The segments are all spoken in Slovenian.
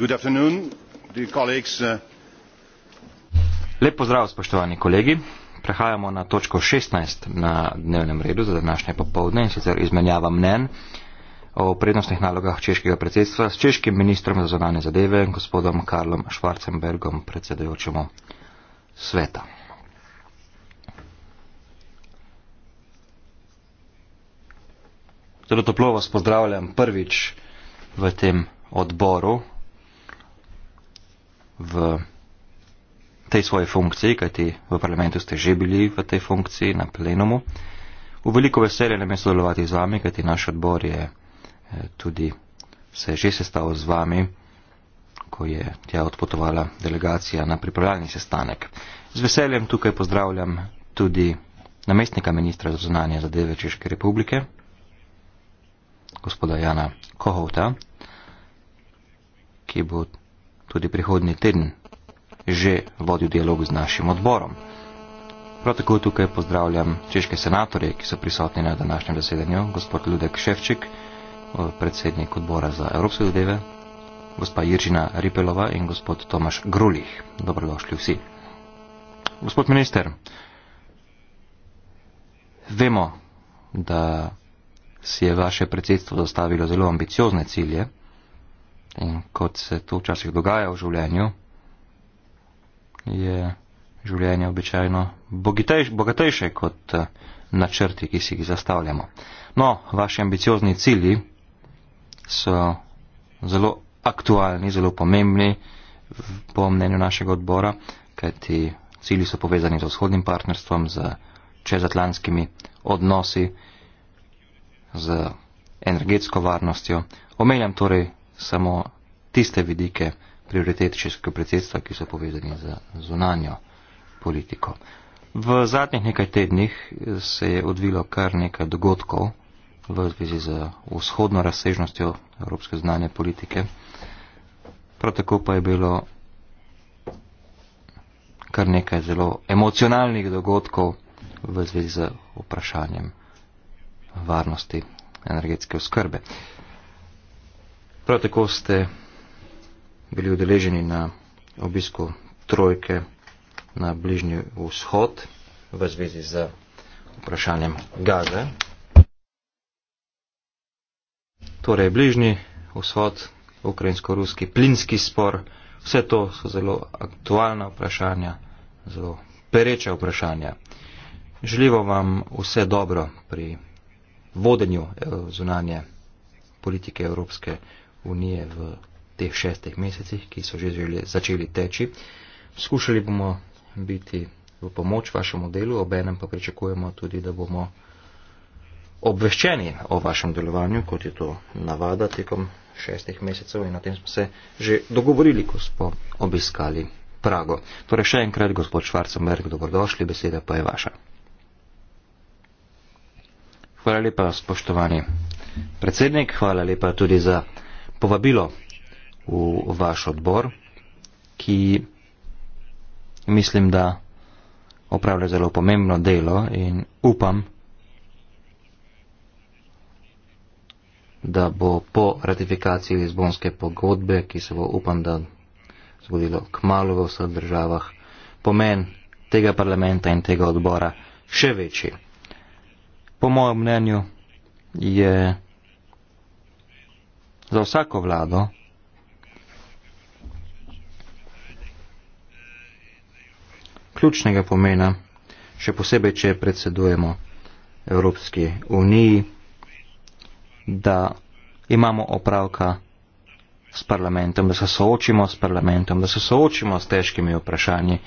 Uh, lep pozdrav spoštovani kolegi prehajamo na točko šestnajst na dnevnem redu za današnje popoldne in sicer izmenjava mnen o prednostnih nalogah češkega predsedstva s češkim ministrom za zunanje zadeve gospodom karlom schwarzenbergom predsedujočemu sveta zelo toplo vas pozdravljam prvič v tem odboru v tej svoji funkciji, kajti v parlamentu ste že bili v tej funkciji na plenumu. V veliko veselje nam je sodelovati z vami, kajti naš odbor je eh, tudi se že sestal z vami, ko je tja odpotovala delegacija na pripravljalni sestanek. Z veseljem tukaj pozdravljam tudi namestnika ministra za zunanje zadeve Češke republike, gospoda Jana Kohovta, ki bo tudi prihodnji teden že vodil dialog z našim odborom. Prav tako tukaj pozdravljam češke senatorje, ki so prisotni na današnjem zasedanju, gospod Ludek Ševčik, predsednik odbora za evropske zadeve, gospa Jiržina Ripelova in gospod Tomaš Grulih. Dobrodošli vsi. Gospod minister, vemo, da si je vaše predsedstvo zastavilo zelo ambiciozne cilje. In kot se to včasih dogaja v življenju, je življenje običajno bogitejš, bogatejše kot eh, načrti, ki si jih zastavljamo. No, vaši ambiciozni cilji so zelo aktualni, zelo pomembni po mnenju našega odbora, kajti cilji so povezani z vzhodnim partnerstvom, z čezatlantskimi odnosi, z energetsko varnostjo. Omenjam torej samo tiste vidike prioritetičeskega predsedstva, ki so povezani z zunanjo politiko. V zadnjih nekaj tednih se je odvilo kar nekaj dogodkov v zvezi z vzhodno razsežnostjo evropske znanje politike. Prav tako pa je bilo kar nekaj zelo emocionalnih dogodkov v zvezi z vprašanjem varnosti energetske oskrbe. Prav tako ste bili udeleženi na obisku trojke na bližnji vzhod v zvezi z vprašanjem Gaze. Torej, bližnji vzhod, ukrajinsko-ruski plinski spor, vse to so zelo aktualna vprašanja, zelo pereča vprašanja. Želimo vam vse dobro pri vodenju eh, zunanje politike Evropske unije v teh šestih mesecih, ki so že začeli teči. Skušali bomo biti v pomoč vašemu delu, obenem pa pričakujemo tudi, da bomo obveščeni o vašem delovanju, kot je to navada tekom šestih mesecev in na tem smo se že dogovorili, ko smo obiskali Prago. Torej še enkrat, gospod Švarcemberg, dobrodošli, beseda pa je vaša. Hvala lepa, spoštovani predsednik, hvala lepa tudi za povabilo v vaš odbor, ki mislim, da opravlja zelo pomembno delo in upam, da bo po ratifikaciji Lizbonske pogodbe, ki se bo upam, da zgodilo k malu v vseh državah, pomen tega parlamenta in tega odbora še večji. Po mojem mnenju je za vsako vlado. Ključnega pomena, še posebej, če predsedujemo Evropski uniji, da imamo opravka s parlamentom, da se soočimo s parlamentom, da se soočimo s težkimi vprašanji,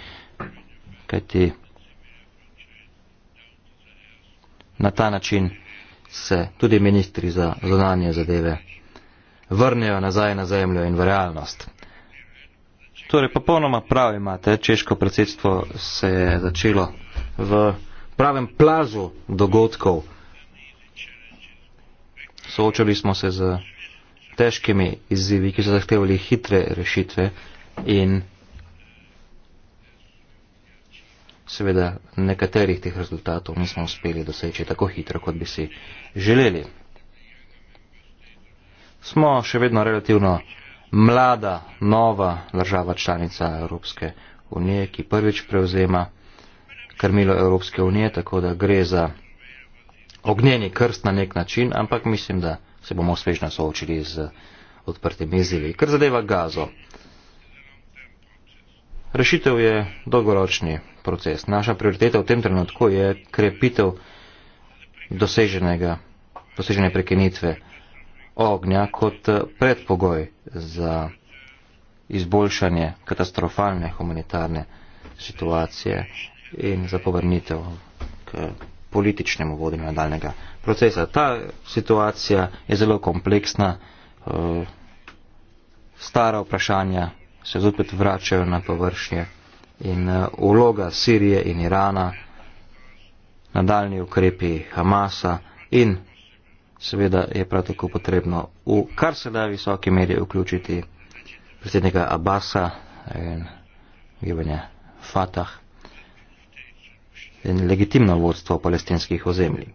kajti na ta način se tudi ministri za zonanje zadeve vrnejo nazaj na zemljo in v realnost. Torej, popolnoma prav imate, češko predsedstvo se je začelo v pravem plazu dogodkov. Soočali smo se z težkimi izzivi, ki so zahtevali hitre rešitve in seveda nekaterih teh rezultatov nismo uspeli doseči tako hitro, kot bi si želeli smo še vedno relativno mlada, nova država članica Evropske unije, ki prvič prevzema krmilo Evropske unije, tako da gre za ognjeni krst na nek način, ampak mislim, da se bomo uspešno soočili z odprtimi izzivi. Kar zadeva gazo. Rešitev je dolgoročni proces. Naša prioriteta v tem trenutku je krepitev doseženega, dosežene prekenitve ognja kot eh, predpogoj za izboljšanje katastrofalne humanitarne situacije in za povrnitev k političnemu vodenju nadaljnega procesa. Ta situacija je zelo kompleksna, eh, stara vprašanja se zopet vračajo na površje in eh, uloga Sirije in Irana, nadaljni ukrepi Hamasa in seveda je prav tako potrebno v kar se da visoki meri vključiti predsednika Abasa in gibanja Fatah in legitimno vodstvo palestinskih ozemlji.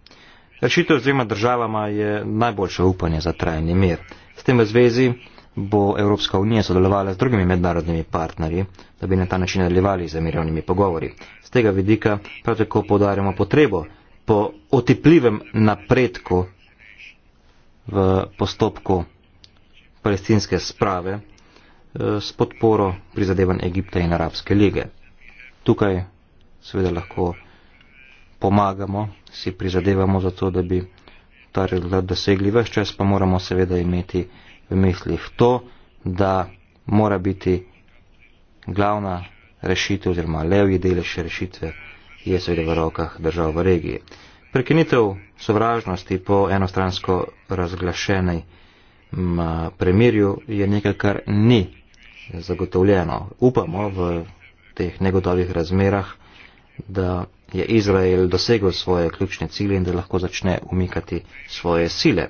Rešitev z dvema državama je najboljše upanje za trajni mir. S tem v zvezi bo Evropska unija sodelovala z drugimi mednarodnimi partnerji, da bi na ta način nadaljevali za mirovnimi pogovori. Z tega vidika prav tako podarjamo potrebo po otipljivem napredku v postopku palestinske sprave eh, s podporo prizadevanj Egipta in Arabske lige. Tukaj seveda lahko pomagamo, si prizadevamo za to, da bi ta rezultat dosegli več čas, pa moramo seveda imeti v mislih to, da mora biti glavna rešitev oziroma levji delež rešitve je seveda v rokah držav v regiji. Prekinitev sovražnosti po enostransko razglašenej mm, premirju je nekaj, kar ni zagotovljeno. Upamo v teh negotovih razmerah, da je Izrael dosegel svoje ključne cilje in da lahko začne umikati svoje sile.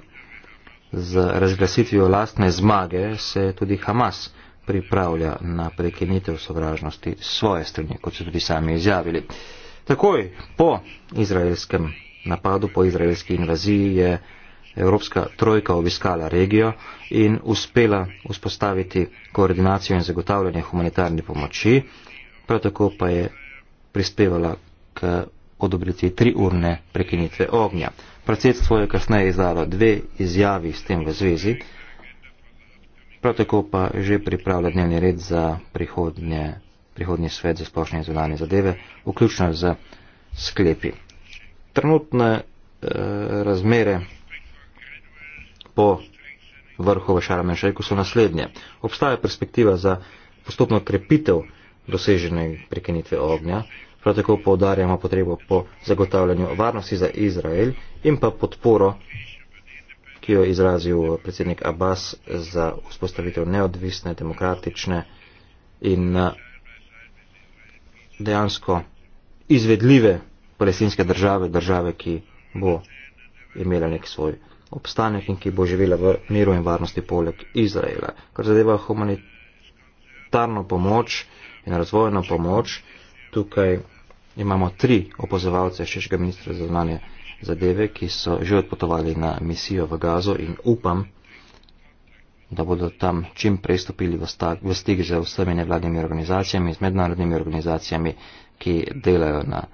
Z razglasitvijo lastne zmage se tudi Hamas pripravlja na prekinitev sovražnosti svoje strani, kot so tudi sami izjavili. Takoj po izraelskem napadu po izraelski invaziji je Evropska trojka obiskala regijo in uspela vzpostaviti koordinacijo in zagotavljanje humanitarne pomoči, prav tako pa je prispevala k odobriti triurne prekinitve ognja. Predsedstvo je kasneje izdalo dve izjavi s tem v zvezi, prav tako pa že pripravlja dnevni red za prihodnje, prihodnji svet za splošne in zunanje zadeve, vključno z sklepi trenutne e, razmere po vrhu v Šarmenšajku so naslednje. Obstaja perspektiva za postopno krepitev dosežene prekenitve ognja, prav tako poudarjamo potrebo po zagotavljanju varnosti za Izrael in pa podporo, ki jo izrazil predsednik Abbas za vzpostavitev neodvisne, demokratične in eh, dejansko izvedljive palestinske države, države, ki bo imela nek svoj obstanek in ki bo živela v miru in varnosti poleg Izraela. Kar zadeva humanitarno pomoč in razvojno pomoč, tukaj imamo tri opozovalce šeškega ministra za znanje zadeve, ki so že odpotovali na misijo v Gazo in upam, da bodo tam čim prej stopili v stik z vsemi nevladnimi organizacijami, z mednarodnimi organizacijami, ki delajo na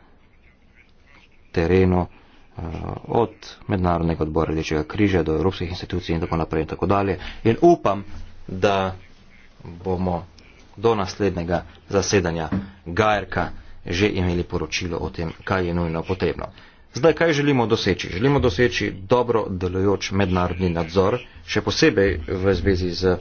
terenu eh, od mednarodnega odbora Rdečega križa do evropskih institucij in tako naprej in tako dalje. In upam, da bomo do naslednjega zasedanja Gajerka že imeli poročilo o tem, kaj je nujno potrebno. Zdaj, kaj želimo doseči? Želimo doseči dobro delujoč mednarodni nadzor, še posebej v zvezi z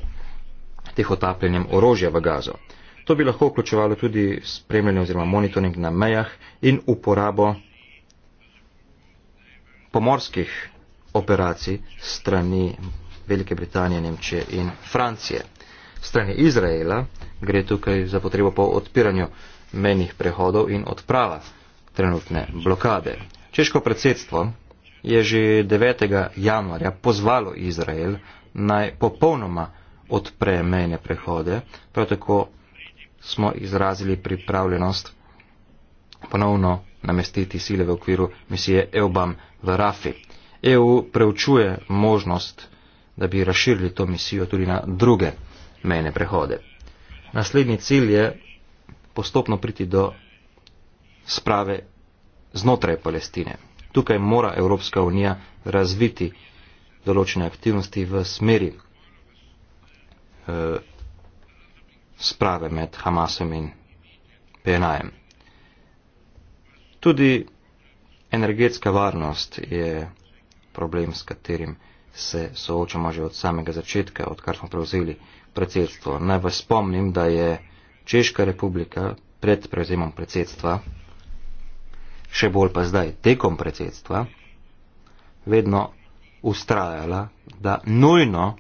teh otapljanjem orožja v gazo. To bi lahko vključevalo tudi spremljanje oziroma monitoring na mejah in uporabo pomorskih operacij strani Velike Britanije, Nemčije in Francije. Strani Izraela gre tukaj za potrebo po odpiranju menih prehodov in odprava trenutne blokade. Češko predsedstvo je že 9. januarja pozvalo Izrael naj popolnoma odpre mejne prehode, prav tako smo izrazili pripravljenost ponovno namestiti sile v okviru misije EUBAM v Rafi. EU preučuje možnost, da bi razširili to misijo tudi na druge mejne prehode. Naslednji cilj je postopno priti do sprave znotraj Palestine. Tukaj mora Evropska unija razviti določene aktivnosti v smeri eh, sprave med Hamasom in PNAM. Tudi energetska varnost je problem, s katerim se soočamo že od samega začetka, odkar smo prevzeli predsedstvo. Naj vas spomnim, da je Češka republika pred prevzemom predsedstva, še bolj pa zdaj tekom predsedstva, vedno ustrajala, da nujno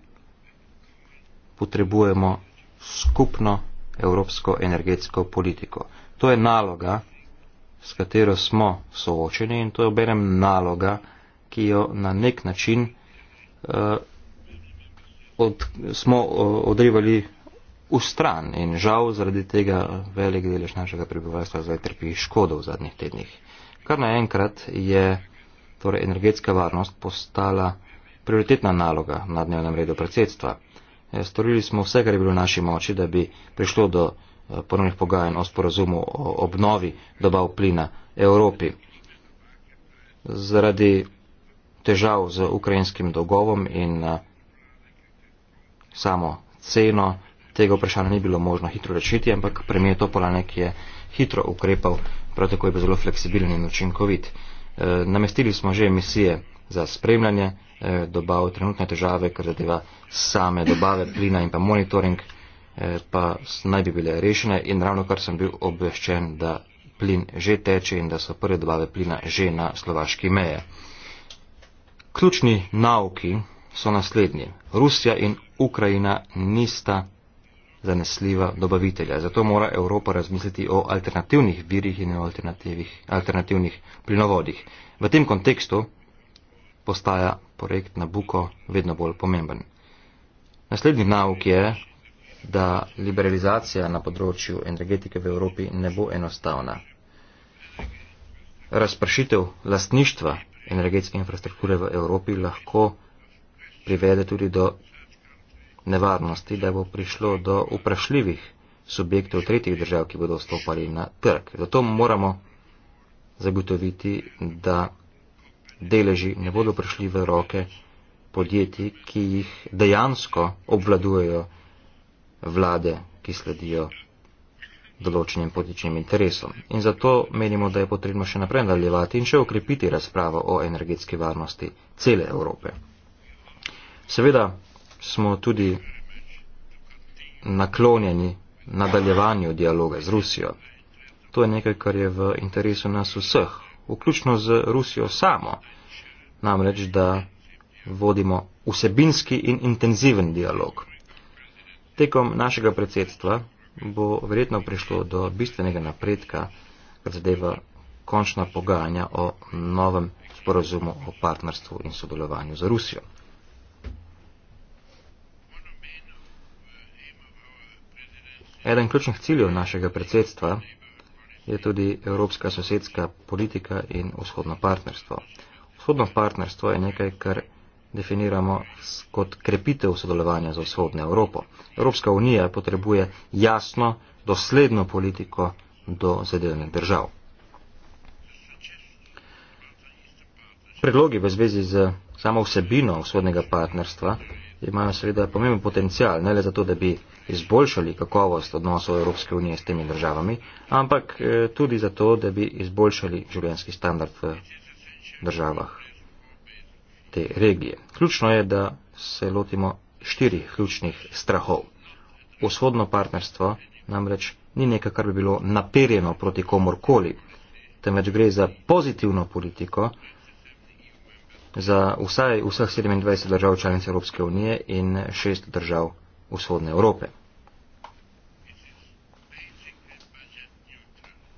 potrebujemo skupno evropsko energetsko politiko. To je naloga, s katero smo soočeni in to je obenem naloga, ki jo na nek način uh, od, smo uh, odrivali v stran in žal zaradi tega velik delež našega prebivalstva zdaj trpi škodo v zadnjih tednih. Kar naenkrat je torej energetska varnost postala prioritetna naloga na dnevnem redu predsedstva. Eh, storili smo vse, kar je bilo v naši moči, da bi prišlo do Eh, ponovnih pogajanj o sporazumu o obnovi dobav plina Evropi. Zaradi težav z ukrajinskim dolgovom in eh, samo ceno tega vprašanja ni bilo možno hitro rešiti, ampak premijer Topolanek je hitro ukrepal, prav tako je bil zelo fleksibilen in učinkovit. Eh, namestili smo že misije za spremljanje dobav, trenutne težave, kar zadeva same dobave plina in pa monitoring. Eh, pa naj bi bile rešene in ravno kar sem bil obveščen, da plin že teče in da so prve dobave plina že na slovaški meje. Ključni nauki so naslednji. Rusija in Ukrajina nista zanesljiva dobavitelja. Zato mora Evropa razmisliti o alternativnih virih in o alternativnih, alternativnih plinovodih. V tem kontekstu postaja projekt Nabuko vedno bolj pomemben. Naslednji nauk je, da liberalizacija na področju energetike v Evropi ne bo enostavna. Razpršitev lastništva energetske infrastrukture v Evropi lahko privede tudi do nevarnosti, da bo prišlo do uprašljivih subjektov tretjih držav, ki bodo vstopali na trg. Zato moramo zagotoviti, da deleži ne bodo prišli v roke podjetij, ki jih dejansko obvladujejo vlade, ki sledijo določenim političnim interesom. In zato menimo, da je potrebno še naprej nadaljevati in še ukrepiti razpravo o energetski varnosti cele Evrope. Seveda smo tudi naklonjeni nadaljevanju dialoga z Rusijo. To je nekaj, kar je v interesu nas vseh, vključno z Rusijo samo, namreč da vodimo vsebinski in intenziven dialog. Tekom našega predsedstva bo verjetno prišlo do bistvenega napredka, kar zadeva končna pogajanja o novem sporozumu o partnerstvu in sodelovanju za Rusijo. Eden ključnih ciljev našega predsedstva je tudi evropska sosedska politika in vzhodno partnerstvo. Vzhodno partnerstvo je nekaj, kar definiramo kot krepitev sodelovanja za vzhodno Evropo. Evropska unija potrebuje jasno, dosledno politiko do zadevnih držav. Predlogi v zvezi z samo vsebino vzhodnega partnerstva imajo seveda pomemben potencial, ne le zato, da bi izboljšali kakovost odnosov Evropske unije s temi državami, ampak eh, tudi zato, da bi izboljšali življenski standard v državah te regije. Ključno je, da se lotimo štirih ključnih strahov. Vzhodno partnerstvo namreč ni nekaj, kar bi bilo naperjeno proti komorkoli, temveč gre za pozitivno politiko za vsaj vseh 27 držav članic Evropske unije in šest držav vzhodne Evrope.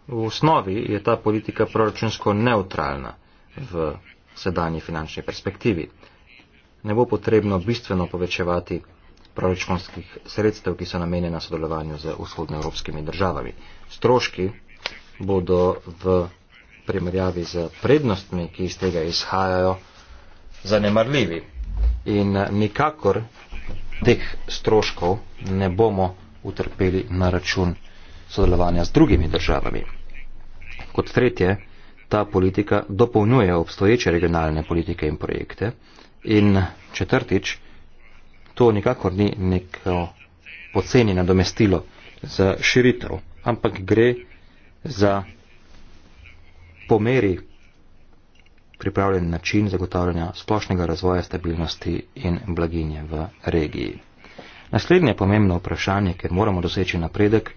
V osnovi je ta politika proračunsko neutralna v sedanji finančni perspektivi. Ne bo potrebno bistveno povečevati proračunskih sredstev, ki so namenjena sodelovanju z vzhodnoevropskimi državami. Stroški bodo v primerjavi z prednostmi, ki iz tega izhajajo, zanemarljivi. In eh, nikakor teh stroškov ne bomo utrpeli na račun sodelovanja z drugimi državami. Kot tretje, ta politika dopolnjuje obstoječe regionalne politike in projekte. In četrtič, to nikakor ni neko poceni nadomestilo za širitev, ampak gre za pomeri pripravljen način zagotavljanja splošnega razvoja stabilnosti in blaginje v regiji. Naslednje pomembno vprašanje, ker moramo doseči napredek,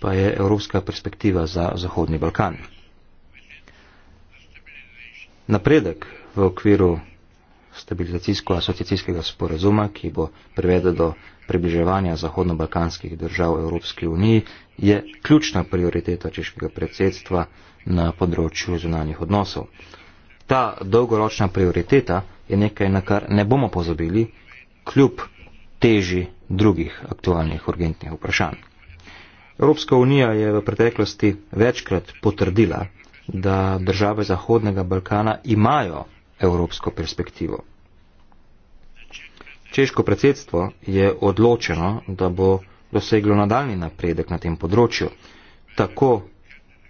pa je evropska perspektiva za Zahodni Balkan napredek v okviru stabilizacijsko-asociacijskega sporazuma, ki bo privedel do približevanja zahodno-balkanskih držav Evropski uniji, je ključna prioriteta češkega predsedstva na področju zunanjih odnosov. Ta dolgoročna prioriteta je nekaj, na kar ne bomo pozabili, kljub teži drugih aktualnih urgentnih vprašanj. Evropska unija je v preteklosti večkrat potrdila, da države Zahodnega Balkana imajo evropsko perspektivo. Češko predsedstvo je odločeno, da bo doseglo nadaljni napredek na tem področju, tako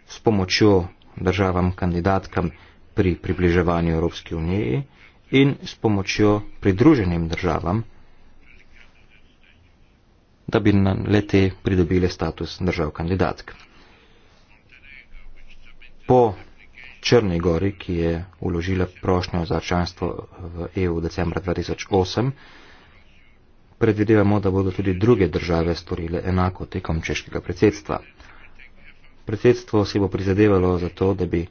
s pomočjo državam kandidatkam pri približevanju Evropski uniji in s pomočjo pridruženim državam, da bi na leti pridobile status držav kandidatk po Črni Gori, ki je uložila prošnjo za članstvo v EU decembra 2008, predvidevamo, da bodo tudi druge države storile enako tekom češkega predsedstva. Predsedstvo se bo prizadevalo za to, da bi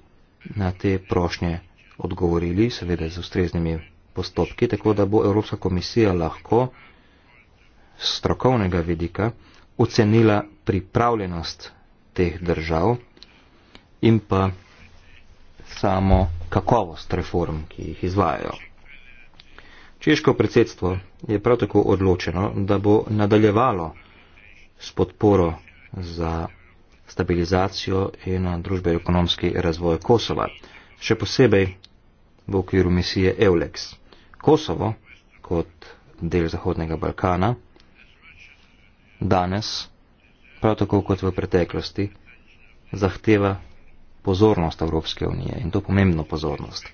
na te prošnje odgovorili, seveda z ustreznimi postopki, tako da bo Evropska komisija lahko strokovnega vidika ocenila pripravljenost teh držav in pa samo kakovost reform, ki jih izvajajo. Češko predsedstvo je prav tako odločeno, da bo nadaljevalo s podporo za stabilizacijo in družbeno-ekonomski razvoj Kosova, še posebej v okviru misije EULEX. Kosovo kot del Zahodnega Balkana danes, prav tako kot v preteklosti, zahteva pozornost Evropske unije in to pomembno pozornost.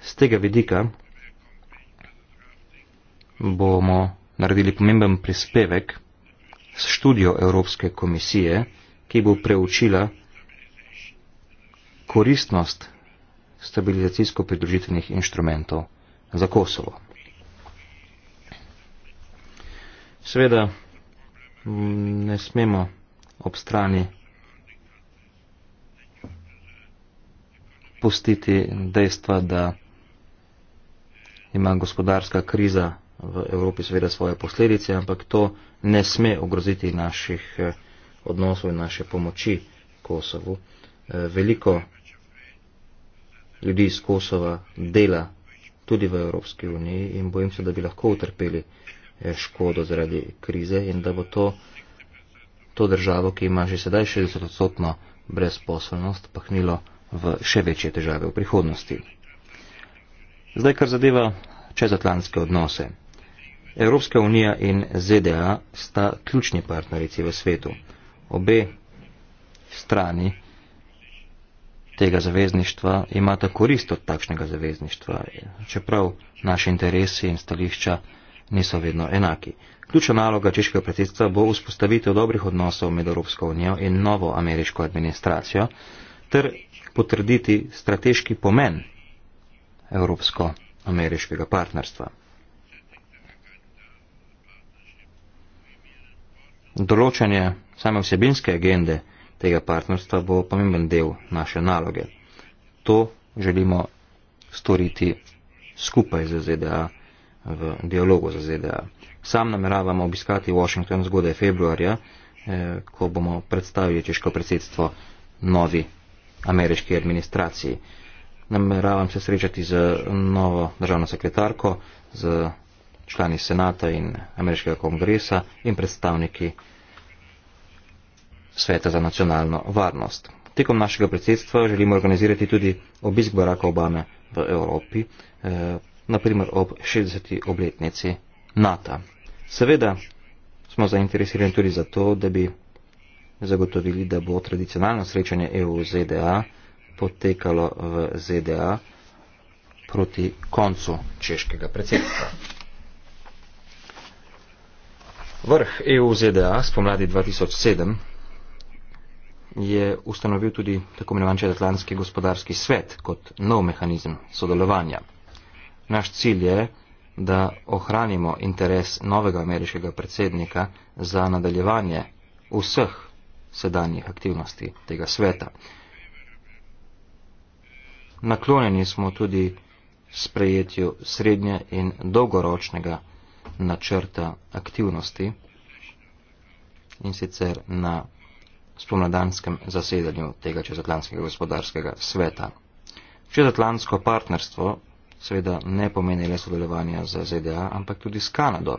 Z tega vidika bomo naredili pomemben prispevek s študijo Evropske komisije, ki bo preučila koristnost stabilizacijsko pridružitvenih inštrumentov za Kosovo. Seveda ne smemo ob strani pustiti dejstva, da ima gospodarska kriza v Evropi seveda svoje posledice, ampak to ne sme ogroziti naših eh, odnosov in naše pomoči Kosovu. Eh, veliko ljudi iz Kosova dela tudi v Evropski uniji in bojim se, da bi lahko utrpeli eh, škodo zaradi krize in da bo to, to državo, ki ima že sedaj 60-odstotno brezposelnost, pahnilo v še večje težave v prihodnosti. Zdaj, kar zadeva čezatlantske odnose. Evropska unija in ZDA sta ključni partnerici v svetu. Obe strani tega zavezništva imata korist od takšnega zavezništva, čeprav naše interese in stališča niso vedno enaki. Ključna naloga češkega predsedstva bo vzpostavitev dobrih odnosov med Evropsko unijo in novo ameriško administracijo, ter potrditi strateški pomen evropsko-ameriškega partnerstva. Določanje same vsebinske agende tega partnerstva bo pomemben del naše naloge. To želimo storiti skupaj z ZDA v dialogu z ZDA. Sam nameravamo obiskati Washington zgodaj februarja, eh, ko bomo predstavili češko predsedstvo novi ameriški administraciji. Nameravam se srečati z novo državno sekretarko, z člani senata in ameriškega kongresa in predstavniki Sveta za nacionalno varnost. Tekom našega predsedstva želimo organizirati tudi obisk Baracka Obame v Evropi, eh, naprimer ob 60. obletnici NATO. Seveda smo zainteresirani tudi za to, da bi zagotovili, da bo tradicionalno srečanje EU-ZDA potekalo v ZDA proti koncu češkega predsedstva. Vrh EU-ZDA spomladi 2007 je ustanovil tudi tako imenovan Četatlanski gospodarski svet kot nov mehanizem sodelovanja. Naš cilj je, da ohranimo interes novega ameriškega predsednika za nadaljevanje vseh sedanjih aktivnosti tega sveta. Naklonjeni smo tudi sprejetju srednje in dolgoročnega načrta aktivnosti in sicer na spomladanskem zasedanju tega čezatlantskega gospodarskega sveta. Čezatlantsko partnerstvo seveda ne pomeni le sodelovanja z ZDA, ampak tudi s Kanado,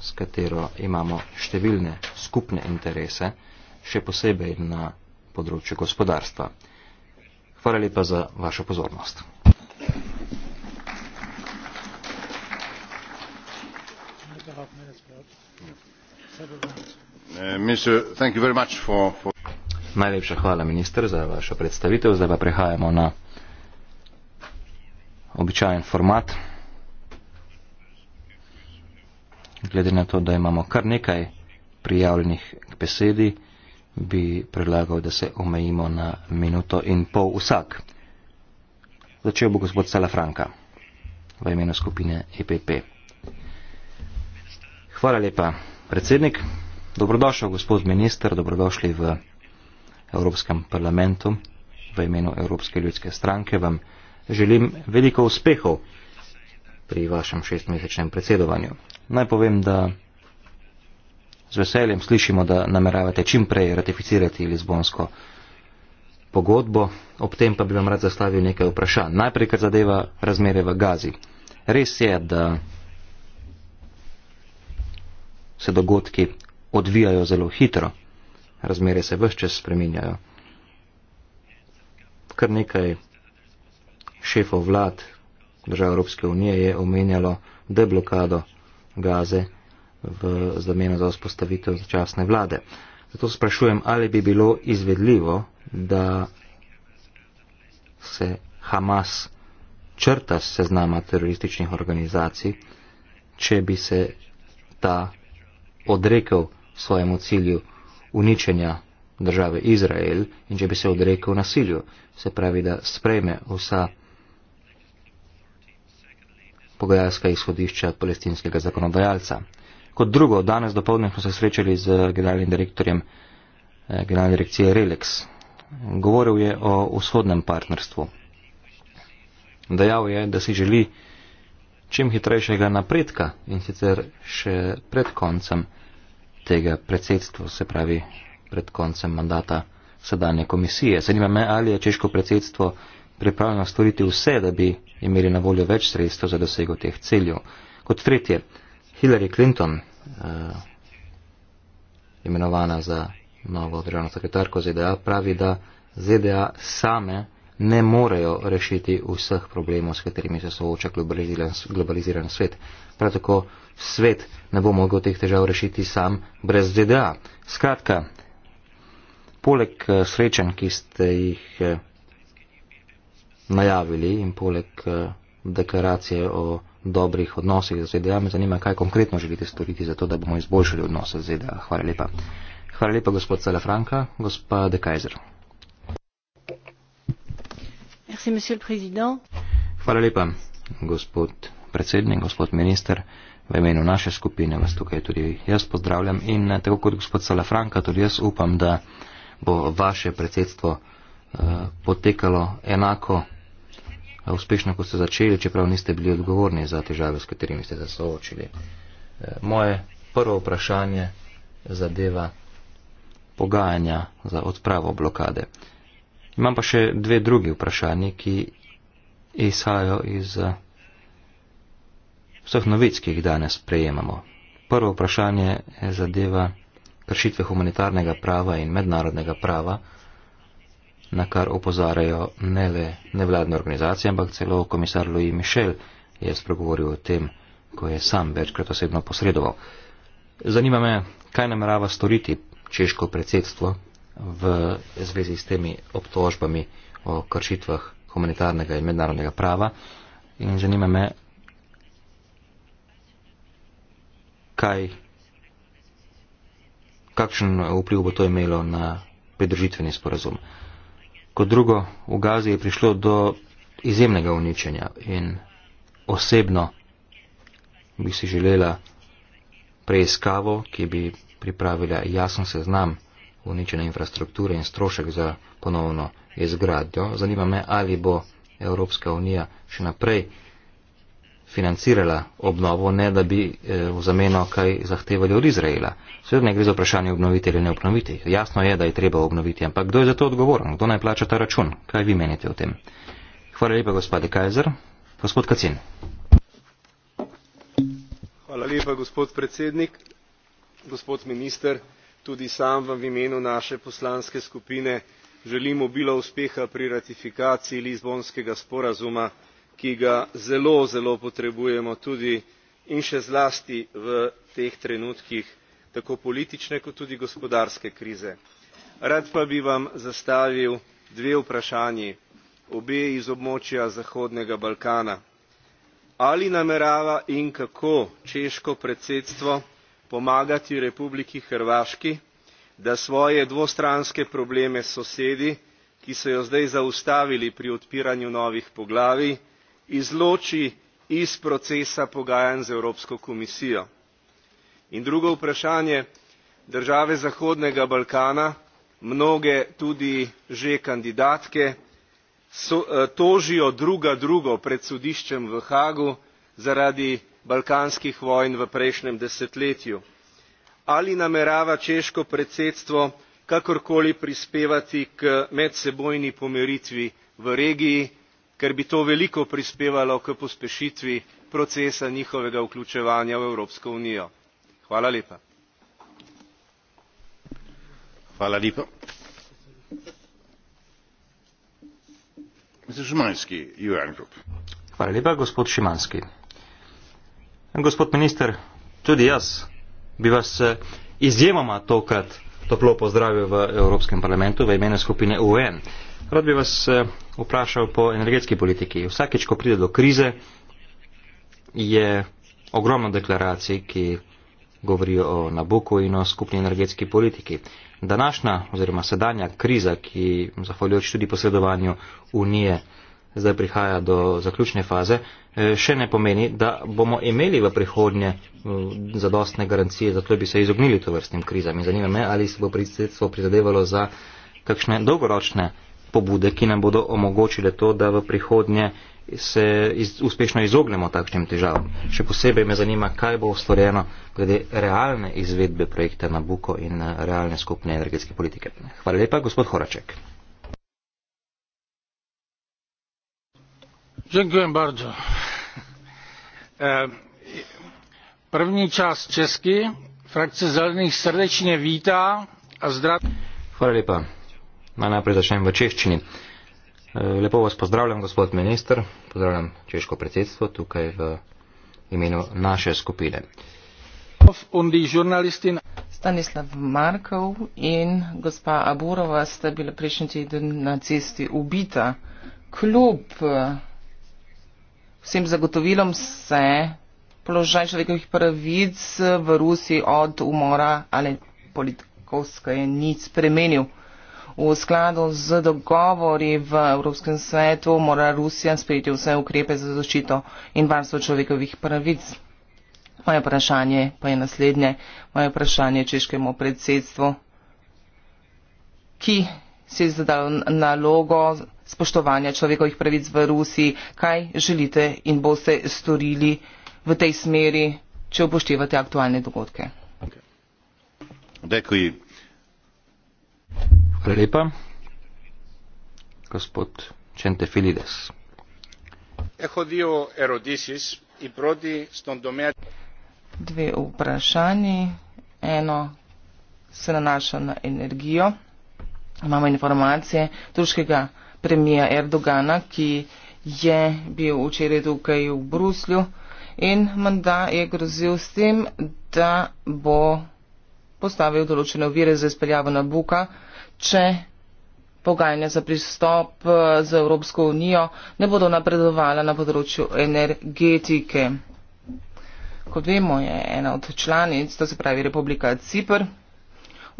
s katero imamo številne skupne interese še posebej na področju gospodarstva. Hvala lepa za vašo pozornost. Uh, Najlepša hvala, minister, za vašo predstavitev. Zdaj pa prehajamo na običajen format. Glede na to, da imamo kar nekaj prijavljenih k besedi bi predlagal, da se omejimo na minuto in pol vsak. Začel bo gospod Salafranka v imenu skupine EPP. Hvala lepa, predsednik. Dobrodošel, gospod minister, dobrodošli v Evropskem parlamentu v imenu Evropske ljudske stranke. Vam želim veliko uspehov pri vašem šestmesečnem predsedovanju. Naj povem, da z veseljem slišimo, da nameravate čim prej ratificirati Lizbonsko pogodbo, ob tem pa bi vam rad zastavil nekaj vprašanj. Najprej, kar zadeva razmere v Gazi. Res je, da se dogodki odvijajo zelo hitro, razmere se vse čas spreminjajo. Kar nekaj šefov vlad držav Evropske unije je omenjalo deblokado Gaze v zameno za vzpostavitev začasne vlade. Zato sprašujem, ali bi bilo izvedljivo, da se Hamas črta s seznama terorističnih organizacij, če bi se ta odrekel svojemu cilju uničenja države Izrael in če bi se odrekel nasilju, se pravi, da sprejme vsa pogajalska izhodišča palestinskega zakonodajalca. Kot drugo, danes dopolne smo se srečali z generalnim direktorjem eh, generalne direkcije Relex. Govoril je o vzhodnem partnerstvu. Dejal je, da si želi čim hitrejšega napredka in sicer še pred koncem tega predsedstva, se pravi pred koncem mandata sedanje komisije. Zanima me, ali je češko predsedstvo pripravljeno storiti vse, da bi imeli na voljo več sredstev za dosego teh ciljev. Kot tretje, Hillary Clinton, uh, imenovana za novo državno sekretarko ZDA, pravi, da ZDA same ne morejo rešiti vseh problemov, s katerimi se sooča globaliziran, globaliziran svet. Prav tako svet ne bo mogel teh težav rešiti sam brez ZDA. Skratka, poleg eh, srečanj, ki ste jih eh, najavili in poleg deklaracije o dobrih odnosih z ZDA. Me zanima, kaj konkretno želite storiti za to, da bomo izboljšali odnose z ZDA. Hvala lepa. Hvala lepa, gospod Salafranka. Gospa De Kajzer. Hvala lepa, gospod predsednik, gospod minister. V imenu naše skupine vas tukaj tudi jaz pozdravljam in eh, tako kot gospod Salafranka, tudi jaz upam, da bo vaše predsedstvo uh, potekalo enako uspešno, kot ste začeli, čeprav niste bili odgovorni za težave, s katerimi ste se soočili. Eh, moje prvo vprašanje zadeva pogajanja za odpravo blokade. Imam pa še dve drugi vprašanji, ki izhajajo iz eh, vseh novic, ki jih danes prejemamo. Prvo vprašanje zadeva kršitve humanitarnega prava in mednarodnega prava, na kar opozarjajo ne le nevladne organizacije, ampak celo komisar Louis Michel je spregovoril o tem, ko je sam večkrat osebno posredoval. Zanima me, kaj namerava storiti češko predsedstvo v zvezi s temi obtožbami o kršitvah humanitarnega in mednarodnega prava in zanima me, kaj, kakšen vpliv bo to imelo na pridružitveni sporazum. Kot drugo, v Gazi je prišlo do izjemnega uničenja in osebno bi si želela preiskavo, ki bi pripravila jasen seznam uničene infrastrukture in strošek za ponovno izgradnjo. Zanima me, ali bo Evropska unija še naprej financirala obnovo, ne da bi eh, v zameno kaj zahtevali od Izraela. Seveda ne gre za vprašanje obnoviti ali ne obnoviti. Jasno je, da je treba obnoviti, ampak kdo je za to odgovoren? Kdo naj plača ta račun? Kaj vi menite o tem? Hvala lepa, gospod Kajzer. Gospod Kacin. Hvala lepa, gospod predsednik, gospod minister. Tudi sam vam v imenu naše poslanske skupine želim obilo uspeha pri ratifikaciji Lizbonskega sporazuma ki ga zelo zelo potrebujemo tudi in še zlasti v teh trenutkih tako politične kot tudi gospodarske krize. rad pa bi vam zastavil dve vprašanji obe iz območja zahodnega balkana ali namerava in kako češko predsedstvo pomagati republiki hrvaški da svoje dvostranske probleme s sosedi ki so jo zdaj zaustavili pri odpiranju novih poglavij izloči iz procesa pogajanj z evropsko komisijo. in drugo vprašanje države zahodnega balkana mnoge tudi že kandidatke eh, tožijo druga drugo pred sodiščem v haagu zaradi balkanskih vojn v prejšnjem desetletju. ali namerava češko predsedstvo kakorkoli prispevati k medsebojni pomiritvi v regiji ker bi to veliko prispevalo k pospešitvi procesa njihovega vključevanja v evropsko unijo. gospod minister tudi jaz bi vas eh, izjemoma tokrat toplo pozdravil v evropskem parlamentu v imenu skupine uen. Rad bi vas eh, vprašal po energetski politiki. Vsakeč, ko pride do krize, je ogromno deklaracij, ki govorijo o Nabuku in o skupni energetski politiki. Današnja oziroma sedanja kriza, ki zahvaljujoč tudi posredovanju Unije zdaj prihaja do zaključne faze, eh, še ne pomeni, da bomo imeli v prihodnje mm, zadostne garancije, zato bi se izognili to vrstnim krizam. In zanima me, ali se bo predsedstvo prizadevalo za kakšne dolgoročne pobude, ki nam bodo omogočile to, da v prihodnje se iz, uspešno izognemo takšnim težavam. Še posebej me zanima, kaj bo ustvarjeno glede realne izvedbe projekta Nabuko in eh, realne skupne energetske politike. Hvala lepa, gospod Horaček. Dziękuję bardzo. E, Prvni čas Česky, frakce zelených srdečně vítá a zdraví. Hvala lepa. Naj najprej začnem v češčini. E, lepo vas pozdravljam, gospod minister, pozdravljam češko predsedstvo tukaj v imenu naše skupine. Stanislav Markov in gospa Aburova sta bila prejšnji teden na cesti ubita. Kljub e, vsem zagotovilom se položaj človekovih pravic v Rusiji od umora ali politikovske ni spremenil. V skladu z dogovori v Evropskem svetu mora Rusija sprejeti vse ukrepe za zaščito in varstvo človekovih pravic. Moje vprašanje pa je naslednje. Moje vprašanje češkemu predsedstvu, ki si je zadal nalogo spoštovanja človekovih pravic v Rusiji, kaj želite in boste storili v tej smeri, če upoštevate aktualne dogodke. Okay. Hvala lepa. Gospod Čente Filides. Dve vprašanji. Eno se nanaša na energijo. Imamo informacije turškega premija Erdogana, ki je bil včeraj tukaj v Bruslju in menda je grozil s tem, da bo postavil določene ovire za izpeljavo na buka če pogajanja za pristop eh, z Evropsko unijo ne bodo napredovala na področju energetike. Kot vemo, je ena od članic, to se pravi Republika Cipr,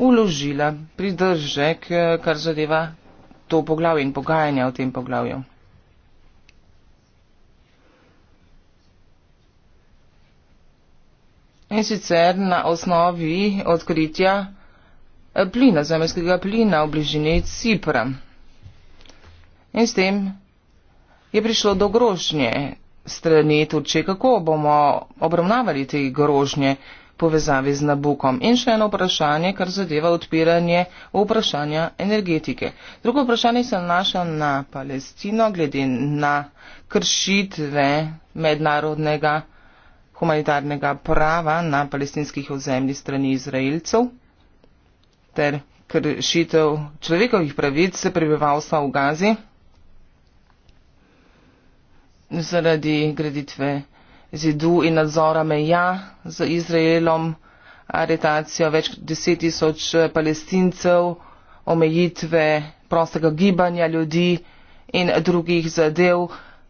uložila pridržek, eh, kar zadeva to poglavje in pogajanja v tem poglavju. In sicer na osnovi odkritja Eh, plina, zemeljskega plina v bližini Cipra. In s tem je prišlo do grožnje strani Turčije. Kako bomo obravnavali te grožnje povezavi z Nabukom? In še eno vprašanje, kar zadeva odpiranje vprašanja energetike. Drugo vprašanje se nanaša na Palestino, glede na kršitve mednarodnega humanitarnega prava na palestinskih ozemlji strani Izraelcev ter kršitev človekovih pravic prebivalstva v Gazi zaradi graditve zidu in nadzora meja z Izraelom, aretacijo več deset tisoč palestincev, omejitve prostega gibanja ljudi in drugih zadev,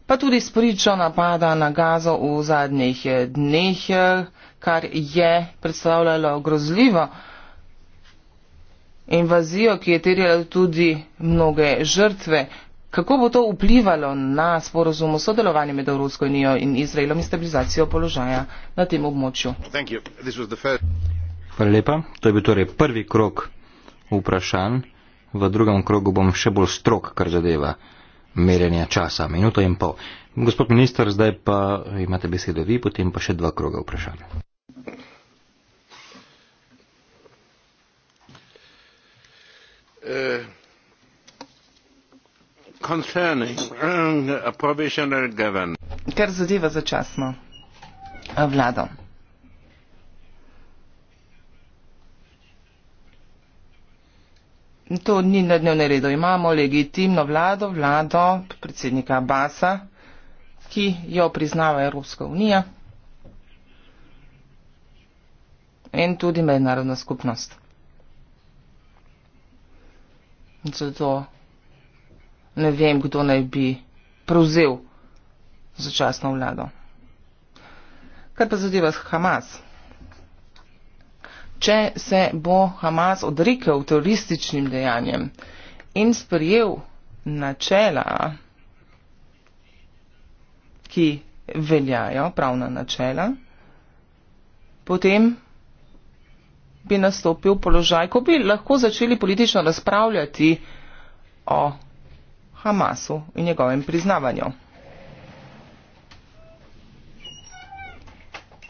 pa tudi spričo napada na Gazo v zadnjih dneh, kar je predstavljalo grozljivo invazijo, ki je terjala tudi mnoge žrtve. Kako bo to vplivalo na sporozum o sodelovanju med Evropsko unijo in Izraelom in stabilizacijo položaja na tem območju? Hvala lepa. To je bil torej prvi krok vprašanj. V drugem krogu bom še bolj strok, kar zadeva merjenja časa, minuto in pol. Gospod minister, zdaj pa imate besedo vi, potem pa še dva kroga vprašanj. Uh, uh, kar zadeva začasno uh, vlado to ni na dnevnem redu imamo legitimno vlado vlado predsednika abasa ki jo priznava evropska unija in tudi mednarodna skupnost zato ne vem, kdo naj bi prevzel začasno vlado. Kar pa zadeva Hamas. Če se bo Hamas odrekel terorističnim dejanjem in sprijel načela, ki veljajo, pravna načela, potem bi nastopil položaj, ko bi lahko začeli politično razpravljati o Hamasu in njegovem priznavanju.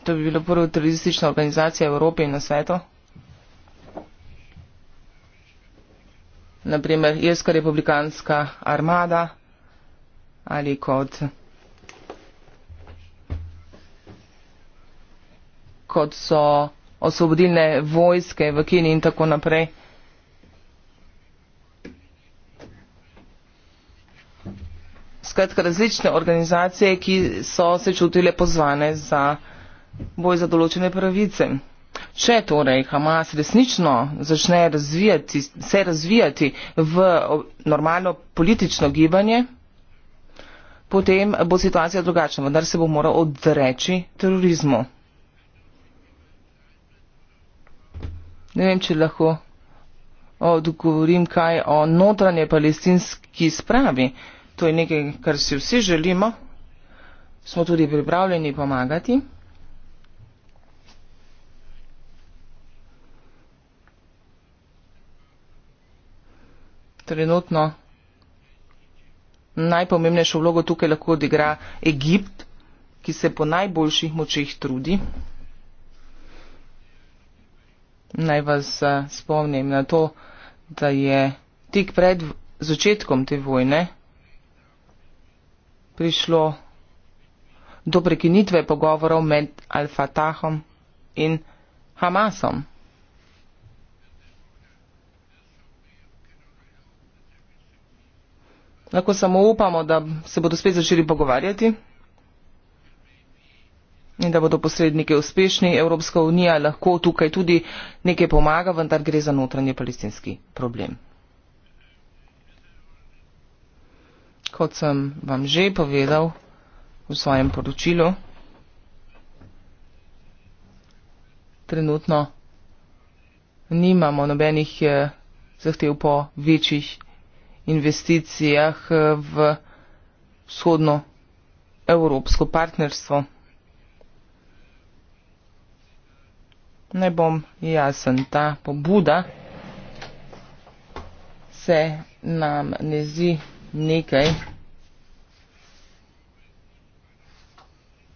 To bi bilo prvo teroristična organizacija Evrope in na svetu. Naprimer, Irska republikanska armada ali kot, kot so osvobodilne vojske v Keniji in tako naprej. Skratka, različne organizacije, ki so se čutile pozvane za boj za določene pravice. Če torej Hamas resnično začne razvijati, se razvijati v normalno politično gibanje, potem bo situacija drugačna, vendar se bo moral odreči terorizmu. ne vem, če lahko odgovorim kaj o notranje palestinski spravi. To je nekaj, kar si vsi želimo. Smo tudi pripravljeni pomagati. Trenutno najpomembnejšo vlogo tukaj lahko odigra Egipt, ki se po najboljših močeh trudi. Naj vas eh, spomnim na to, da je tik pred začetkom te vojne prišlo do prekinitve pogovorov med Al-Fatahom in Hamasom. Lahko samo upamo, da se bodo spet začeli pogovarjati in da bodo posredniki uspešni. Evropska unija lahko tukaj tudi nekaj pomaga, vendar gre za notranje palestinski problem. Kot sem vam že povedal v svojem poročilu, trenutno nimamo nobenih eh, zahtev po večjih investicijah eh, v vzhodno evropsko partnerstvo. ne bom jasen. Ta pobuda se nam ne zdi nekaj,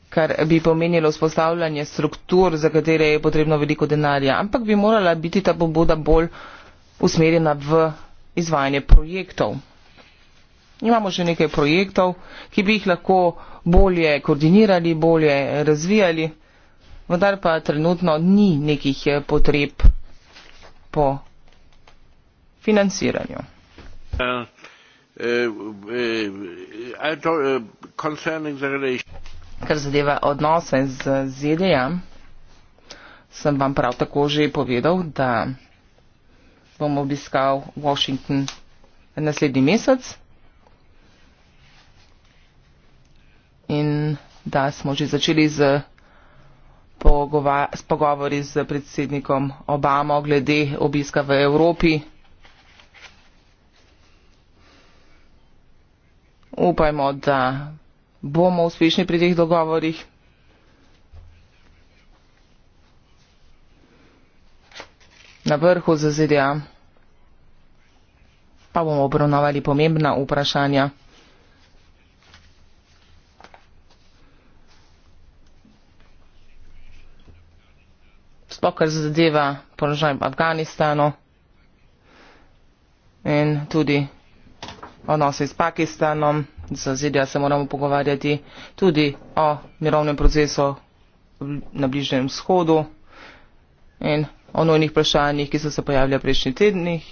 kar bi pomenilo vzpostavljanje struktur, za katere je potrebno veliko denarja, ampak bi morala biti ta pobuda bolj usmerjena v izvajanje projektov. Imamo še nekaj projektov, ki bi jih lahko bolje koordinirali, bolje razvijali vendar pa trenutno ni nekih eh, potreb po financiranju. Eh, eh, Kar zadeva odnose z ZDA, sem vam prav tako že povedal, da bom obiskal Washington naslednji mesec in da smo že začeli z s pogovori z predsednikom Obamo glede obiska v Evropi. Upajmo, da bomo uspešni pri teh dogovorih. Na vrhu za ZDA pa bomo obravnavali pomembna vprašanja. sploh kar zadeva položaj v Afganistanu in tudi odnose s Pakistanom. Z ZDA se moramo pogovarjati tudi o mirovnem procesu na Bližnjem vzhodu in o nujnih vprašanjih, ki so se pojavljali prejšnji tednih.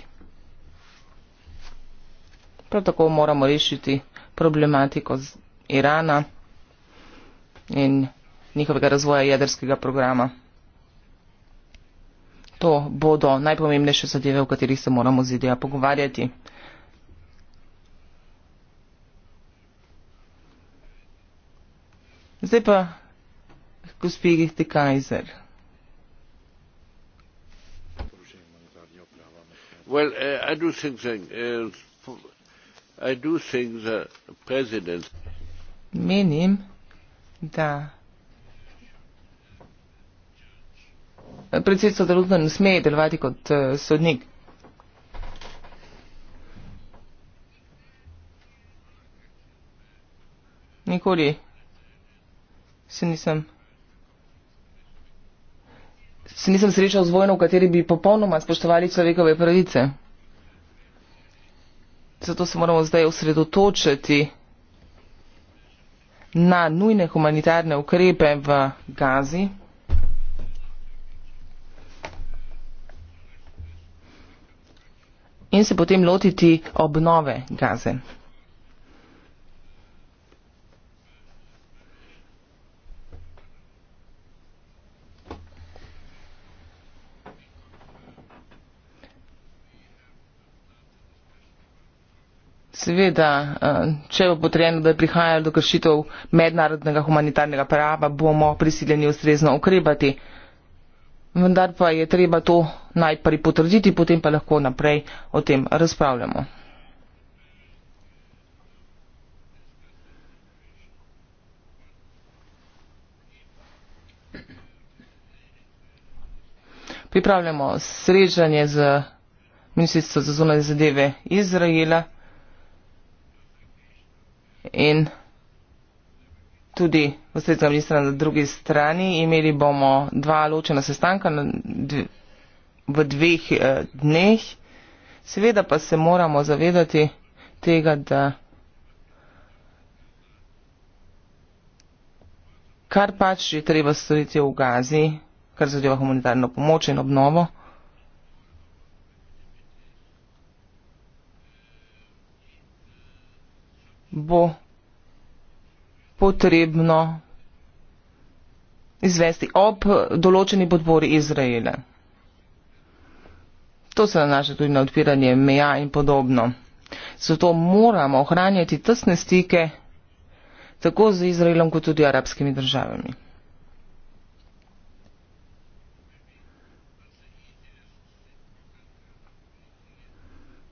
Prav tako moramo rešiti problematiko z Irana in njihovega razvoja jedrskega programa to bodo najpomembnejše zadeve, o katerih se moramo z ideja pogovarjati. Zdaj pa, gospod Gihti Kajzer. Well, uh, I do think that, uh, I do think that president... Menim, da predsedstvo trenutno ne sme delovati kot uh, sodnik. Nikoli se nisem. Se nisem srečal z vojno, v kateri bi popolnoma spoštovali človekove pravice. Zato se moramo zdaj osredotočiti na nujne humanitarne ukrepe v Gazi. in se potem lotiti obnove gaze. Seveda, eh, če bo potrebno, da je prihajalo do kršitev mednarodnega humanitarnega prava, bomo prisiljeni ustrezno ukrepati vendar pa je treba to najprej potrditi, potem pa lahko naprej o tem razpravljamo. Pripravljamo srečanje z ministrstvo za zunanje zadeve Izraela in tudi ustrezna ministra na drugi strani. Imeli bomo dva ločena sestanka v dveh eh, dneh. Seveda pa se moramo zavedati tega, da kar pač je treba storiti v Gazi, kar zadeva humanitarno pomoč in obnovo, bo potrebno izvesti ob določeni podpori Izraela. To se nanaša tudi na odpiranje meja in podobno. Zato moramo ohranjati tesne stike tako z Izraelom, kot tudi arabskimi državami.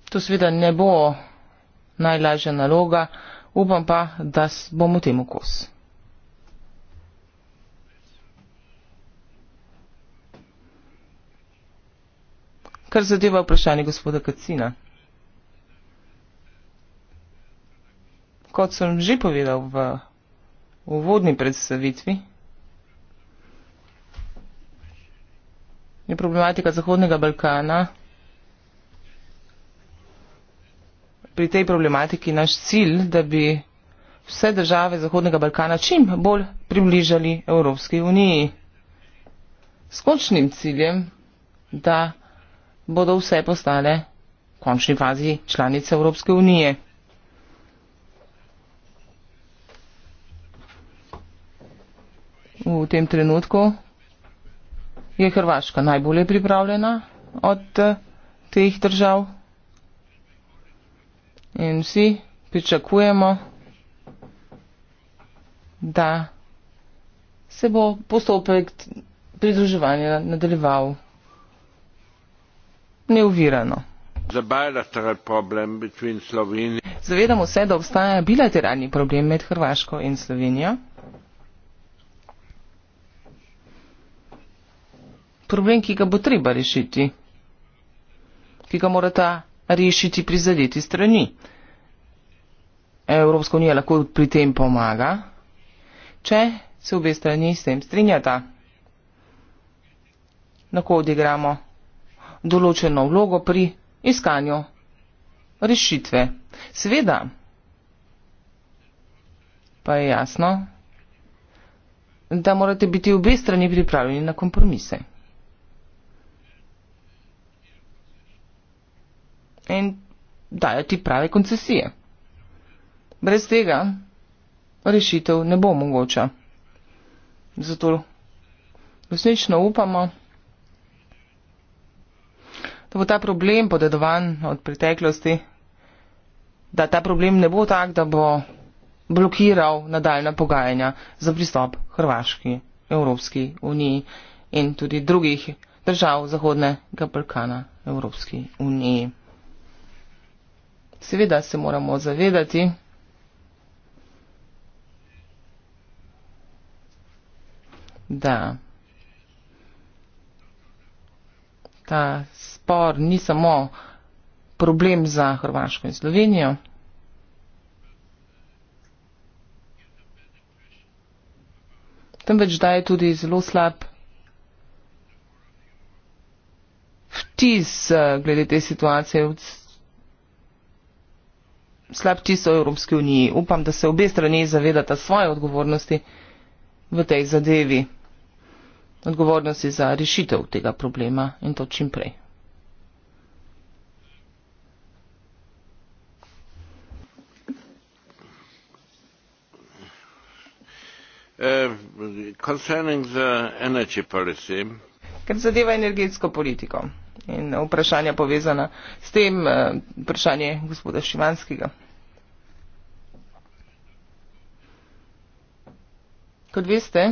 To seveda ne bo najlažja naloga upam pa, da bomo temu kos. Kar zadeva vprašanje gospoda Kacina. Kot sem že povedal v uvodni predstavitvi, je problematika Zahodnega Balkana pri tej problematiki naš cilj, da bi vse države Zahodnega Balkana čim bolj približali Evropski uniji. S končnim ciljem, da bodo vse postale v končni fazi članice Evropske unije. V tem trenutku je Hrvaška najbolje pripravljena od teh držav. In vsi pričakujemo, da se bo postopek pridruževanja nadaljeval neuvirano. Zavedamo se, da obstaja bilateralni problem med Hrvaško in Slovenijo. Problem, ki ga bo treba rešiti, ki ga morata rešiti prizadeti strani. Evropska unija lahko pri tem pomaga, če se obe strani s tem strinjata. Lahko odigramo določeno vlogo pri iskanju rešitve. Sveda pa je jasno, da morate biti obe strani pripravljeni na kompromise. in dajo ti prave koncesije. Brez tega rešitev ne bo mogoča. Zato resnično upamo, da bo ta problem podedovan od preteklosti, da ta problem ne bo tak, da bo blokiral nadaljna pogajanja za pristop Hrvaški, Evropski uniji in tudi drugih držav Zahodnega Balkana Evropski uniji. Seveda se moramo zavedati, da ta spor ni samo problem za Hrvaško in Slovenijo. temveč da je tudi zelo slab vtis eh, glede te situacije v slab čisto v Evropski uniji. Upam, da se obe strani zavedata svoje odgovornosti v tej zadevi. Odgovornosti za rešitev tega problema in to čim prej. Uh, concerning the energy policy, ker zadeva energetsko politiko in vprašanja povezana s tem eh, vprašanje gospoda Šivanskega. Kot veste,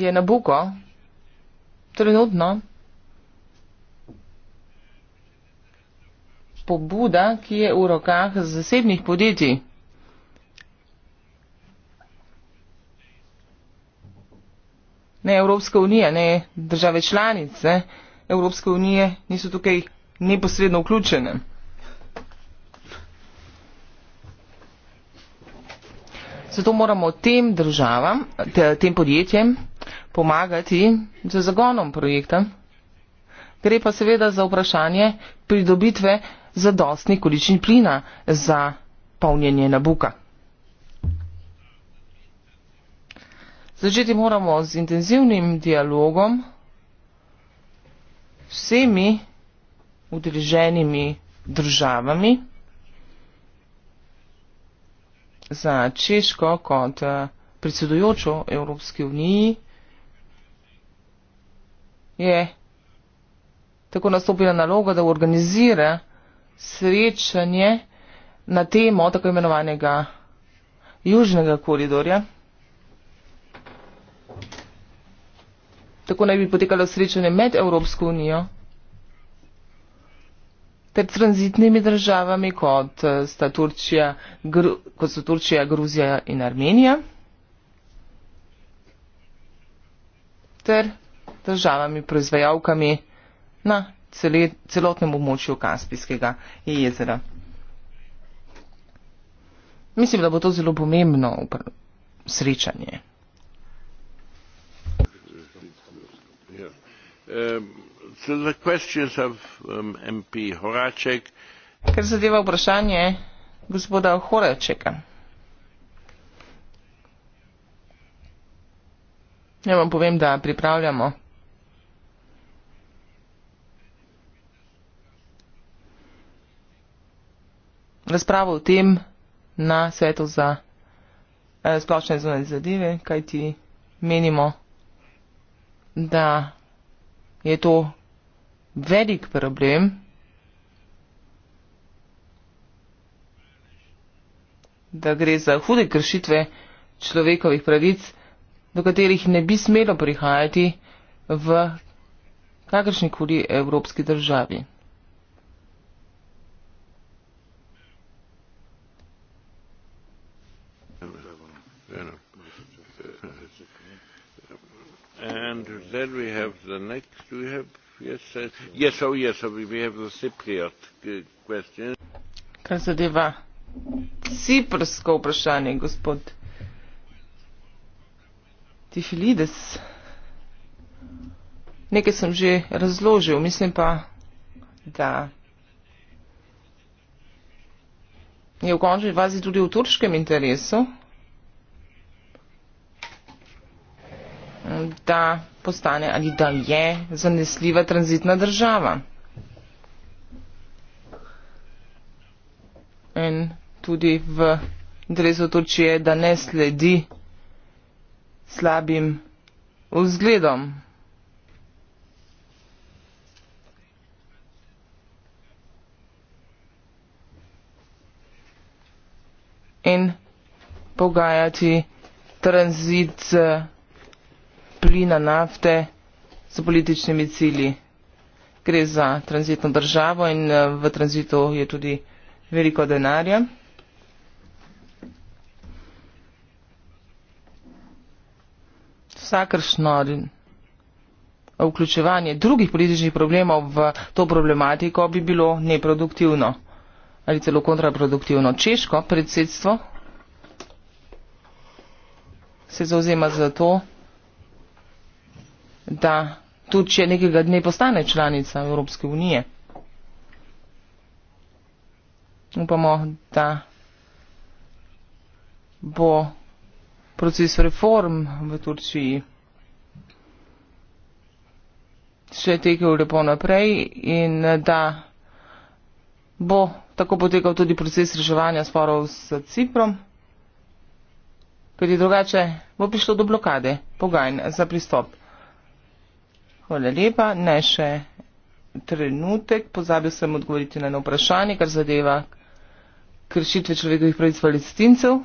je Nabuko trenutno pobuda, ki je v rokah zasebnih podjetij ne Evropska unija, ne države članice Evropske unije niso tukaj neposredno vključene. Zato moramo tem državam, tem podjetjem pomagati z zagonom projekta. Gre pa seveda za vprašanje pridobitve zadostnih količin plina za polnjenje nabuka. Začeti moramo z intenzivnim dialogom vsemi udeleženimi državami za Češko kot eh, predsedujočo Evropski uniji je tako nastopila naloga, da organizira srečanje na temo tako imenovanega južnega koridorja. tako naj bi potekalo srečanje med Evropsko unijo ter tranzitnimi državami, kot, eh, Turčija, kot so Turčija, Gruzija in Armenija, ter državami proizvajalkami na cele, celotnem območju Kaspijskega jezera. Mislim, da bo to zelo pomembno srečanje. Um, um, kar zadeva vprašanje gospoda horacheka ja vam povem da pripravljamo razpravo o tem na svetu za eh, splošne zunanje zadeve kajti menimo da je to velik problem. da gre za hude kršitve človekovih pravic, do katerih ne bi smelo prihajati v kakršnikoli evropski državi. And then we have the next. Do we have? Yes, uh, yes, oh yes, oh, we have the Cypriot question. Kar zadeva ciprsko vprašanje, gospod Tifilides. Nekaj sem že razložil, mislim pa, da je v končni vazi tudi v turškem interesu. da postane ali da je zanesljiva tranzitna država. In tudi v interesu Turčije, da ne sledi slabim vzgledom. In pogajati tranzit z. Uh, plina, nafte z političnimi cilji. Gre za tranzitno državo in eh, v tranzitu je tudi veliko denarja. Vsakršno vključevanje drugih političnih problemov v to problematiko bi bilo neproduktivno ali celo kontraproduktivno. Češko predsedstvo se zauzema za to, da tudi če nekega dne postane članica Evropske unije. Upamo, da bo proces reform v Turčiji še tekel lepo naprej in da bo tako potekal tudi proces reševanja sporov s Ciprom, ker je drugače, bo prišlo do blokade pogajanj za pristop. Hvala lepa. Ne še trenutek. Pozabil sem odgovoriti na eno vprašanje, kar zadeva kršitve človekovih pravic palestincev.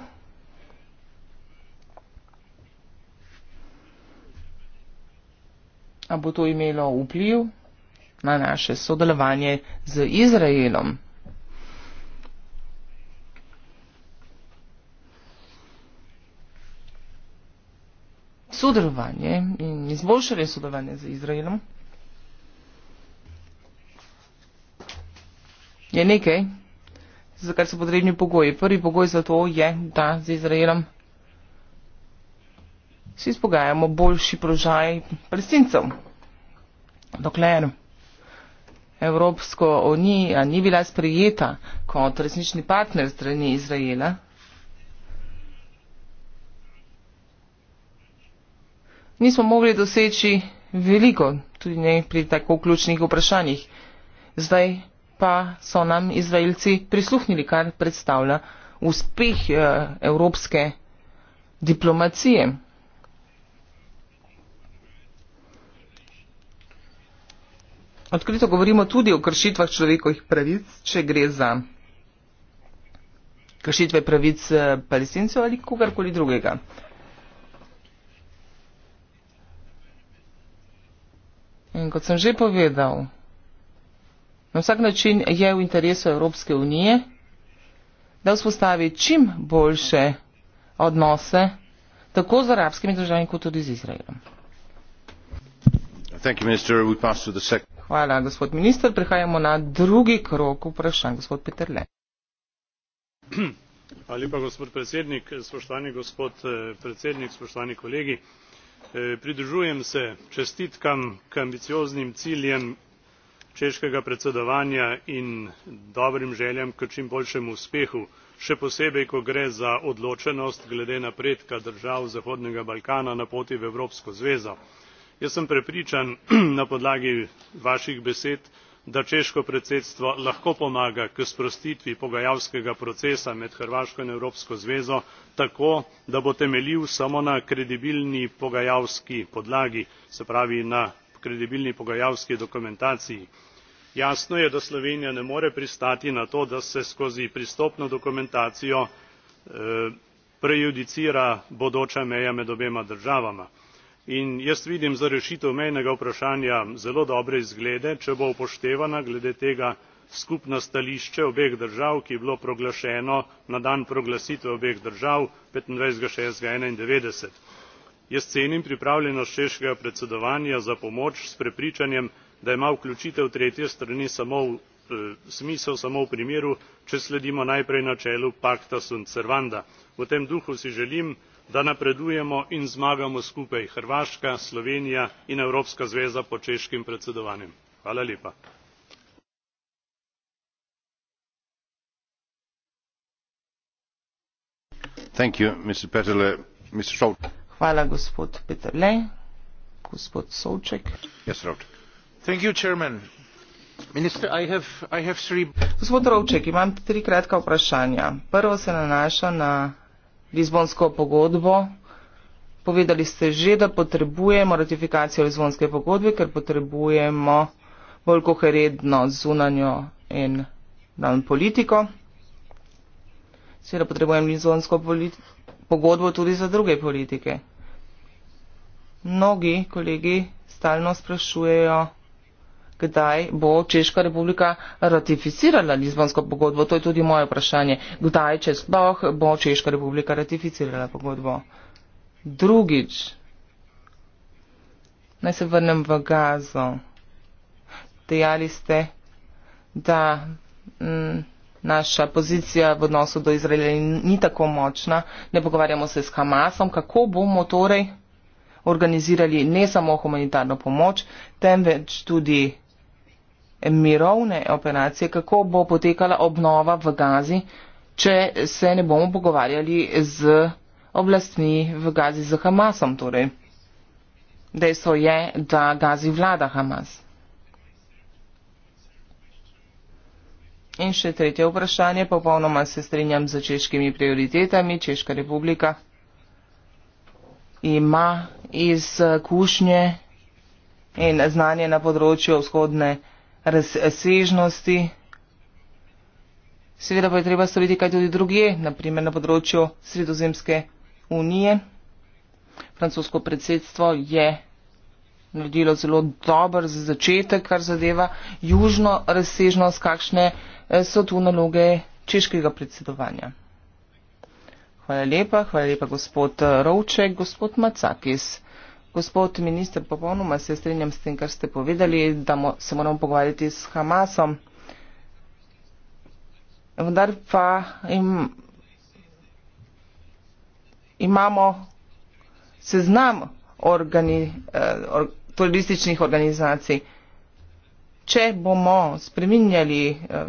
A bo to imelo vpliv na naše sodelovanje z Izraelom? sodelovanje in izboljšanje sodelovanja z Izraelom je nekaj, za kar so potrebni pogoji. Prvi pogoj za to je, da z Izraelom si izpogajamo boljši prožaj palestincev. Dokler Evropsko unija ni bila sprejeta kot resnični partner strani Izraela, nismo mogli doseči veliko, tudi ne pri tako ključnih vprašanjih. Zdaj pa so nam izraelci prisluhnili, kar predstavlja uspeh eh, evropske diplomacije. Odkrito govorimo tudi o kršitvah človekovih pravic, če gre za kršitve pravic eh, palestincev ali kogarkoli drugega. In kot sem že povedal, na vsak način je v interesu Evropske unije, da vzpostavi čim boljše odnose tako z arabskimi državami kot tudi z Izraelom. Hvala, gospod minister. Prehajamo na drugi krok vprašanj, gospod Peterle. Hvala lepa, gospod predsednik. Spoštovani gospod eh, predsednik, spoštovani kolegi. E, pridružujem se čestitkam k ambicioznim ciljem češkega predsedovanja in dobrim željam k čim boljšemu uspehu še posebej ko gre za odločenost glede napredka držav zahodnega balkana na poti v evropsko zvezo. jaz sem prepričan na podlagi vaših besed da češko predsedstvo lahko pomaga k sprostitvi pogajalskega procesa med hrvaško in evropsko zvezo tako da bo temeljil samo na kredibilni pogajalski podlagi se pravi na kredibilni pogajalski dokumentaciji. jasno je da slovenija ne more pristati na to da se skozi pristopno dokumentacijo eh, prejudicira bodoča meja med obema državama in jaz vidim za rešitev mejnega vprašanja zelo dobre izglede če bo upoštevana glede tega skupno stališče obeh držav ki je bilo proglašeno na dan proglasitve obeh držav petindvajset šest tisoč devetsto enaindevetdeset jaz cenim pripravljenost češkega predsedovanja za pomoč s prepričanjem da ima vključitev tretje strani samo eh, smisel samo v primeru če sledimo najprej načelu pacta sunt servanda v tem duhu si želim da napredujemo in zmagamo skupaj hrvaška slovenija in evropska zveza pod češkim predsedovanjem. gospod rovček imam tri kratka vprašanja. prvo se nanaša na Lizbonsko pogodbo. Povedali ste že, da potrebujemo ratifikacijo Lizbonske pogodbe, ker potrebujemo bolj koheredno zunanjo in dan politiko. Seveda potrebujemo Lizbonsko pogodbo tudi za druge politike. Mnogi kolegi stalno sprašujejo, kdaj bo Češka republika ratificirala Lizbonsko pogodbo. To je tudi moje vprašanje. Kdaj, če sploh, bo Češka republika ratificirala pogodbo? Drugič, naj se vrnem v gazo. Dejali ste, da m, mm, naša pozicija v odnosu do Izraela ni tako močna. Ne pogovarjamo se s Hamasom. Kako bomo torej organizirali ne samo humanitarno pomoč, temveč tudi mirovne operacije, kako bo potekala obnova v Gazi, če se ne bomo pogovarjali z oblastmi v Gazi z Hamasom. Torej. Dejstvo je, da Gazi vlada Hamas. In še tretje vprašanje, popolnoma se strinjam z češkimi prioritetami. Češka republika ima izkušnje in znanje na področju vzhodne republike razsežnosti. Seveda pa je treba storiti kaj tudi druge, naprimer na področju Sredozemske unije. Francosko predsedstvo je naredilo zelo dober začetek, kar zadeva južno razsežnost, kakšne eh, so tu naloge češkega predsedovanja. Hvala lepa, hvala lepa gospod eh, Rovček, gospod Macakis. Gospod minister, popolnoma se strinjam s tem, kar ste povedali, da mo se moramo pogovarjati s Hamasom. Vendar pa im imamo seznam organi eh, or turističnih organizacij. Če bomo spreminjali eh,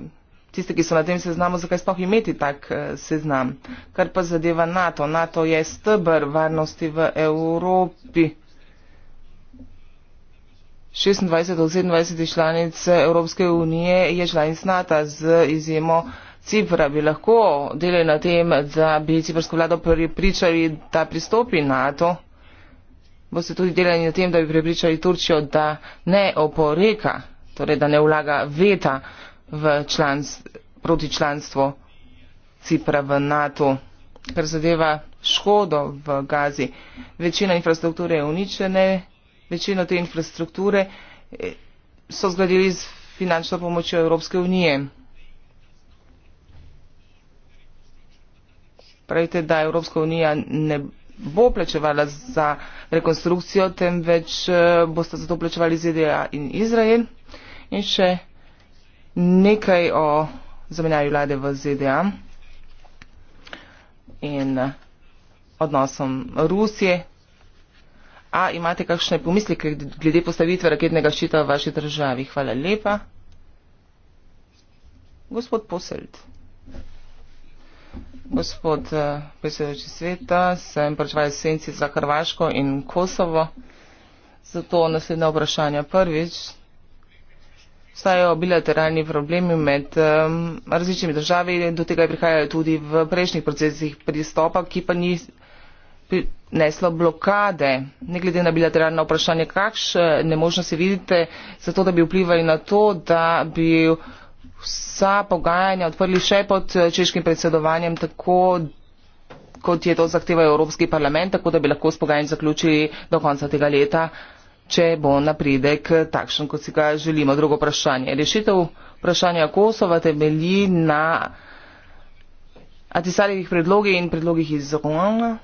tiste, ki so na tem seznamu, zakaj sploh imeti tak eh, seznam? Kar pa zadeva NATO. NATO je stebr varnosti v Evropi. 26 od 27 članic Evropske unije je članic NATO z izjemo Cipra. Bi lahko delali na tem, da bi ciprsko vlado pripričali, da pristopi NATO? Boste tudi delali na tem, da bi pripričali Turčijo, da ne oporeka, torej da ne vlaga veta v člans, proti članstvu Cipra v NATO? Kar zadeva škodo v Gazi. Večina infrastrukture je uničene, večino te infrastrukture eh, so zgradili z finančno pomočjo Evropske unije. Pravite, da Evropska unija ne bo plačevala za rekonstrukcijo, temveč eh, boste za to plačevali ZDA in Izrael. In še nekaj o zamenjavi vlade v ZDA in eh, odnosom Rusije A imate kakšne pomisleke glede postavitve raketnega ščita v vaši državi? Hvala lepa. Gospod Poselt. Gospod uh, predsedujoči sveta, sem pač v esenci za Hrvaško in Kosovo. Zato naslednja vprašanja. Prvič, stajajo bilateralni problemi med um, različnimi državami, do tega je prihajalo tudi v prejšnjih procesih pristopa, ki pa ni pri, neslo blokade, ne glede na bilateralno vprašanje, kakšne možnosti vidite za to, da bi vplivali na to, da bi vsa pogajanja odprli še pod eh, češkim predsedovanjem, tako kot je to zahteva Evropski parlament, tako da bi lahko s pogajanjem zaključili do konca tega leta, če bo napredek eh, takšen, kot si ga želimo. Drugo vprašanje. Rešitev vprašanja Kosova temelji na. Atisarjevih predlogih in predlogih iz zakonodajna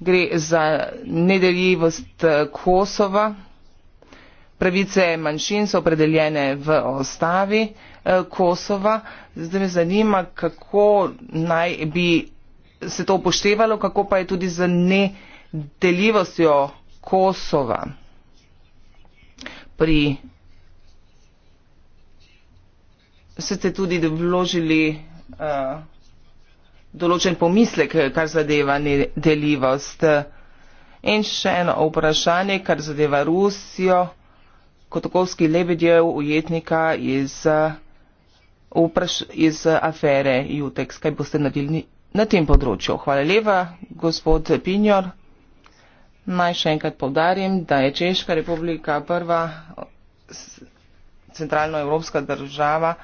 gre za nedeljivost eh, Kosova, pravice manjšin so opredeljene v ostavi eh, Kosova. Zdaj me zanima, kako naj bi se to upoštevalo, kako pa je tudi za nedeljivostjo Kosova pri. Ste tudi vložili. Uh, določen pomislek, eh, kar zadeva nedeljivost. Eh, In še eno vprašanje, kar zadeva Rusijo, kotokovski lebedjev ujetnika iz, eh, vpraš, iz afere Jutex. Kaj boste naredili na tem področju? Hvala lepa, gospod Pinjor. Naj še enkrat povdarim, da je Češka republika prva centralnoevropska država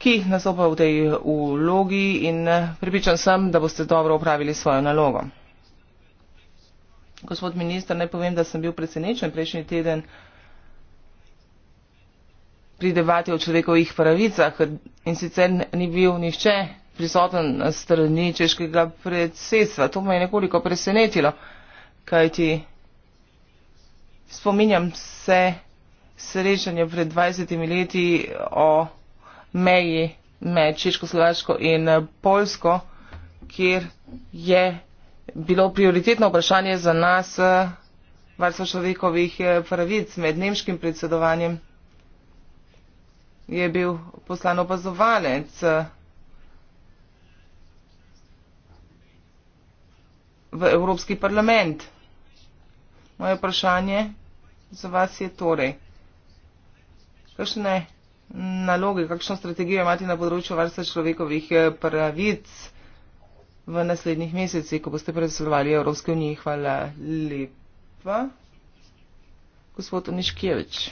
ki jih nastopa v tej vlogi in eh, pripričan sem, da boste dobro upravili svojo nalogo. Gospod minister, naj povem, da sem bil presenečen prejšnji teden pri debati o človekovih pravicah in sicer ni bil nišče prisoten na strani češkega predsedstva. To me je nekoliko presenetilo, kajti spominjam se srečanje pred 20 leti o meji med Češko-Slovaško in eh, Polsko, kjer je bilo prioritetno vprašanje za nas eh, varstvo človekovih eh, pravic med nemškim predsedovanjem. Je bil poslan opazovalec v Evropski parlament. Moje vprašanje za vas je torej, kakšne naloge, kakšno strategijo imate na področju varstva človekovih eh, pravic v naslednjih mesecih, ko boste predsedovali Evropske unije. Hvala lepa. Gospod Oniškjevič.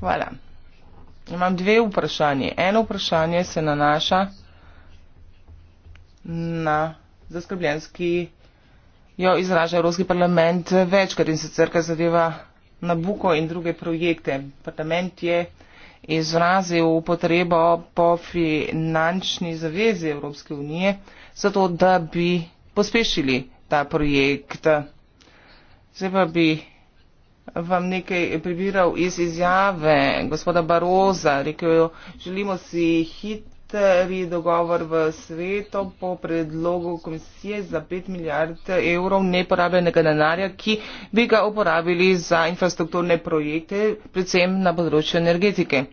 Hvala. Imam dve vprašanje. Eno vprašanje se nanaša na zaskrbljenski, jo izraža Evropski parlament večkrat in sicer, kar zadeva Nabuko in druge projekte. Parlament je izrazil potrebo po finančni zavezi Evropske unije, zato da bi pospešili ta projekt. Zdaj pa bi vam nekaj pribiral iz izjave gospoda Baroza, rekel je, želimo si hitro prvi dogovor v svetu po predlogu komisije za 5 milijard evrov neporabljenega denarja, ki bi ga uporabili za infrastrukturne projekte, predvsem na področju energetike.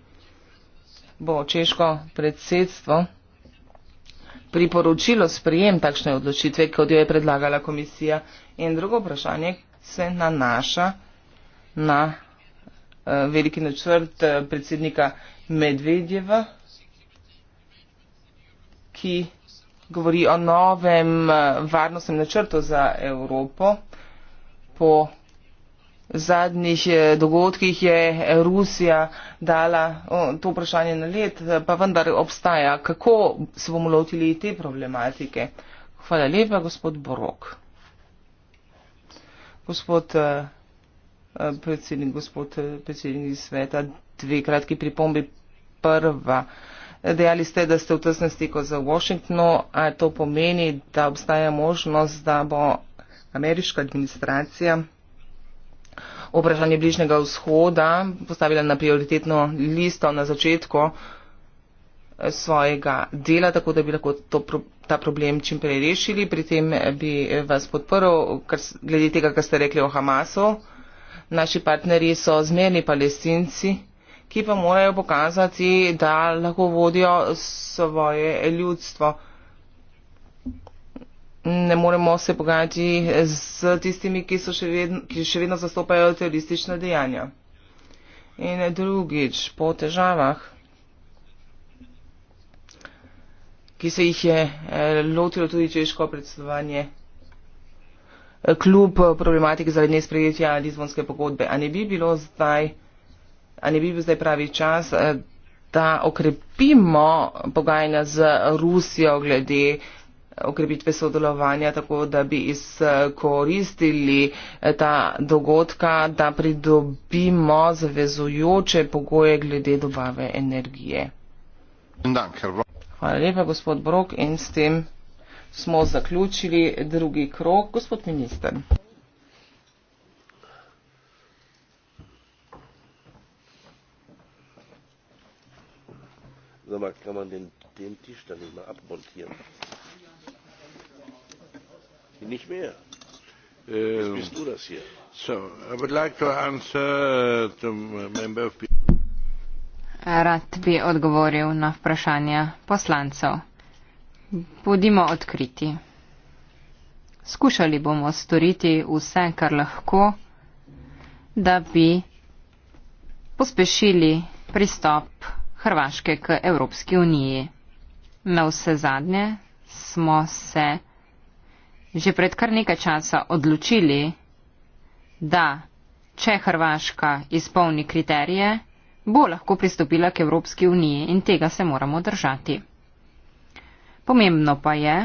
Bo češko predsedstvo priporočilo sprijem takšne odločitve, kot jo je predlagala komisija. In drugo vprašanje se nanaša na uh, veliki načrt eh, predsednika Medvedjeva ki govori o novem eh, varnostnem načrtu za Evropo. Po zadnjih eh, dogodkih je Rusija dala to vprašanje na let, eh, pa vendar obstaja, kako se bomo lotili te problematike. Hvala lepa, gospod Borok. Gospod predsednik, gospod predsednik sveta, dve kratki pripombi. Prva. Dejali ste, da ste v tesnem stiku z Washingtonom. A to pomeni, da obstaja možnost, da bo ameriška administracija vprašanje Bližnjega vzhoda postavila na prioritetno listo na začetku eh, svojega dela, tako da bi lahko to, ta problem čimprej rešili. Pri tem eh, bi eh, vas podprl, kar, glede tega, kar ste rekli o Hamasu. Naši partnerji so zmerni palestinci ki pa morajo pokazati, da lahko vodijo svoje ljudstvo. Ne moremo se pogajati z tistimi, ki, še vedno, ki še vedno zastopajo teroristična dejanja. In drugič, po težavah, ki se jih je eh, lotilo tudi češko predsedovanje, eh, kljub problematiki zaradi nesprejetja Lizbonske pogodbe, a ne bi bilo zdaj ali ne bi bil zdaj pravi čas, eh, da okrepimo pogajanja z Rusijo glede eh, okrepitve sodelovanja, tako da bi izkoristili eh, ta dogodka, da pridobimo zavezujoče pogoje glede dobave energije. Hvala lepa, gospod Brok, in s tem smo zaključili drugi krok, gospod minister. Sag mal, kann man den, den Tisch dann nicht mal abmontieren? Nicht mehr. Um, bist du das hier? So, I would like to answer to member of Rad bi odgovoril na vprašanja poslancev. Budimo odkriti. Skušali bomo storiti vse, kar lahko, da bi pospešili pristop Hrvaške k Evropski uniji. Na vse zadnje smo se že pred kar nekaj časa odločili, da če Hrvaška izpolni kriterije, bo lahko pristopila k Evropski uniji in tega se moramo držati. Pomembno pa je,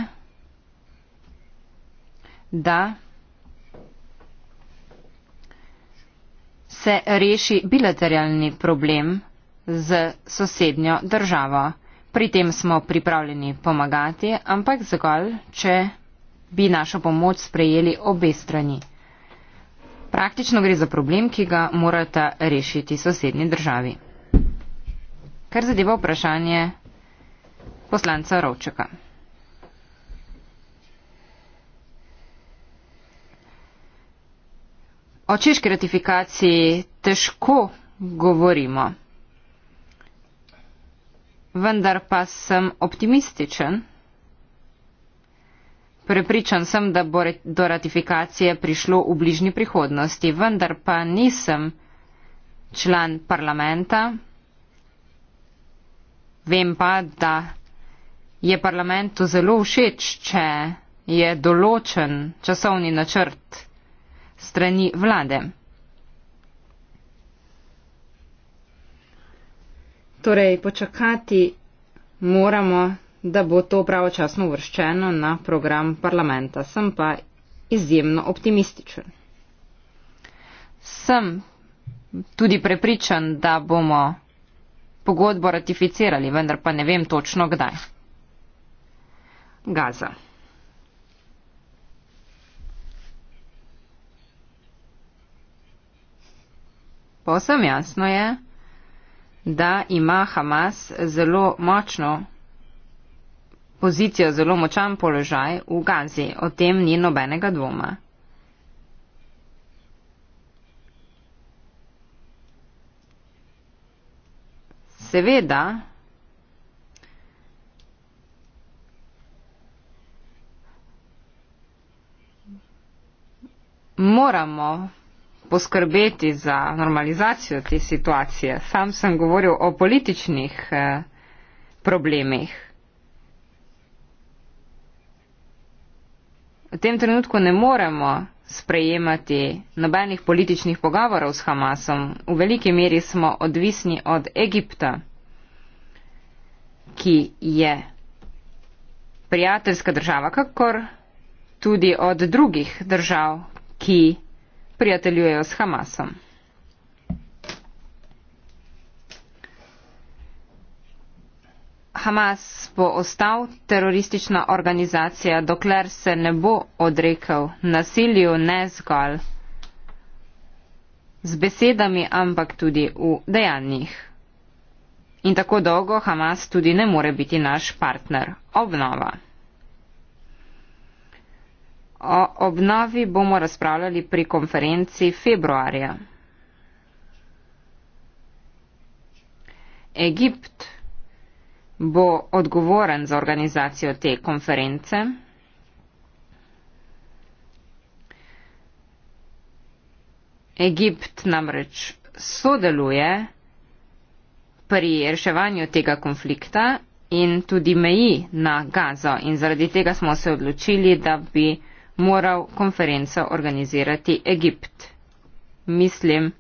da se reši bilateralni problem z sosednjo državo. Pri tem smo pripravljeni pomagati, ampak zgolj, če bi našo pomoč sprejeli obe strani. Praktično gre za problem, ki ga morata rešiti sosednji državi. Kar zadeva vprašanje poslanca Rovčeka. O češki ratifikaciji težko govorimo vendar pa sem optimističen. Prepričan sem, da bo do ratifikacije prišlo v bližnji prihodnosti, vendar pa nisem član parlamenta. Vem pa, da je parlamentu zelo všeč, če je določen časovni načrt strani vlade. Torej, počakati moramo, da bo to pravočasno uvrščeno na program parlamenta. Sem pa izjemno optimističen. Sem tudi prepričan, da bomo pogodbo ratificirali, vendar pa ne vem točno kdaj. Gaza. Posem jasno je, da ima Hamas zelo močno pozicijo, zelo močan položaj v Gazi. O tem ni nobenega dvoma. Seveda, moramo poskrbeti za normalizacijo te situacije. Sam sem govoril o političnih eh, problemih. V tem trenutku ne moremo sprejemati nobenih političnih pogovorov s Hamasom. V veliki meri smo odvisni od Egipta, ki je prijateljska država, kakor tudi od drugih držav, ki приятелює з Хамасом. Хамас бо остав терористична організація, доклер се не бо одрекав насилію не згал з беседами, ампак туди у деяннях. І тако довго Хамас туди не може бити наш партнер. Обнова. O obnovi bomo razpravljali pri konferenci februarja. Egipt bo odgovoren za organizacijo te konference. Egipt namreč sodeluje pri reševanju tega konflikta in tudi meji na Gazo in zaradi tega smo se odločili, da bi moral konferenco organizirati Egipt. Mislim,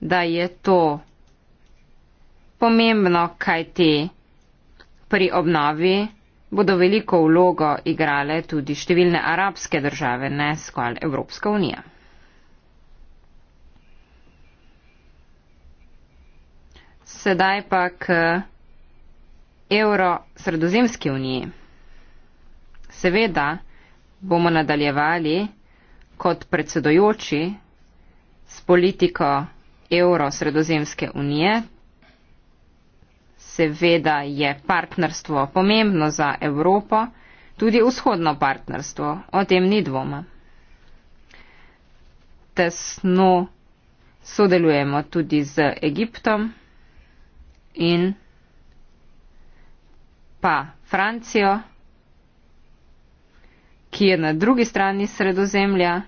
da je to pomembno, kajti pri obnovi bodo veliko vlogo igrale tudi številne arabske države, ne skolj Evropska unija. Sedaj pa k evro-sredozemski uniji. Seveda, bomo nadaljevali kot predsedojoči s politiko Evro-Sredozemske unije. Seveda je partnerstvo pomembno za Evropo, tudi vzhodno partnerstvo, o tem ni dvoma. Tesno sodelujemo tudi z Egiptom in pa Francijo ki je na drugi strani sredozemlja,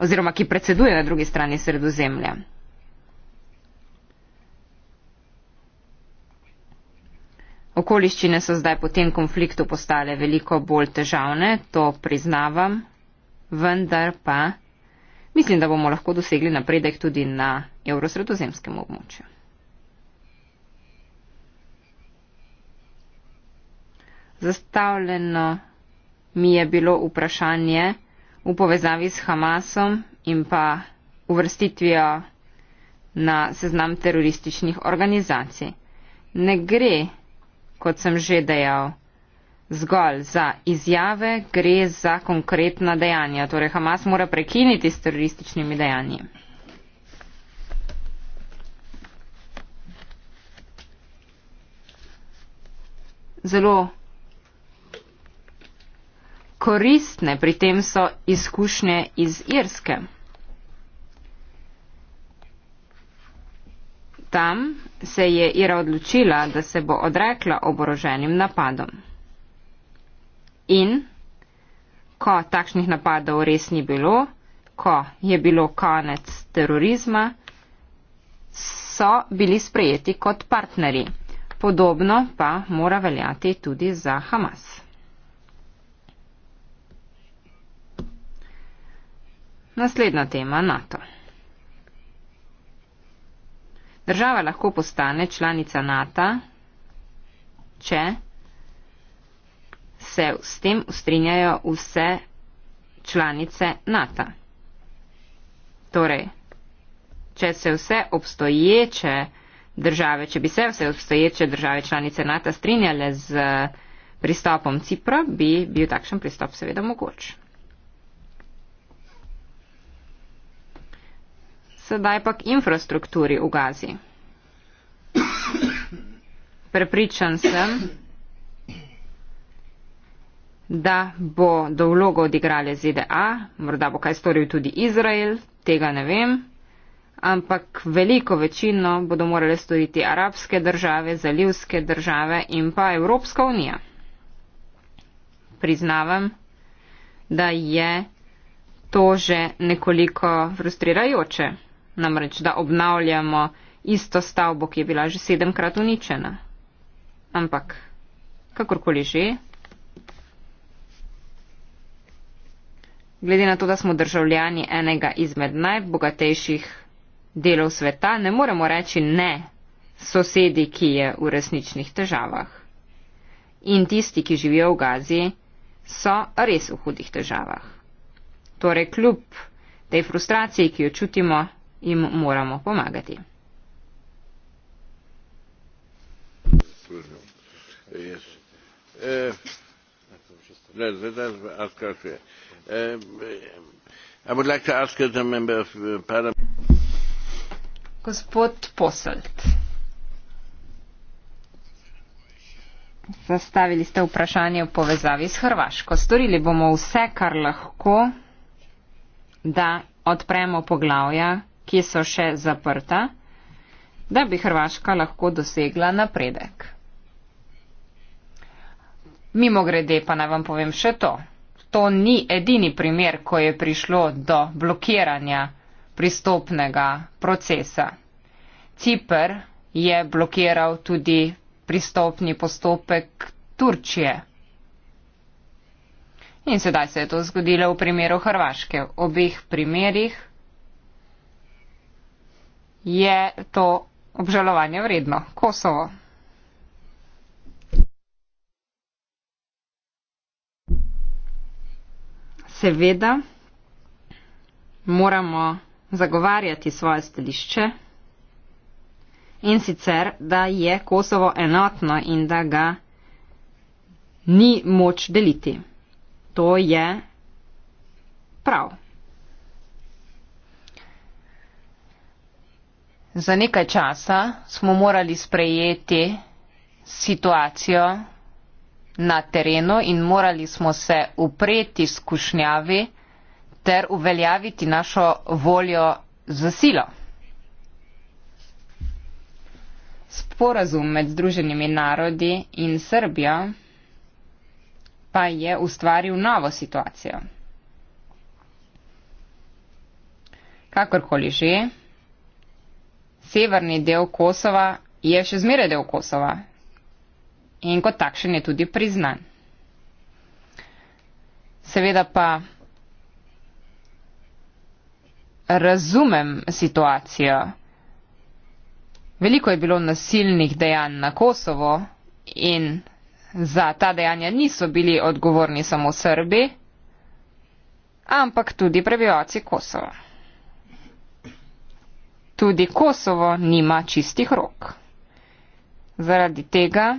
oziroma ki predseduje na drugi strani sredozemlja. Okoliščine so zdaj po tem konfliktu postale veliko bolj težavne, to priznavam, vendar pa mislim, da bomo lahko dosegli napredek tudi na evrosredozemskem območju. zastavljeno mi je bilo vprašanje v povezavi s Hamasom in pa uvrstitvijo na seznam terorističnih organizacij. Ne gre, kot sem že dejal, zgolj za izjave, gre za konkretna dejanja. Torej, Hamas mora prekiniti s terorističnimi dejanji. Zelo koristne pri tem so izkušnje iz Irske. Tam se je Ira odločila, da se bo odrekla oboroženim napadom. In ko takšnih napadov res ni bilo, ko je bilo konec terorizma, so bili sprejeti kot partnerji. Podobno pa mora veljati tudi za Hamas. Naslednja tema NATO. Država lahko postane članica NATO, če se s tem ustrinjajo vse članice NATO. Torej, če se vse obstoječe države, če bi se vse obstoječe države članice NATO strinjale z pristopom Cipra, bi bil takšen pristop seveda mogoč. sedaj pa k infrastrukturi v Gazi. Prepričan sem, da bo do vlogo odigrali ZDA, morda bo kaj storil tudi Izrael, tega ne vem, ampak veliko večino bodo morale storiti arabske države, zalivske države in pa Evropska unija. Priznavam, da je to že nekoliko frustrirajoče namreč da obnavljamo isto stavbo, ki je bila že sedemkrat uničena. Ampak, kakorkoli že, glede na to, da smo državljani enega izmed najbogatejših delov sveta, ne moremo reči ne sosedi, ki je v resničnih težavah. In tisti, ki živijo v Gazi, so res v hudih težavah. Torej, kljub tej frustraciji, ki jo čutimo, jim moramo pomagati. Gospod Poselt, zastavili ste vprašanje v povezavi s Hrvaško. Storili bomo vse, kar lahko, da odpremo poglavja, ki so še zaprta, da bi Hrvaška lahko dosegla napredek. Mimo grede pa naj vam povem še to. To ni edini primer, ko je prišlo do blokiranja pristopnega procesa. Cipr je blokiral tudi pristopni postopek Turčije. In sedaj se je to zgodilo v primeru Hrvaške. V obih primerih je to obžalovanje vredno. Kosovo. Seveda moramo zagovarjati svoje stališče in sicer, da je Kosovo enotno in da ga ni moč deliti. To je prav. Za nekaj časa smo morali sprejeti situacijo na terenu in morali smo se upreti skušnjavi ter uveljaviti našo voljo za silo. Sporazum med Združenimi narodi in Srbijo pa je ustvaril novo situacijo. Kakorkoli že, severni del Kosova je še zmeraj del Kosova in kot takšen je tudi priznan. Seveda pa razumem situacijo. Veliko je bilo nasilnih dejanj na Kosovo in za ta dejanja niso bili odgovorni samo Srbi, ampak tudi prebivalci Kosova tudi Kosovo nima čistih rok. Zaradi tega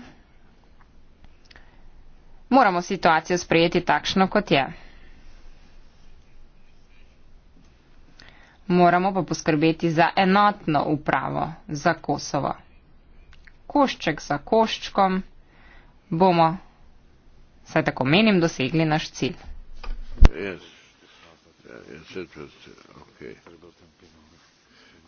moramo situacijo sprejeti takšno, kot je. Moramo pa poskrbeti za enotno upravo za Kosovo. Košček za koščkom bomo, saj tako menim, dosegli naš cilj. Yes. Yes, it was, okay.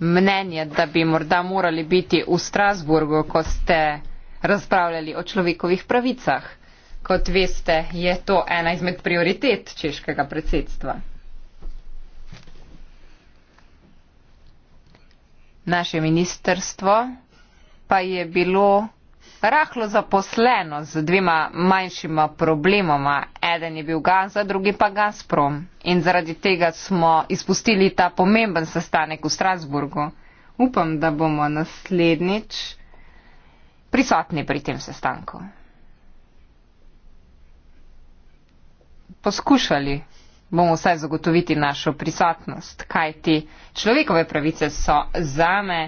mnenje, da bi morda morali biti v Strasburgu, ko ste razpravljali o človekovih pravicah. Kot veste, je to ena izmed prioritet češkega predsedstva. Naše ministrstvo pa je bilo rahlo zaposleno z dvima manjšima problemoma. Eden je bil Gaz, drugi pa Gazprom. In zaradi tega smo izpustili ta pomemben sestanek v Strasburgu. Upam, da bomo naslednjič prisotni pri tem sestanku. Poskušali bomo vsaj zagotoviti našo prisotnost, kajti človekove pravice so zame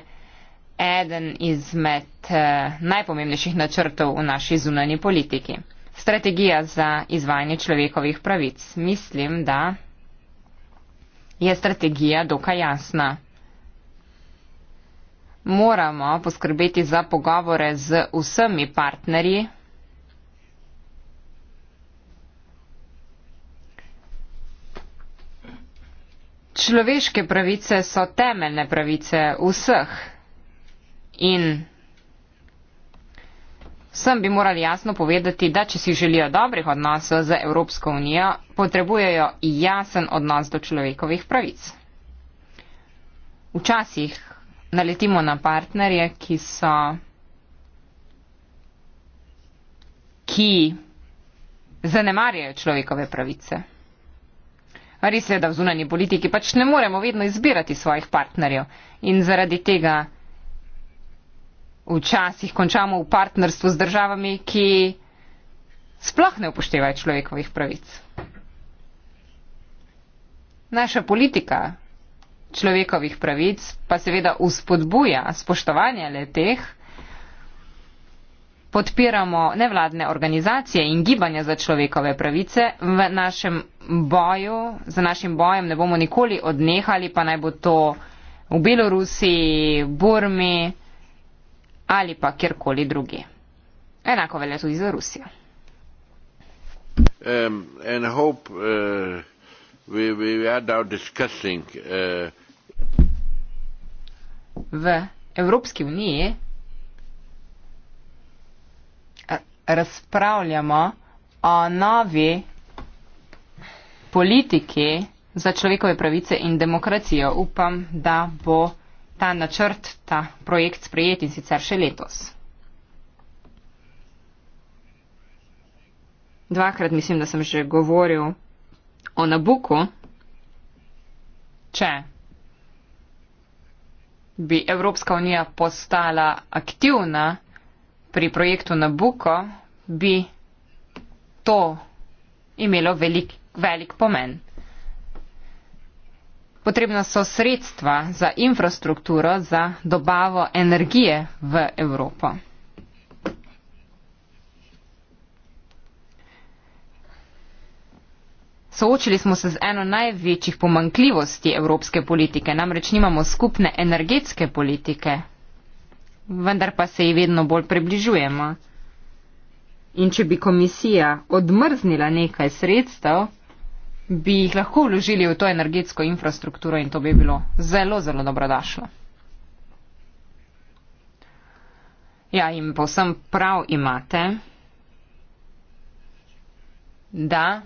eden izmed eh, najpomembnejših načrtov v naši zunanji politiki. Strategija za izvajanje človekovih pravic. Mislim, da je strategija dokaj jasna. Moramo poskrbeti za pogovore z vsemi partnerji. Človeške pravice so temeljne pravice vseh. In sem bi morali jasno povedati, da če si želijo dobrih odnosov z Evropsko unijo, potrebujejo jasen odnos do človekovih pravic. Včasih naletimo na partnerje, ki so. ki zanemarjajo človekove pravice. Res je, da v zunanji politiki pač ne moremo vedno izbirati svojih partnerjev in zaradi tega včasih končamo v partnerstvu z državami, ki sploh ne upoštevajo človekovih pravic. Naša politika človekovih pravic pa seveda uspodbuja spoštovanje le teh, podpiramo nevladne organizacije in gibanja za človekove pravice v našem boju, za našim bojem ne bomo nikoli odnehali, pa naj bo to v Belorusiji, Burmi, ali pa kjerkoli drugi. Enako velja tudi za Rusijo. Um, hope, uh, we, we uh... V Evropski uniji eh, razpravljamo o novi politiki za človekove pravice in demokracijo. Upam, da bo ta načrt, ta projekt sprejeti in sicer še letos. Dvakrat mislim, da sem že govoril o Nabuku. Če bi Evropska unija postala aktivna pri projektu Nabuko, bi to imelo velik, velik pomen. Potrebna so sredstva za infrastrukturo, za dobavo energije v Evropo. Soočili smo se z eno največjih pomankljivosti evropske politike, namreč nimamo skupne energetske politike, vendar pa se ji vedno bolj približujemo. In če bi komisija odmrznila nekaj sredstev, bi jih lahko vložili v to energetsko infrastrukturo in to bi bilo zelo, zelo dobrodošlo. Ja, in povsem prav imate, da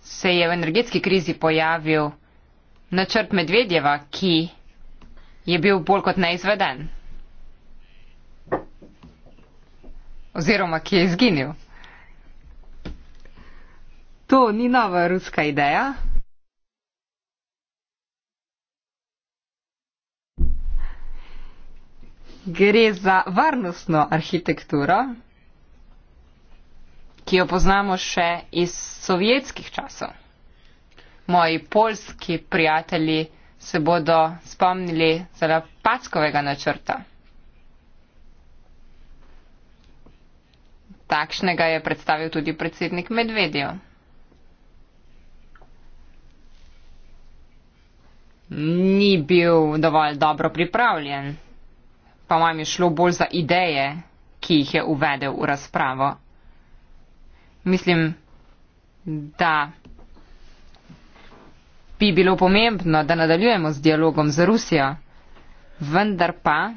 se je v energetski krizi pojavil načrt Medvedjeva, ki je bil bolj kot neizveden. Oziroma, ki je izginil to ni nova ruska ideja. Gre za varnostno arhitekturo, ki jo poznamo še iz sovjetskih časov. Moji polski prijatelji se bodo spomnili zarapackovega načrta. Takšnega je predstavil tudi predsednik Medvedev. ni bil dovolj dobro pripravljen. Pa vam je šlo bolj za ideje, ki jih je uvedel v razpravo. Mislim, da bi bilo pomembno, da nadaljujemo z dialogom z Rusijo, vendar pa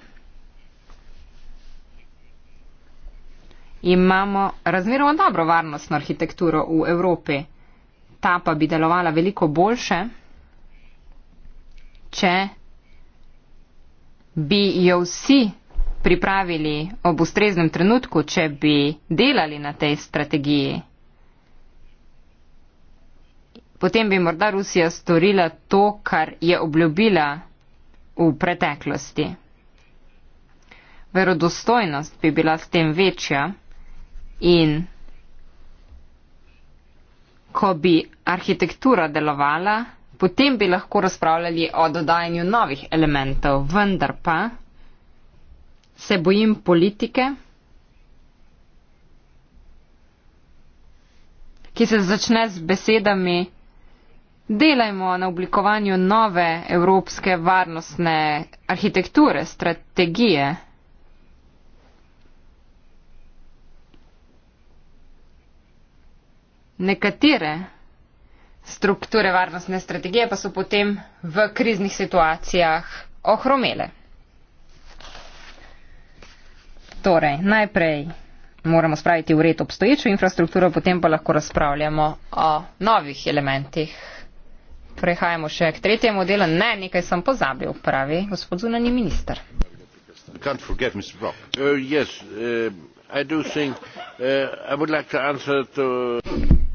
imamo razmeroma dobro varnostno arhitekturo v Evropi, ta pa bi delovala veliko boljše če bi jo vsi pripravili ob ustreznem trenutku, če bi delali na tej strategiji, potem bi morda Rusija storila to, kar je obljubila v preteklosti. Verodostojnost bi bila s tem večja in ko bi arhitektura delovala, Potem bi lahko razpravljali o dodajanju novih elementov, vendar pa se bojim politike, ki se začne z besedami delajmo na oblikovanju nove evropske varnostne arhitekture, strategije. Nekatere strukture varnostne strategije pa so potem v kriznih situacijah ohromele. Torej, najprej moramo spraviti v red obstoječo infrastrukturo, potem pa lahko razpravljamo o novih elementih. Prehajamo še k tretjemu delu. Ne, nekaj sem pozabil, pravi gospod zunani minister. Uh, uh, uh,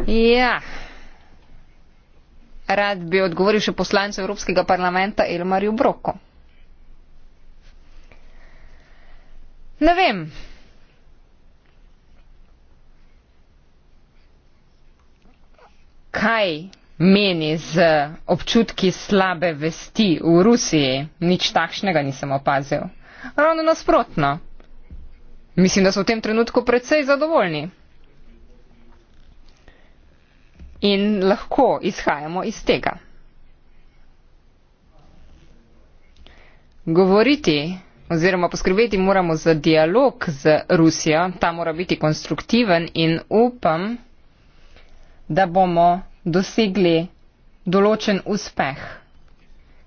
ja, Rad bi odgovoril še poslancu Evropskega parlamenta Elmarju Broko. Ne vem. Kaj meni z občutki slabe vesti v Rusiji? Nič takšnega nisem opazil. Ravno nasprotno. Mislim, da so v tem trenutku precej zadovoljni in lahko izhajamo iz tega. Govoriti oziroma poskrbeti moramo za dialog z Rusijo, ta mora biti konstruktiven in upam, da bomo dosegli določen uspeh.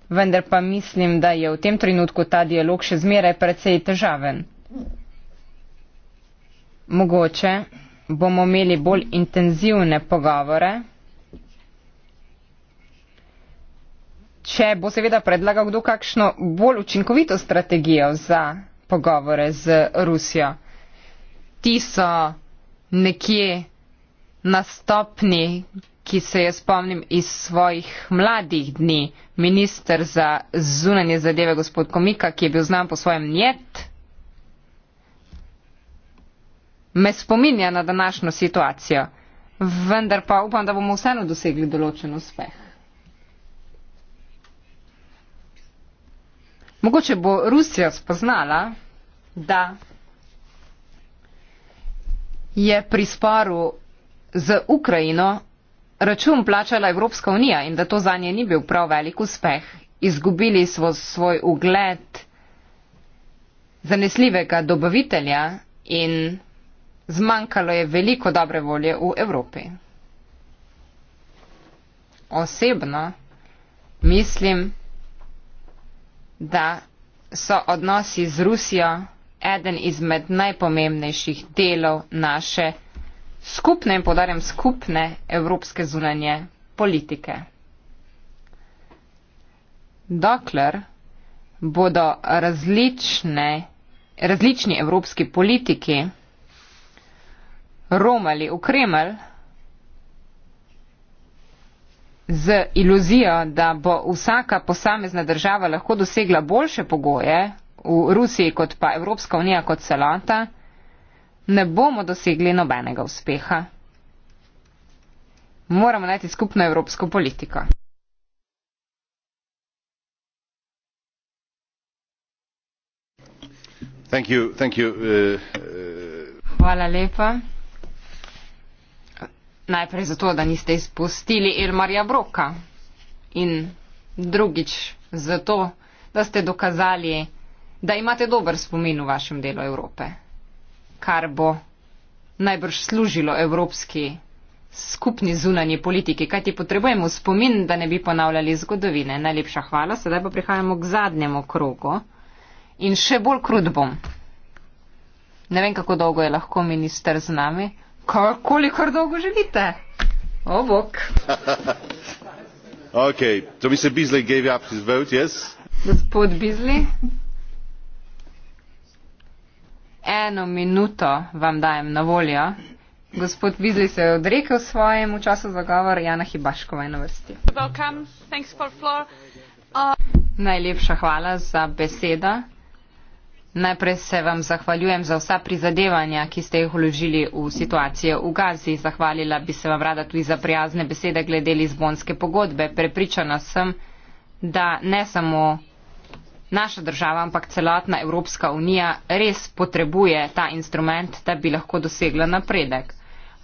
Vendar pa mislim, da je v tem trenutku ta dialog še zmeraj precej težaven. Mogoče bomo imeli bolj intenzivne pogovore, če bo seveda predlagal kdo kakšno bolj učinkovito strategijo za pogovore z Rusijo. Ti so nekje nastopni, ki se jaz spomnim iz svojih mladih dni, minister za zunanje zadeve gospod Komika, ki je bil znan po svojem njet me spominja na današnjo situacijo, vendar pa upam, da bomo vseeno dosegli določen uspeh. Mogoče bo Rusija spoznala, da je pri sporu z Ukrajino račun plačala Evropska unija in da to za nje ni bil prav velik uspeh. Izgubili smo svoj ugled zanesljivega dobavitelja in Zmanjkalo je veliko dobre volje v Evropi. Osebno mislim, da so odnosi z Rusijo eden izmed najpomembnejših delov naše skupne in podarjam skupne evropske zunanje politike. Dokler bodo različne, različni evropski politiki romali v Kremelj z iluzijo, da bo vsaka posamezna država lahko dosegla boljše pogoje v Rusiji kot pa Evropska unija kot celota, ne bomo dosegli nobenega uspeha. Moramo najti skupno evropsko politiko. Thank you, thank you, uh, uh, Hvala lepa najprej zato, da niste izpustili Irmarja Broka in drugič zato, da ste dokazali, da imate dober spomin v vašem delu Evrope, kar bo najbrž služilo evropski skupni zunanje politike, kajti potrebujemo spomin, da ne bi ponavljali zgodovine. Najlepša hvala, sedaj pa prihajamo k zadnjemu krogu in še bolj krut bom. Ne vem, kako dolgo je lahko minister z nami, kolikor dolgo želite. Obok. Oh, okay, so Mr. Beasley gave up his vote, yes? Gospod Beasley. Eno minuto vam dajem na voljo. Gospod Beasley se je odrekel svojemu času za govor, Jana Hibaškova je na vrsti. Welcome, thanks for floor. Uh... Najlepša hvala za besedo. Najprej se vam zahvaljujem za vsa prizadevanja, ki ste jih vložili v situacijo v Gazi. Zahvalila bi se vam rada tudi za prijazne besede glede Lizbonske pogodbe. Prepričana sem, da ne samo naša država, ampak celotna Evropska unija res potrebuje ta instrument, da bi lahko dosegla napredek.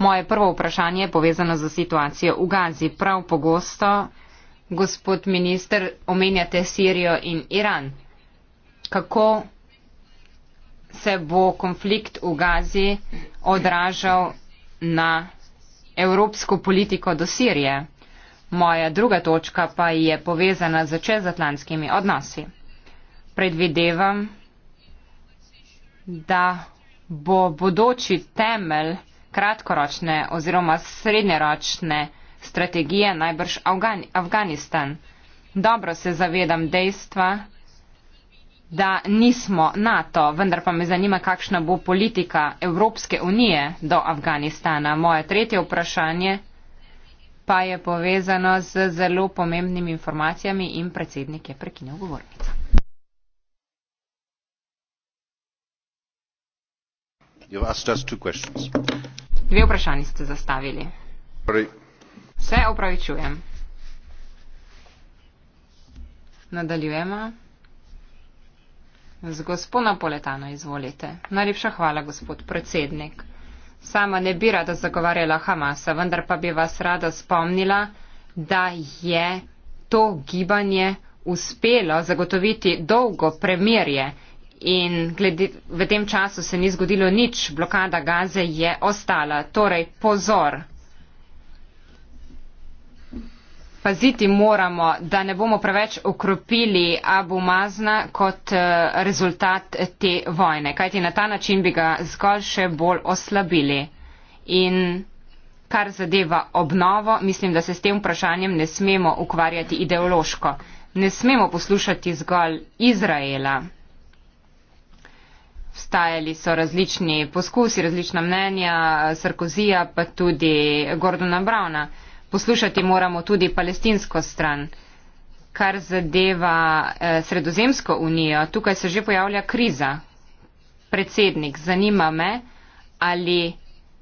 Moje prvo vprašanje je povezano za situacijo v Gazi. Prav pogosto, gospod minister, omenjate Sirijo in Iran. Kako se bo konflikt v Gazi odražal na evropsko politiko do Sirije. Moja druga točka pa je povezana z čezatlantskimi odnosi. Predvidevam, da bo bodoči temelj kratkoročne oziroma srednjeročne strategije najbrž Afgani Afganistan. Dobro se zavedam dejstva, da nismo NATO, vendar pa me zanima, kakšna bo politika Evropske unije do Afganistana. Moje tretje vprašanje pa je povezano z zelo pomembnimi informacijami in predsednik je prekinil govornico. Dve vprašanji ste zastavili. Sorry. Se opravičujem. Nadaljujemo. Z gospod Napoletano izvolite. Najlepša hvala, gospod predsednik. Sama ne bi rada zagovarjala Hamasa, vendar pa bi vas rada spomnila, da je to gibanje uspelo zagotoviti dolgo premirje in glede, v tem času se ni zgodilo nič, blokada gaze je ostala. Torej, pozor. paziti moramo, da ne bomo preveč okropili Abu Mazna kot eh, rezultat te vojne, kajti na ta način bi ga zgolj še bolj oslabili. In kar zadeva obnovo, mislim, da se s tem vprašanjem ne smemo ukvarjati ideološko. Ne smemo poslušati zgolj Izraela. Vstajali so različni poskusi, različna mnenja, Sarkozija pa tudi Gordona Brauna poslušati moramo tudi palestinsko stran. Kar zadeva eh, Sredozemsko unijo, tukaj se že pojavlja kriza. Predsednik, zanima me, ali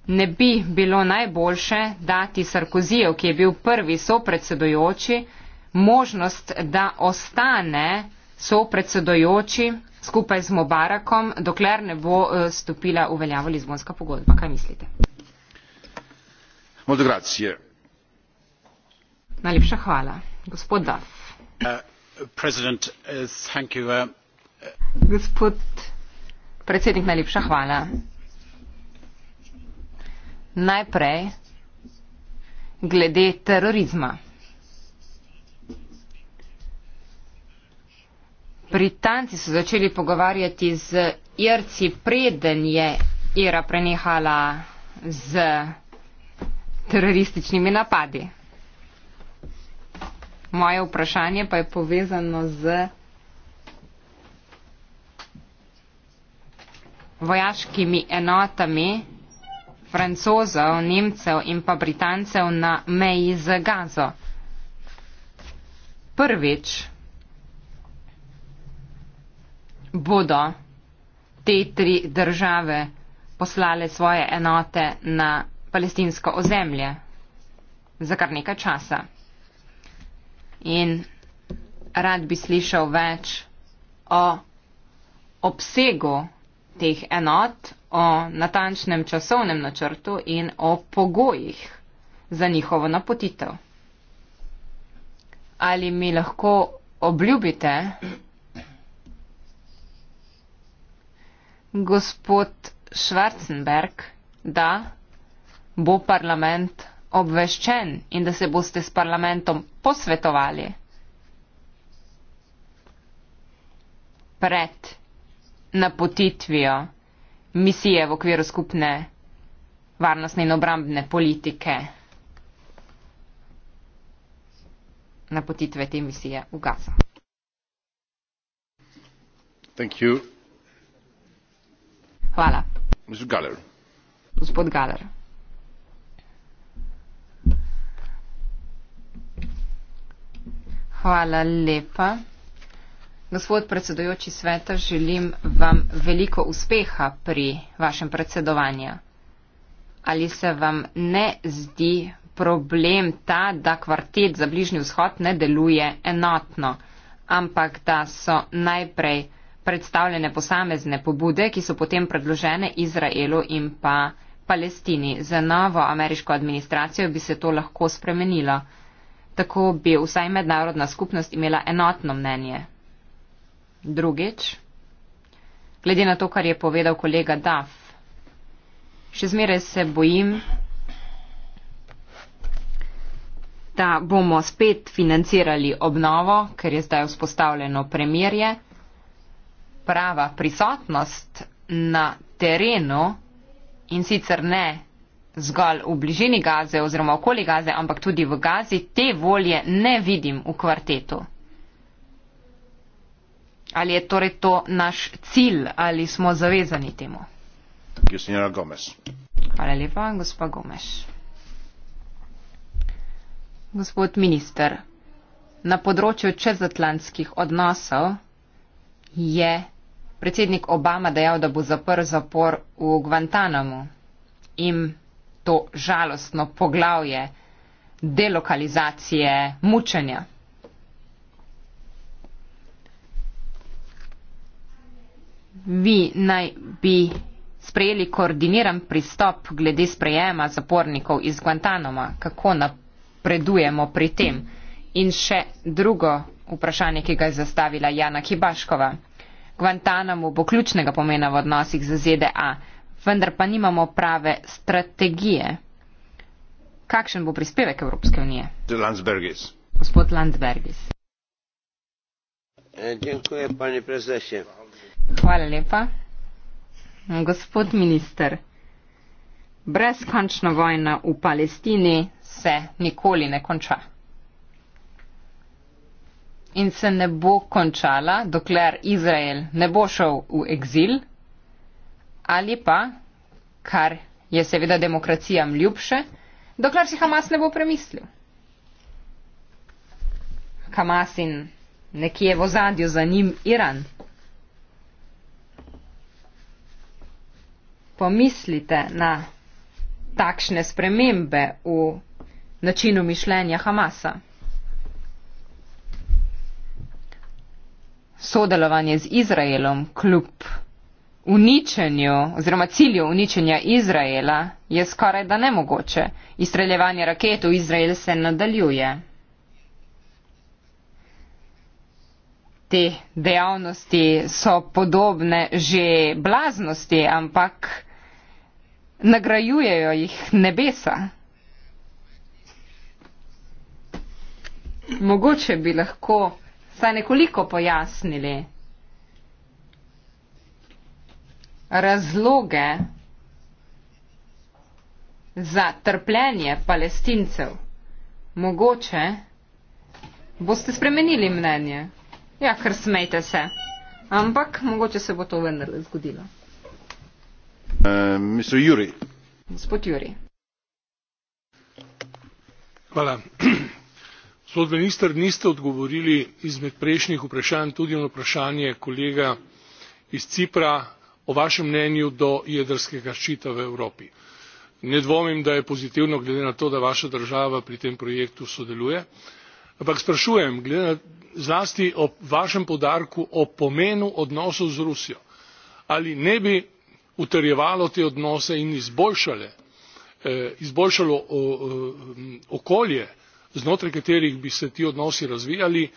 ne bi bilo najboljše dati Sarkozijev, ki je bil prvi sopredsedujoči, možnost, da ostane sopredsedujoči skupaj z Mobarakom, dokler ne bo eh, stopila v veljavo Lizbonska pogodba. Kaj mislite? Moldegracije. Najlepša hvala. Gospod Duff. Uh, uh, uh, Gospod predsednik, najlepša hvala. Najprej glede terorizma. Britanci so začeli pogovarjati z Irci, preden je Ira prenehala z terorističnimi napadi. Moje vprašanje pa je povezano z vojaškimi enotami francozov, nemcev in pa britancev na meji z gazo. Prvič bodo te tri države poslale svoje enote na palestinsko ozemlje za kar nekaj časa in rad bi slišal več o obsegu teh enot, o natančnem časovnem načrtu in o pogojih za njihovo napotitev. Ali mi lahko obljubite, gospod Schwarzenberg, da bo parlament obveščen in da se boste s parlamentom posvetovali. Pred napotitvijo misije v okviru skupne varnostne in obrambne politike. Napotitve te misije v Gaza. Hvala. Gospod Galer. Hvala lepa. Gospod predsedujoči sveta, želim vam veliko uspeha pri vašem predsedovanju. Ali se vam ne zdi problem ta, da kvartet za bližnji vzhod ne deluje enotno, ampak da so najprej predstavljene posamezne pobude, ki so potem predložene Izraelu in pa Palestini. Za novo ameriško administracijo bi se to lahko spremenilo. Tako bi vsaj mednarodna skupnost imela enotno mnenje. Drugič, glede na to, kar je povedal kolega Duff, še zmeraj se bojim, da bomo spet financirali obnovo, ker je zdaj vzpostavljeno premirje. Prava prisotnost na terenu in sicer ne zgolj v bližini Gaze oziroma okoli Gaze, ampak tudi v Gazi, te volje ne vidim v kvartetu. Ali je torej to naš cilj ali smo zavezani temu? Hvala lepa, gospa Gomes. Gospod minister, na področju čezatlantskih odnosov je predsednik Obama dejal, da bo zaprl zapor v Guantanamo in to žalostno poglavje delokalizacije mučenja. Vi naj bi sprejeli koordiniran pristop glede sprejema zapornikov iz Guantanoma, kako napredujemo pri tem. In še drugo vprašanje, ki ga je zastavila Jana Kibaškova. Guantanamo bo ključnega pomena v odnosih z ZDA vendar pa nimamo prave strategije. Kakšen bo prispevek Evropske unije? Landsbergis. Gospod Landsbergis. Eh, Hvala lepa. Gospod minister, brezkončna vojna v Palestini se nikoli ne konča. In se ne bo končala, dokler Izrael ne bo šel v eksil, ali pa, kar je seveda demokracijam ljubše, dokler si Hamas ne bo premislil. Hamas in nekje v ozadju za njim Iran. Pomislite na takšne spremembe v načinu mišljenja Hamasa. Sodelovanje z Izraelom kljub uničenju oziroma cilju uničenja Izraela je skoraj da nemogoče. Izstreljevanje raket v Izrael se nadaljuje. Te dejavnosti so podobne že blaznosti, ampak nagrajujejo jih nebesa. Mogoče bi lahko saj nekoliko pojasnili. razloge za trpljenje palestincev. Mogoče boste spremenili mnenje. Ja, ker smejte se. Ampak mogoče se bo to vendar zgodilo. Uh, Juri. Gospod Juri. Hvala. Gospod minister, niste odgovorili izmed prejšnjih vprašanj tudi na vprašanje kolega iz Cipra, o vašem mnenju do jedrskega ščita v evropi. ne dvomim da je pozitivno glede na to da vaša država pri tem projektu sodeluje ampak sprašujem zlasti ob vašem poudarku o pomenu odnosov z rusijo ali ne bi utrjevalo te odnose in eh, izboljšalo eh, okolje znotraj katerih bi se ti odnosi razvijali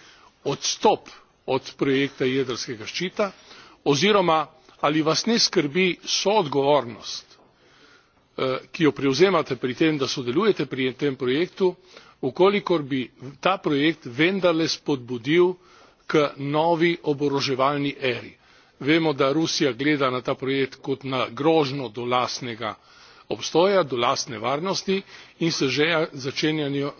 odstop od projekta jedrskega ščita oziroma ali vas ne skrbi soodgovornost eh, ki jo prevzemate pri tem da sodelujete pri tem projektu v kolikor bi ta projekt vendarle spodbudil k novi oboroževalni eri. vemo da rusija gleda na ta projekt kot na grožnjo do lastnega obstoja do lastne varnosti in se že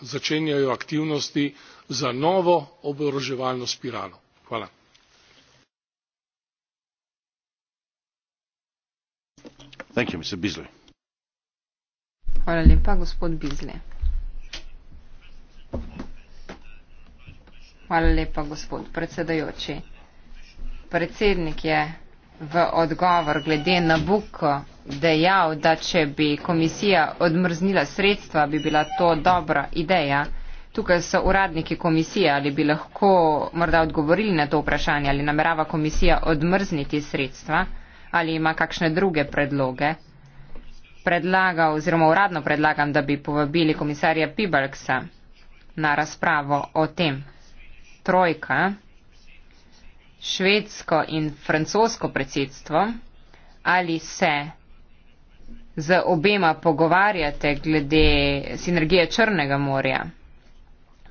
začenjajo aktivnosti za novo oboroževalno spiralo. Thank you, Mr. Beasley. Hvala lepa, gospod Bizle. Hvala lepa, gospod predsedajoči. Predsednik je v odgovor glede na Buko dejal, da če bi komisija odmrznila sredstva, bi bila to dobra ideja. Tukaj so uradniki komisije, ali bi lahko morda odgovorili na to vprašanje, ali namerava komisija odmrzniti sredstva ali ima kakšne druge predloge. Predlaga oziroma uradno predlagam, da bi povabili komisarja Pibalksa na razpravo o tem. Trojka, švedsko in francosko predsedstvo, ali se z obema pogovarjate glede sinergije Črnega morja.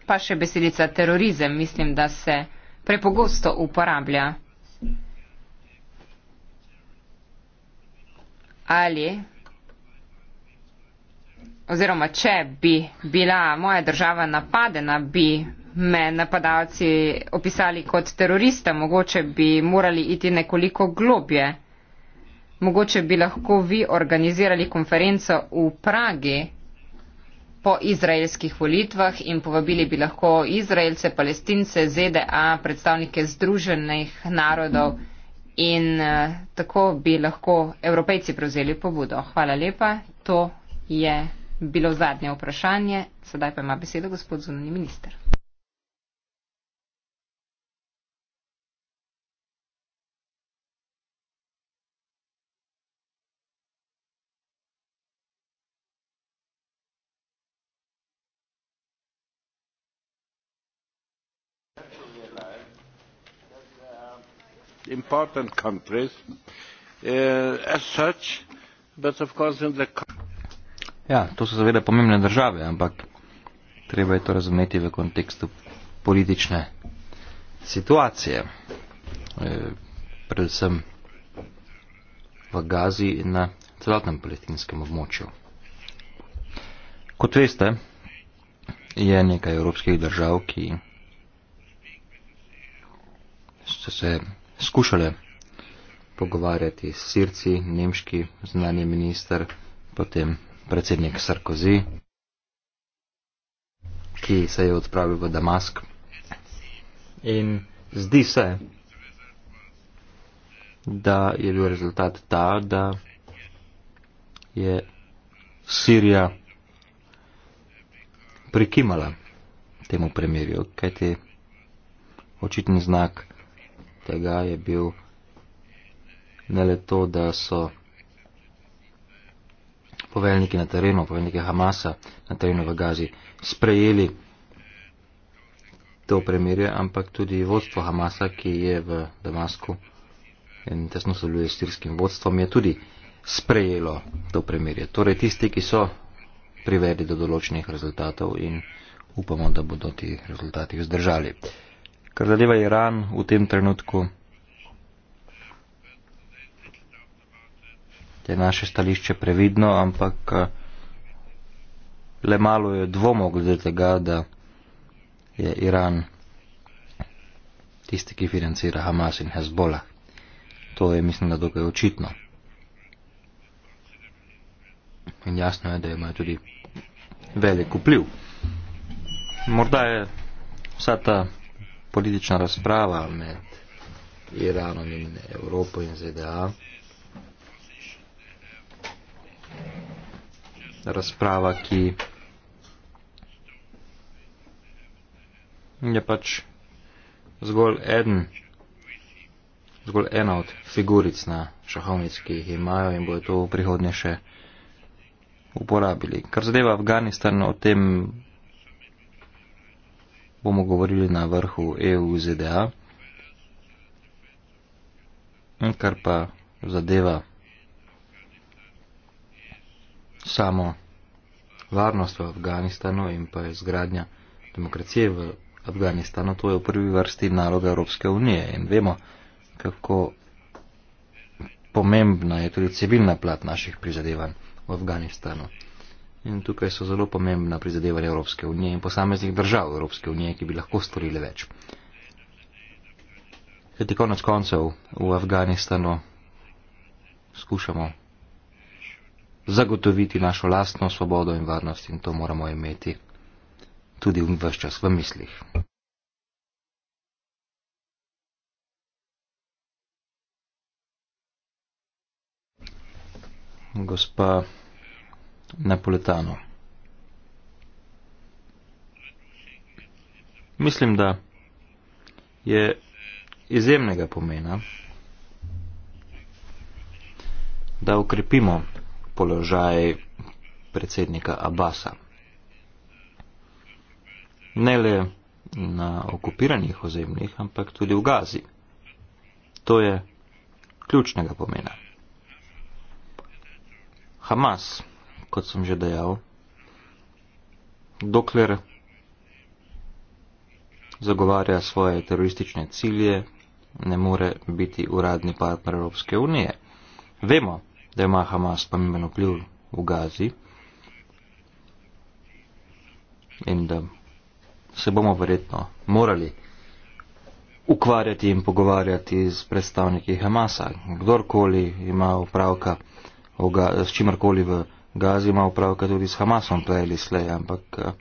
Pa še besedica terorizem, mislim, da se prepogosto uporablja. ali oziroma če bi bila moja država napadena, bi me napadalci opisali kot terorista, mogoče bi morali iti nekoliko globje. Mogoče bi lahko vi organizirali konferenco v Pragi po izraelskih volitvah in povabili bi lahko Izraelce, Palestince, ZDA, predstavnike Združenih narodov. Mm in uh, tako bi lahko evropejci prevzeli pobudo. Hvala lepa. To je bilo zadnje vprašanje. Sedaj pa ima besedo gospod zunani minister. important countries uh, as such, but of course in the. Ja, to so seveda pomembne države, ampak treba je to razumeti v kontekstu politične situacije. E, predvsem v Gazi in na celotnem palestinskem območju. Kot veste, je nekaj evropskih držav, ki so se skušale pogovarjati s Sirci, nemški znani minister, potem predsednik Sarkozy, ki se je odpravil v Damask. In zdi se, da je bil rezultat ta, da je Sirija prikimala temu premirju, kajti očitni znak tega je bil ne le to, da so poveljniki na terenu, poveljniki Hamasa na terenu v Gazi sprejeli to premirje, ampak tudi vodstvo Hamasa, ki je v Damasku in tesno sodeluje s sirskim vodstvom, je tudi sprejelo to premirje. Torej tisti, ki so privedli do določenih rezultatov in upamo, da bodo ti rezultati vzdržali kar zadeva Iran v tem trenutku. Je naše stališče previdno, ampak le malo je dvomov glede tega, da je Iran tisti, ki financira Hamas in Hezbollah. To je, mislim, da dokaj očitno. In jasno je, da ima tudi velik vpliv. Morda je vsa ta politična razprava med Iranom in Evropo in ZDA. Razprava, ki je pač zgolj, eden, zgolj ena od figuric na šahovnic, ki jih imajo in bojo to v prihodnje še uporabili. Kar zadeva Afganistan, o tem bomo govorili na vrhu EU-ZDA, kar pa zadeva samo varnost v Afganistanu in pa izgradnja demokracije v Afganistanu, to je v prvi vrsti naloga Evropske unije in vemo, kako pomembna je tudi civilna plat naših prizadevanj v Afganistanu. In tukaj so zelo pomembna prizadevanja Evropske unije in posameznih držav Evropske unije, ki bi lahko storili več. Kajti konec koncev v Afganistanu skušamo zagotoviti našo lastno svobodo in varnost in to moramo imeti tudi v vse čas v mislih. Gospa Napoletano. Mislim, da je izjemnega pomena, da ukrepimo položaj predsednika Abasa. Ne le na okupiranih ozemljih, ampak tudi v Gazi. To je ključnega pomena. Hamas kot sem že dejal, dokler zagovarja svoje teroristične cilje, ne more biti uradni partner Evropske unije. Vemo, da ima Hamas pomemben vpliv v Gazi in da se bomo verjetno morali ukvarjati in pogovarjati z predstavniki Hamasa. Kdorkoli ima upravka s čimarkoli v Gazi ima upravka tudi s Hamasom prej ali slej, ampak eh,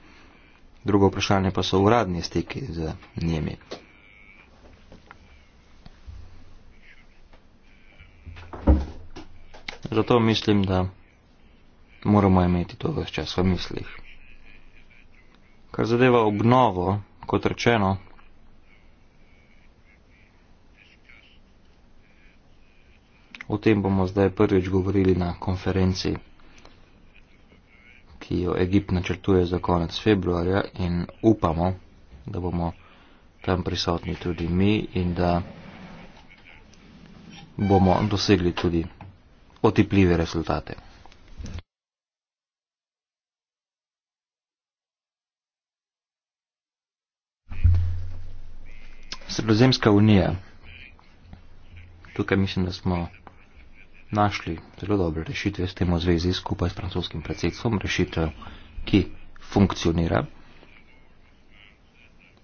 drugo vprašanje pa so uradni stiki z njimi. Zato mislim, da moramo imeti to vse čas v mislih. Kar zadeva obnovo, kot rečeno, o tem bomo zdaj prvič govorili na konferenci ki jo Egipt načrtuje za konec februarja in upamo, da bomo tam prisotni tudi mi in da bomo dosegli tudi otipljive rezultate. Sredozemska unija. Tukaj mislim, da smo našli zelo dobre rešitve s tem v zvezi skupaj s francoskim predsedstvom, rešitev, ki funkcionira,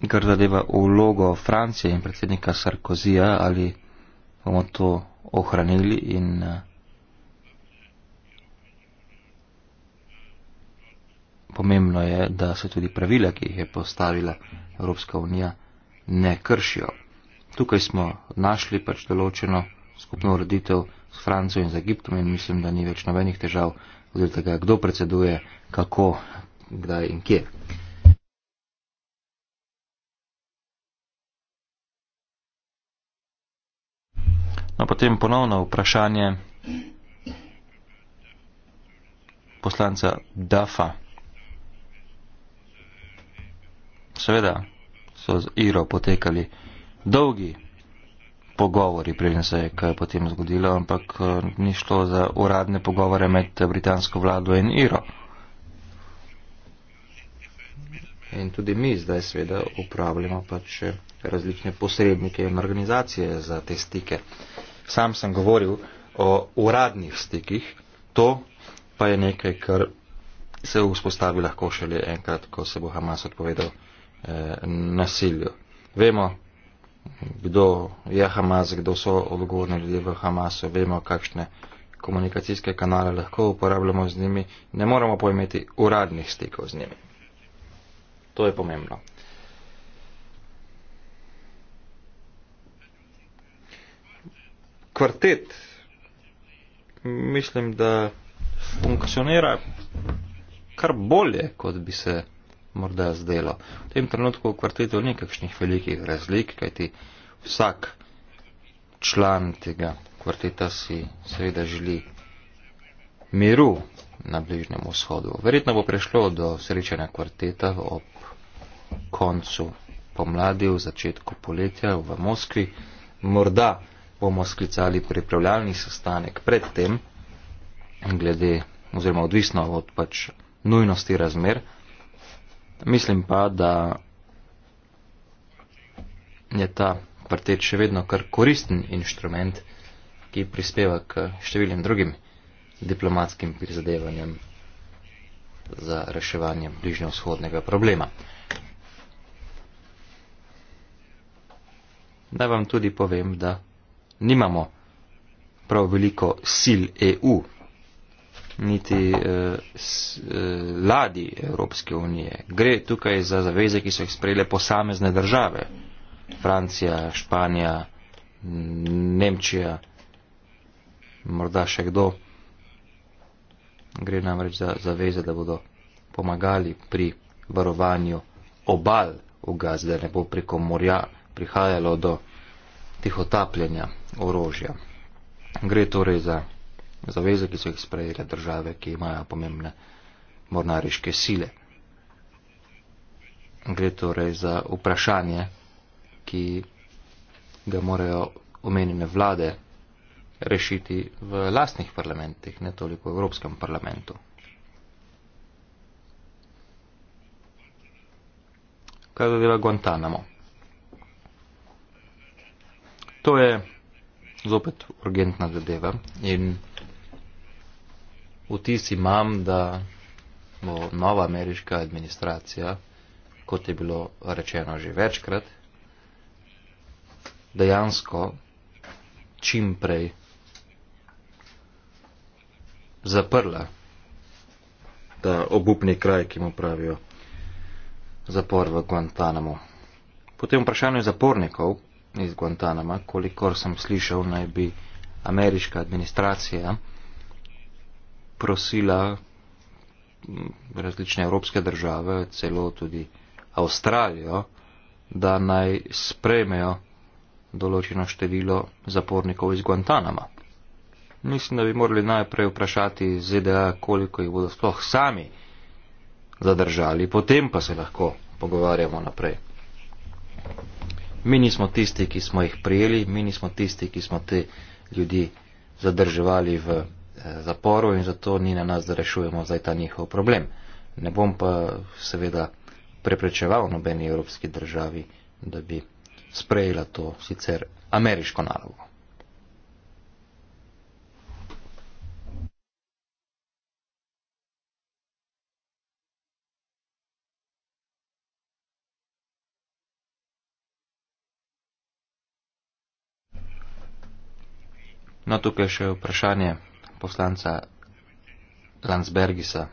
kar zadeva vlogo Francije in predsednika Sarkozija, ali bomo to ohranili in eh, pomembno je, da se tudi pravila, ki jih je postavila Evropska unija, ne kršijo. Tukaj smo našli pač določeno skupno ureditev, s Francijo in z Egiptom in mislim, da ni več nobenih težav, glede tega, kdo predseduje, kako, kdaj in kje. No, potem ponovno vprašanje poslanca Dafa. Seveda so z Iro potekali dolgi pogovori, preden se je kaj potem zgodilo, ampak eh, ni šlo za uradne pogovore med britansko vlado in Iro. In tudi mi zdaj seveda upravljamo pač eh, različne posrednike in organizacije za te stike. Sam sem govoril o uradnih stikih, to pa je nekaj, kar se vzpostavi lahko šele enkrat, ko se bo Hamas odpovedal eh, nasilju. Vemo, kdo je Hamas, kdo so odgovorni ljudje v Hamasu, vemo, kakšne komunikacijske kanale lahko uporabljamo z njimi, ne moramo pojmeti uradnih stikov z njimi. To je pomembno. Kvartet mislim, da funkcionira kar bolje, kot bi se morda zdelo. V tem trenutku v kvartetu ni kakšnih velikih razlik, kajti vsak član tega kvarteta si seveda želi miru na Bližnjem vzhodu. Verjetno bo prišlo do srečanja kvarteta ob koncu pomladi, v začetku poletja v Moskvi. Morda bomo sklicali pripravljalni sestanek predtem, glede oziroma odvisno od pač nujnosti razmer. Mislim pa, da je ta kvartet še vedno kar koristen inštrument, ki prispeva k številnim drugim diplomatskim prizadevanjem za reševanje bližnjo-vzhodnega problema. Naj vam tudi povem, da nimamo prav veliko sil EU niti eh, s, eh, ladi Evropske unije. Gre tukaj za zaveze, ki so jih sprejele posamezne države. Francija, Španija, Nemčija, morda še kdo. Gre namreč za zaveze, da bodo pomagali pri varovanju obal v Gazi, da ne bo preko morja prihajalo do tih otapljanja orožja. Gre torej za zaveze, ki so jih sprejele države, ki imajo pomembne mornariške sile. Gre torej za vprašanje, ki ga morajo omenjene vlade rešiti v lastnih parlamentih, ne toliko v Evropskem parlamentu. Kaj zadeva Guantanamo? To je zopet urgentna zadeva in vtis imam, da bo nova ameriška administracija, kot je bilo rečeno že večkrat, dejansko čim prej zaprla ta obupni kraj, ki mu pravijo zapor v Guantanamo. Potem vprašanje zapornikov iz Guantanama, kolikor sem slišal, naj bi ameriška administracija prosila različne evropske države, celo tudi Avstralijo, da naj sprejmejo določeno število zapornikov iz Guantanama. Mislim, da bi morali najprej vprašati ZDA, koliko jih bodo sploh sami zadržali, potem pa se lahko pogovarjamo naprej. Mi nismo tisti, ki smo jih prijeli, mi nismo tisti, ki smo te ljudi zadrževali v zaporu in zato ni na nas, da rešujemo zdaj ta njihov problem. Ne bom pa seveda preprečeval nobeni evropski državi, da bi sprejela to sicer ameriško nalogo. No, tukaj je še vprašanje poslanca Landsbergisa.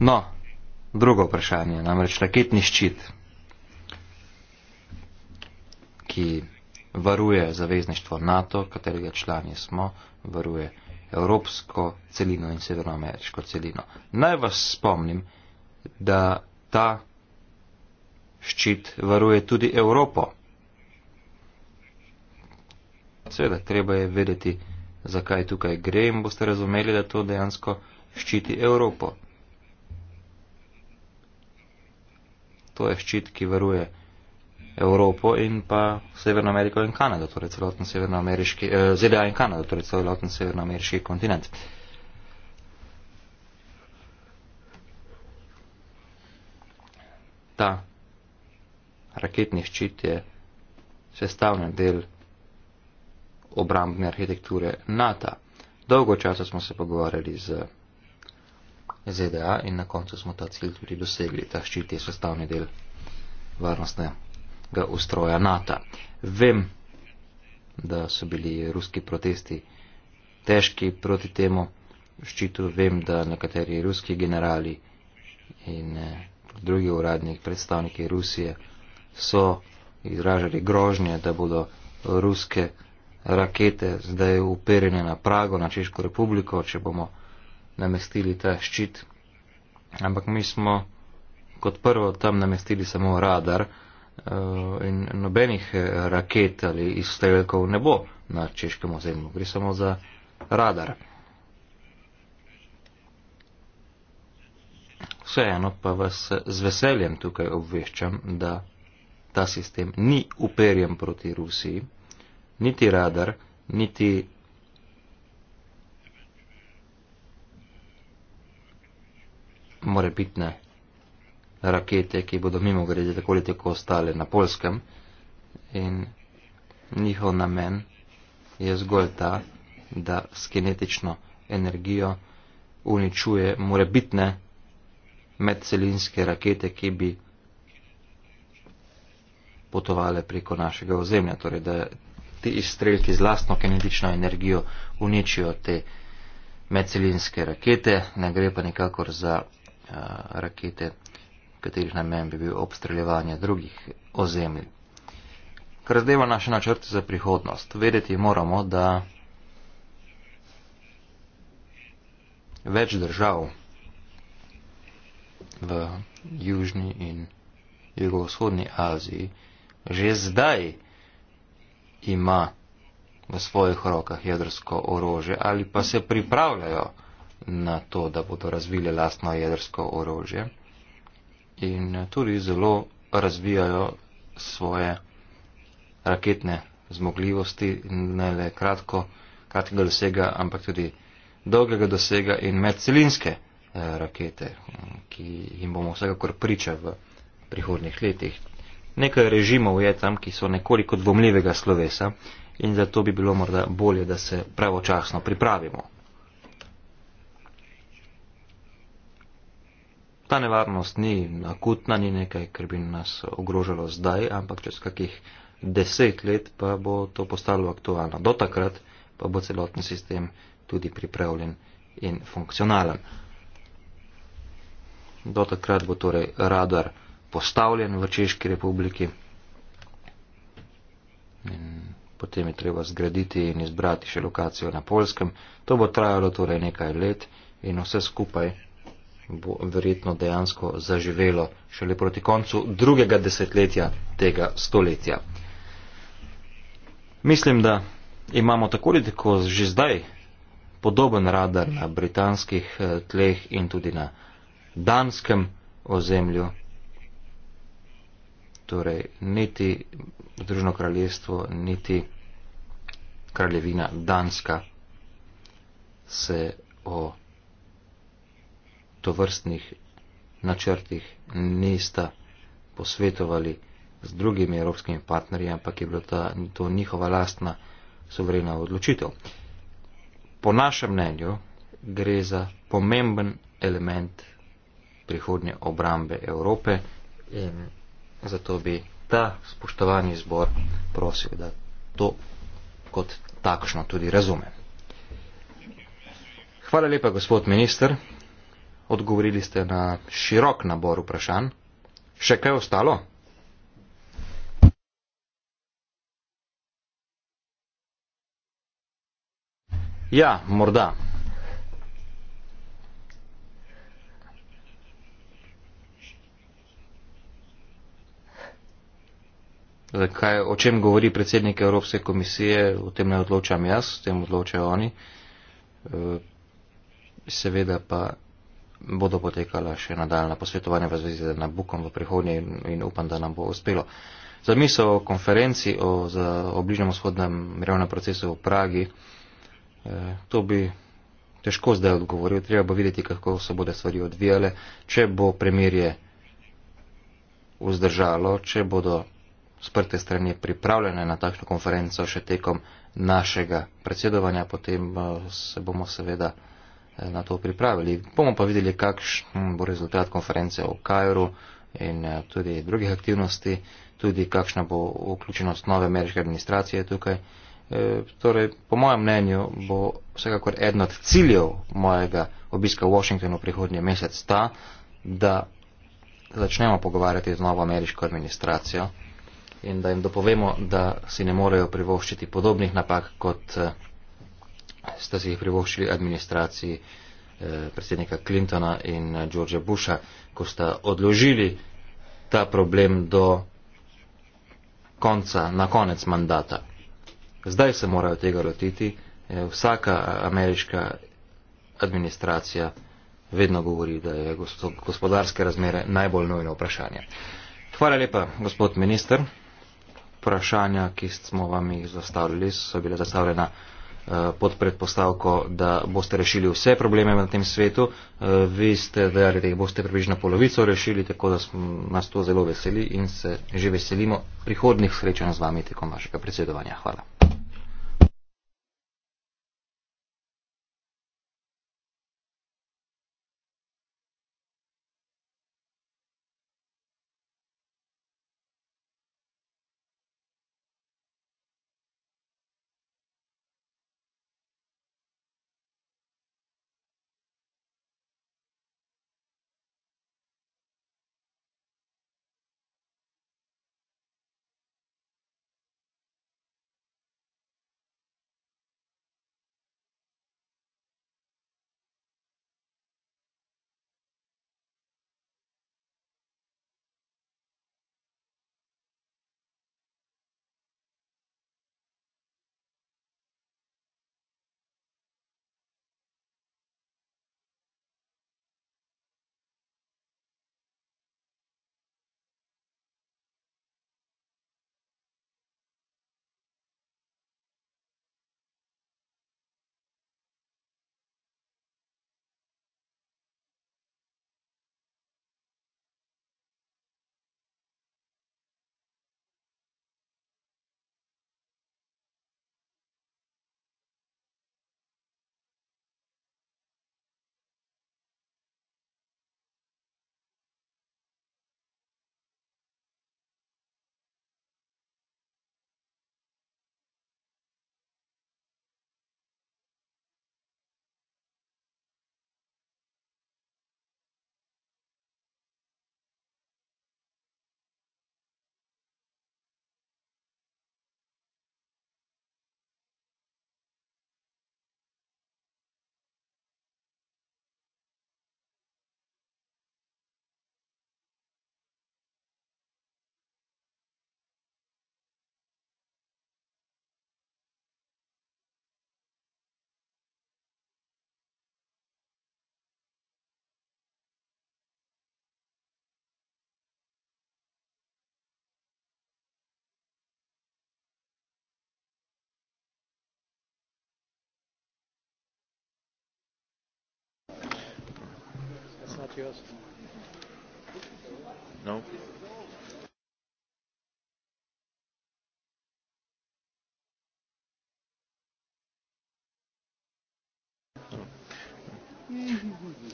No, drugo vprašanje, namreč raketni ščit, ki varuje zavezništvo NATO, katerega člani smo, varuje evropsko celino in severnoameriško celino. Naj vas spomnim, da ta ščit varuje tudi Evropo. Seveda, treba je vedeti, zakaj tukaj gre in boste razumeli, da to dejansko ščiti Evropo. To je ščit, ki varuje Evropo. Evropo in pa Severno Ameriko in Kanado, torej celoten severnoameriški, eh, ZDA in Kanado, torej celoten severnoameriški kontinent. Ta raketni ščit je sestavljen del obrambne arhitekture NATO. Dolgo časa smo se pogovarjali z ZDA in na koncu smo ta cilj tudi dosegli. Ta ščit je sestavni del varnostne ga ustroja NATO. Vem, da so bili ruski protesti težki proti temu ščitu, vem, da nekateri ruski generali in eh, drugi uradni predstavniki Rusije so izražali grožnje, da bodo ruske rakete zdaj uperjene na Prago, na Češko republiko, če bomo namestili ta ščit. Ampak mi smo kot prvo tam namestili samo radar, uh, in nobenih eh, raket ali izstrelkov ne bo na češkem ozemlju. Gre samo za radar. Vseeno pa vas eh, z veseljem tukaj obveščam, da ta sistem ni uperjen proti Rusiji, niti radar, niti morebitne rakete, ki bodo mimo grede tako ali tako ostale na polskem. In njihov namen je zgolj ta, da s kinetično energijo uničuje morebitne medcelinske rakete, ki bi potovale preko našega ozemlja. Torej, da ti izstrelki z lastno kinetično energijo uničijo te medcelinske rakete, ne gre pa nikakor za uh, rakete katerih namen bi bil obstreljevanje drugih ozemlj. Kar zdaj imamo naše načrte za prihodnost. Vedeti moramo, da več držav v južni in jugovzhodni Aziji že zdaj ima v svojih rokah jedrsko orožje ali pa se pripravljajo na to, da bodo razvile lastno jedrsko orožje in eh, tudi zelo razvijajo svoje raketne zmogljivosti, ne le kratko, kratkega dosega, ampak tudi dolgega dosega in medcelinske eh, rakete, ki jim bomo vsekakor priča v prihodnih letih. Nekaj režimov je tam, ki so nekoliko dvomljivega slovesa in zato bi bilo morda bolje, da se pravočasno pripravimo. Ta nevarnost ni akutna, ni nekaj, kar bi nas ogrožalo zdaj, ampak čez kakih deset let pa bo to postalo aktualno. Do takrat pa bo celotni sistem tudi pripravljen in funkcionalen. Do takrat bo torej radar postavljen v Češki republiki. In potem je treba zgraditi in izbrati še lokacijo na Polskem. To bo trajalo torej nekaj let in vse skupaj bo verjetno dejansko zaživelo šele proti koncu drugega desetletja tega stoletja. Mislim, da imamo tako ali tako že zdaj podoben radar na britanskih eh, tleh in tudi na danskem ozemlju. Torej, niti Združeno kraljestvo, niti kraljevina Danska se o to vrstnih načrtih nista posvetovali z drugimi evropskimi partnerji, ampak je bila ta, to njihova lastna sovrena odločitev. Po našem mnenju gre za pomemben element prihodnje obrambe Evrope in zato bi ta spoštovani zbor prosil, da to kot takšno tudi razume. Hvala lepa, gospod minister. Odgovorili ste na širok nabor vprašanj. Še kaj ostalo? Ja, morda. Zakaj, o čem govori predsednik Evropske komisije, o tem ne odločam jaz, o tem odločajo oni. Eh, seveda pa bodo potekala še nadaljna posvetovanja v zvezi z Nabukom v prihodnje in, in upam, da nam bo uspelo. Za misel o konferenci o, o bližnjem vzhodnem mirovnem procesu v Pragi, eh, to bi težko zdaj odgovoril, treba bo videti, kako se bodo stvari odvijale, če bo premirje vzdržalo, če bodo sprte strani pripravljene na takšno konferenco še tekom našega predsedovanja, potem eh, se bomo seveda na to pripravili. Bomo pa videli, kakšen bo rezultat konference v Kajru in eh, tudi drugih aktivnosti, tudi kakšna bo vključenost nove ameriške administracije tukaj. E, torej, po mojem mnenju bo vsekakor eden od ciljev mojega obiska v Washingtonu prihodnji mesec ta, da začnemo pogovarjati z novo ameriško administracijo in da jim dopovemo, da si ne morejo privoščiti podobnih napak kot eh, sta si jih privoščili administraciji eh, predsednika Clintona in eh, Georgea Busha, ko sta odložili ta problem do konca, na konec mandata. Zdaj se morajo tega lotiti. Eh, vsaka ameriška administracija vedno govori, da je gospodarske razmere najbolj nujno vprašanje. Hvala lepa, gospod minister. Vprašanja, ki smo vam jih zastavili, so bile zastavljena Eh, pod predpostavko, da boste rešili vse probleme na tem svetu. Eh, vi ste dejali, da jih boste približno polovico rešili, tako da smo, nas to zelo veseli in se že veselimo prihodnih srečanj z vami tekom vašega predsedovanja. Hvala. No.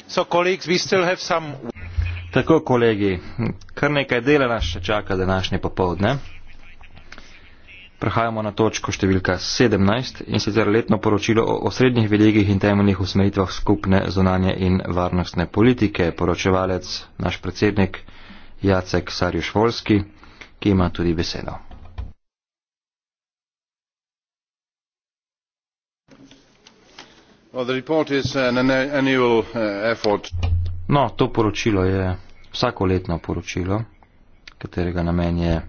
So, colleagues, we still have some... Tako, kolegi, kar nekaj dela nas še čaka današnje popovdne. ne? Prehajamo na točko številka 17 in sicer letno poročilo o osrednjih velikih in temeljnih usmeritvah skupne zonanje in varnostne politike. Poročevalec, naš predsednik Jacek Sarjušvolski, ki ima tudi besedo. Uh, no, to poročilo je vsakoletno poročilo, katerega namen je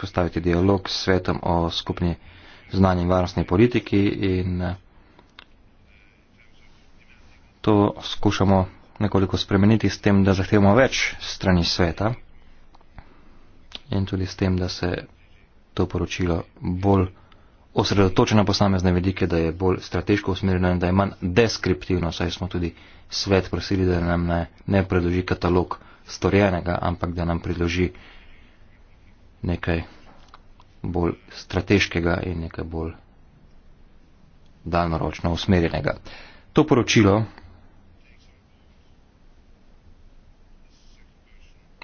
vzpostaviti dialog s svetom o skupni znanje in varnostni politiki in eh, to skušamo nekoliko spremeniti s tem, da zahtevamo več strani sveta in tudi s tem, da se to poročilo bolj osredotoča na posamezne vidike, da je bolj strateško usmerjeno in da je manj deskriptivno, saj smo tudi svet prosili, da nam ne, ne predloži katalog storjenega, ampak da nam predloži nekaj bolj strateškega in nekaj bolj daljnoročno usmerjenega. To poročilo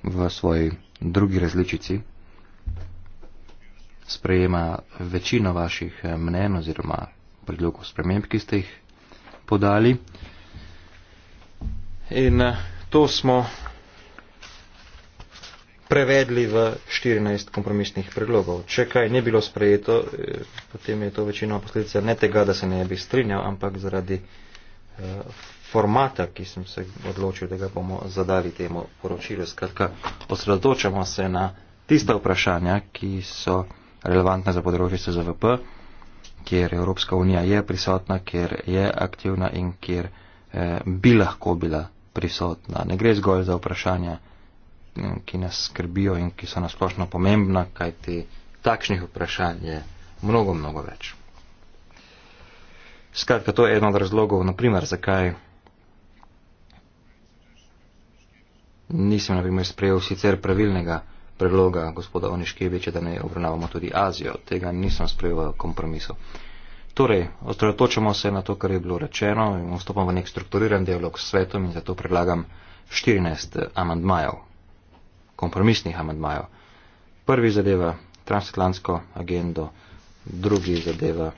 v svoji drugi različici sprejema večino vaših mnen oziroma predlogov sprememb, ki ste jih podali. In eh, to smo prevedli v 14 kompromisnih predlogov. Če kaj ne bilo sprejeto, eh, potem je to večino posledica ne tega, da se ne bi strinjal, ampak zaradi eh, formata, ki sem se odločil, da ga bomo zadali temu poročilu. Skratka, osredotočamo se na tista vprašanja, ki so relevantna za področje SZVP, kjer Evropska unija je prisotna, kjer je aktivna in kjer eh, bi lahko bila prisotna. Ne gre zgolj za vprašanja ki nas skrbijo in ki so nasplošno pomembna, kajti takšnih vprašanj je mnogo, mnogo več. Skratka, to je eno od razlogov, naprimer, zakaj nisem, naprimer, sprejel sicer pravilnega predloga gospoda Oniškeviča, da ne obravnavamo tudi Azijo. Tega nisem sprejel v kompromisu. Torej, osredotočamo se na to, kar je bilo rečeno in vstopamo v nek strukturiran dialog s svetom in zato predlagam 14 eh, amandmajev kompromisnih amadmajev. Prvi zadeva transatlantsko agendo, drugi zadeva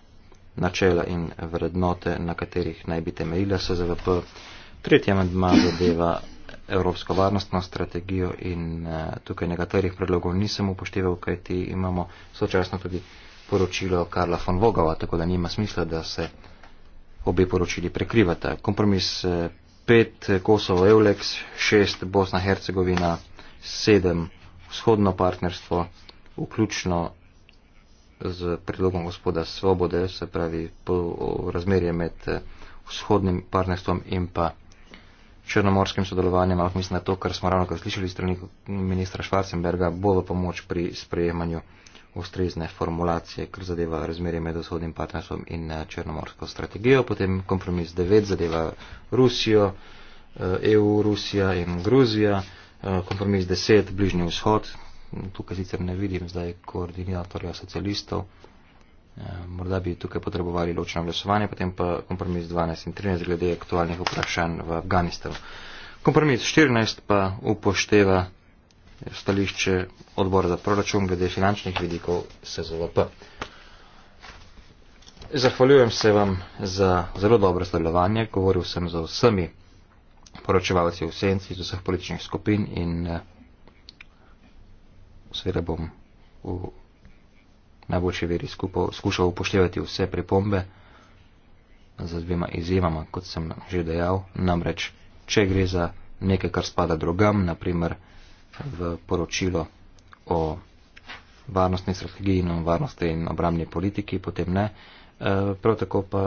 načela in vrednote, na katerih naj bi temeljila SZVP, tretji amadma zadeva evropsko varnostno strategijo in eh, tukaj nekaterih predlogov nisem upošteval, kajti imamo sočasno tudi poročilo Karla von Vogova, tako da nima smisla, da se obe poročili prekrivata. Kompromis 5 eh, Kosovo Eulex, 6 Bosna Hercegovina, sedem vzhodno partnerstvo, vključno z predlogom gospoda Svobode, se pravi po razmerje med eh, vzhodnim partnerstvom in pa črnomorskim sodelovanjem, ampak mislim na to, kar smo ravno kar slišali strani ministra Schwarzenberga, bo v pomoč pri sprejemanju ustrezne formulacije, kar zadeva razmerje med vzhodnim partnerstvom in eh, črnomorsko strategijo. Potem kompromis 9 zadeva Rusijo, EU, eh, e Rusija in Gruzija. Eh, kompromis 10, bližnji vzhod. Tukaj sicer ne vidim zdaj koordinatorja socialistov. Eh, morda bi tukaj potrebovali ločeno glasovanje, potem pa kompromis 12 in 13 glede aktualnih vprašanj v Afganistanu. Kompromis 14 pa upošteva stališče odbora za proračun glede finančnih vidikov SZVP. Zahvaljujem se vam za zelo dobro sodelovanje, govoril sem za vsemi poročevalec je v senci iz vseh političnih skupin in eh, seveda bom v najboljši veri skupo, skušal upoštevati vse pripombe z dvema izjemama, kot sem že dejal. Namreč, če gre za nekaj, kar spada drugam, naprimer v poročilo o varnostni strategiji in varnostni in obramni politiki, potem ne. E, prav tako pa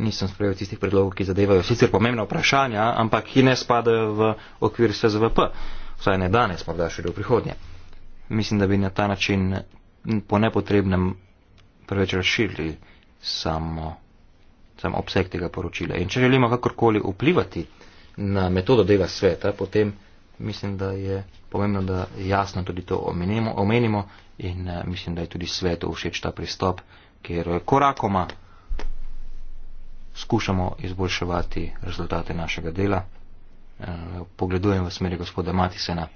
nisem sprejel tistih predlogov, ki zadevajo sicer pomembna vprašanja, ampak ki ne spadajo v okvir SZVP. Vsaj ne danes, morda še do prihodnje. Mislim, da bi na ta način po nepotrebnem preveč razširili samo, sam obseg tega poročila. In če želimo kakorkoli vplivati na metodo dela sveta, potem mislim, da je pomembno, da jasno tudi to omenimo, omenimo in eh, mislim, da je tudi svetu všeč ta pristop, ker korakoma skušamo izboljševati rezultate našega dela. Eh, pogledujem v smeri gospoda Matisena.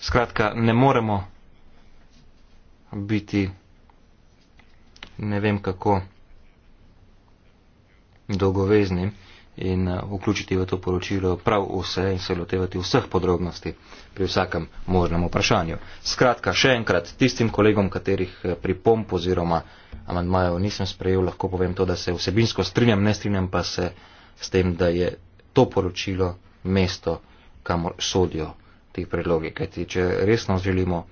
Skratka, ne moremo biti, ne vem kako, dolgovezni in eh, vključiti v to poročilo prav vse in se lotevati vseh podrobnosti pri vsakem možnem vprašanju. Skratka, še enkrat tistim kolegom, katerih eh, pripomp oziroma amandmajev nisem sprejel, lahko povem to, da se vsebinsko strinjam, ne strinjam pa se s tem, da je to poročilo mesto, kamor sodijo ti predlogi. Kajti, če resno želimo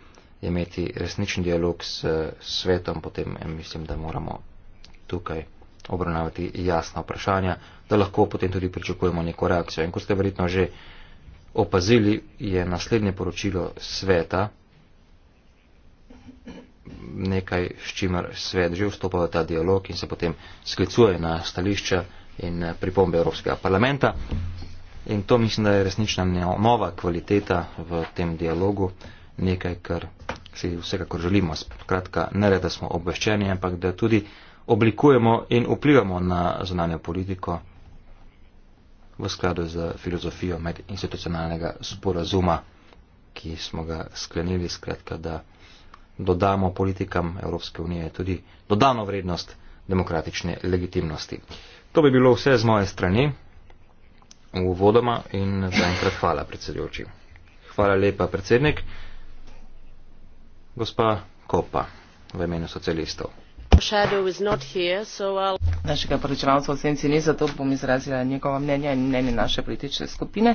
imeti resničen dialog s eh, svetom, potem mislim, da moramo tukaj obravnavati jasna vprašanja, da lahko potem tudi pričakujemo neko reakcijo. In kot ste verjetno že opazili, je naslednje poročilo sveta nekaj, s čimer svet že vstopa v ta dialog in se potem sklicuje na stališča in pripombe Evropskega parlamenta. In to mislim, da je resnična nova kvaliteta v tem dialogu, nekaj, kar si vsekakor želimo. Skratka, ne le, da smo obveščeni, ampak da tudi oblikujemo in vplivamo na zunanjo politiko v skladu z filozofijo medinstitucionalnega sporazuma, ki smo ga sklenili, skratka, da dodamo politikam Evropske unije tudi dodano vrednost demokratične legitimnosti. To bi bilo vse z moje strani, uvodoma in zaenkrat hvala, predsedujoči. Hvala lepa, predsednik. Gospa Kopa, v imenu socialistov našega poročevalca v senci ni, zato bom izrazila njegova mnenja in mnenje naše politične skupine.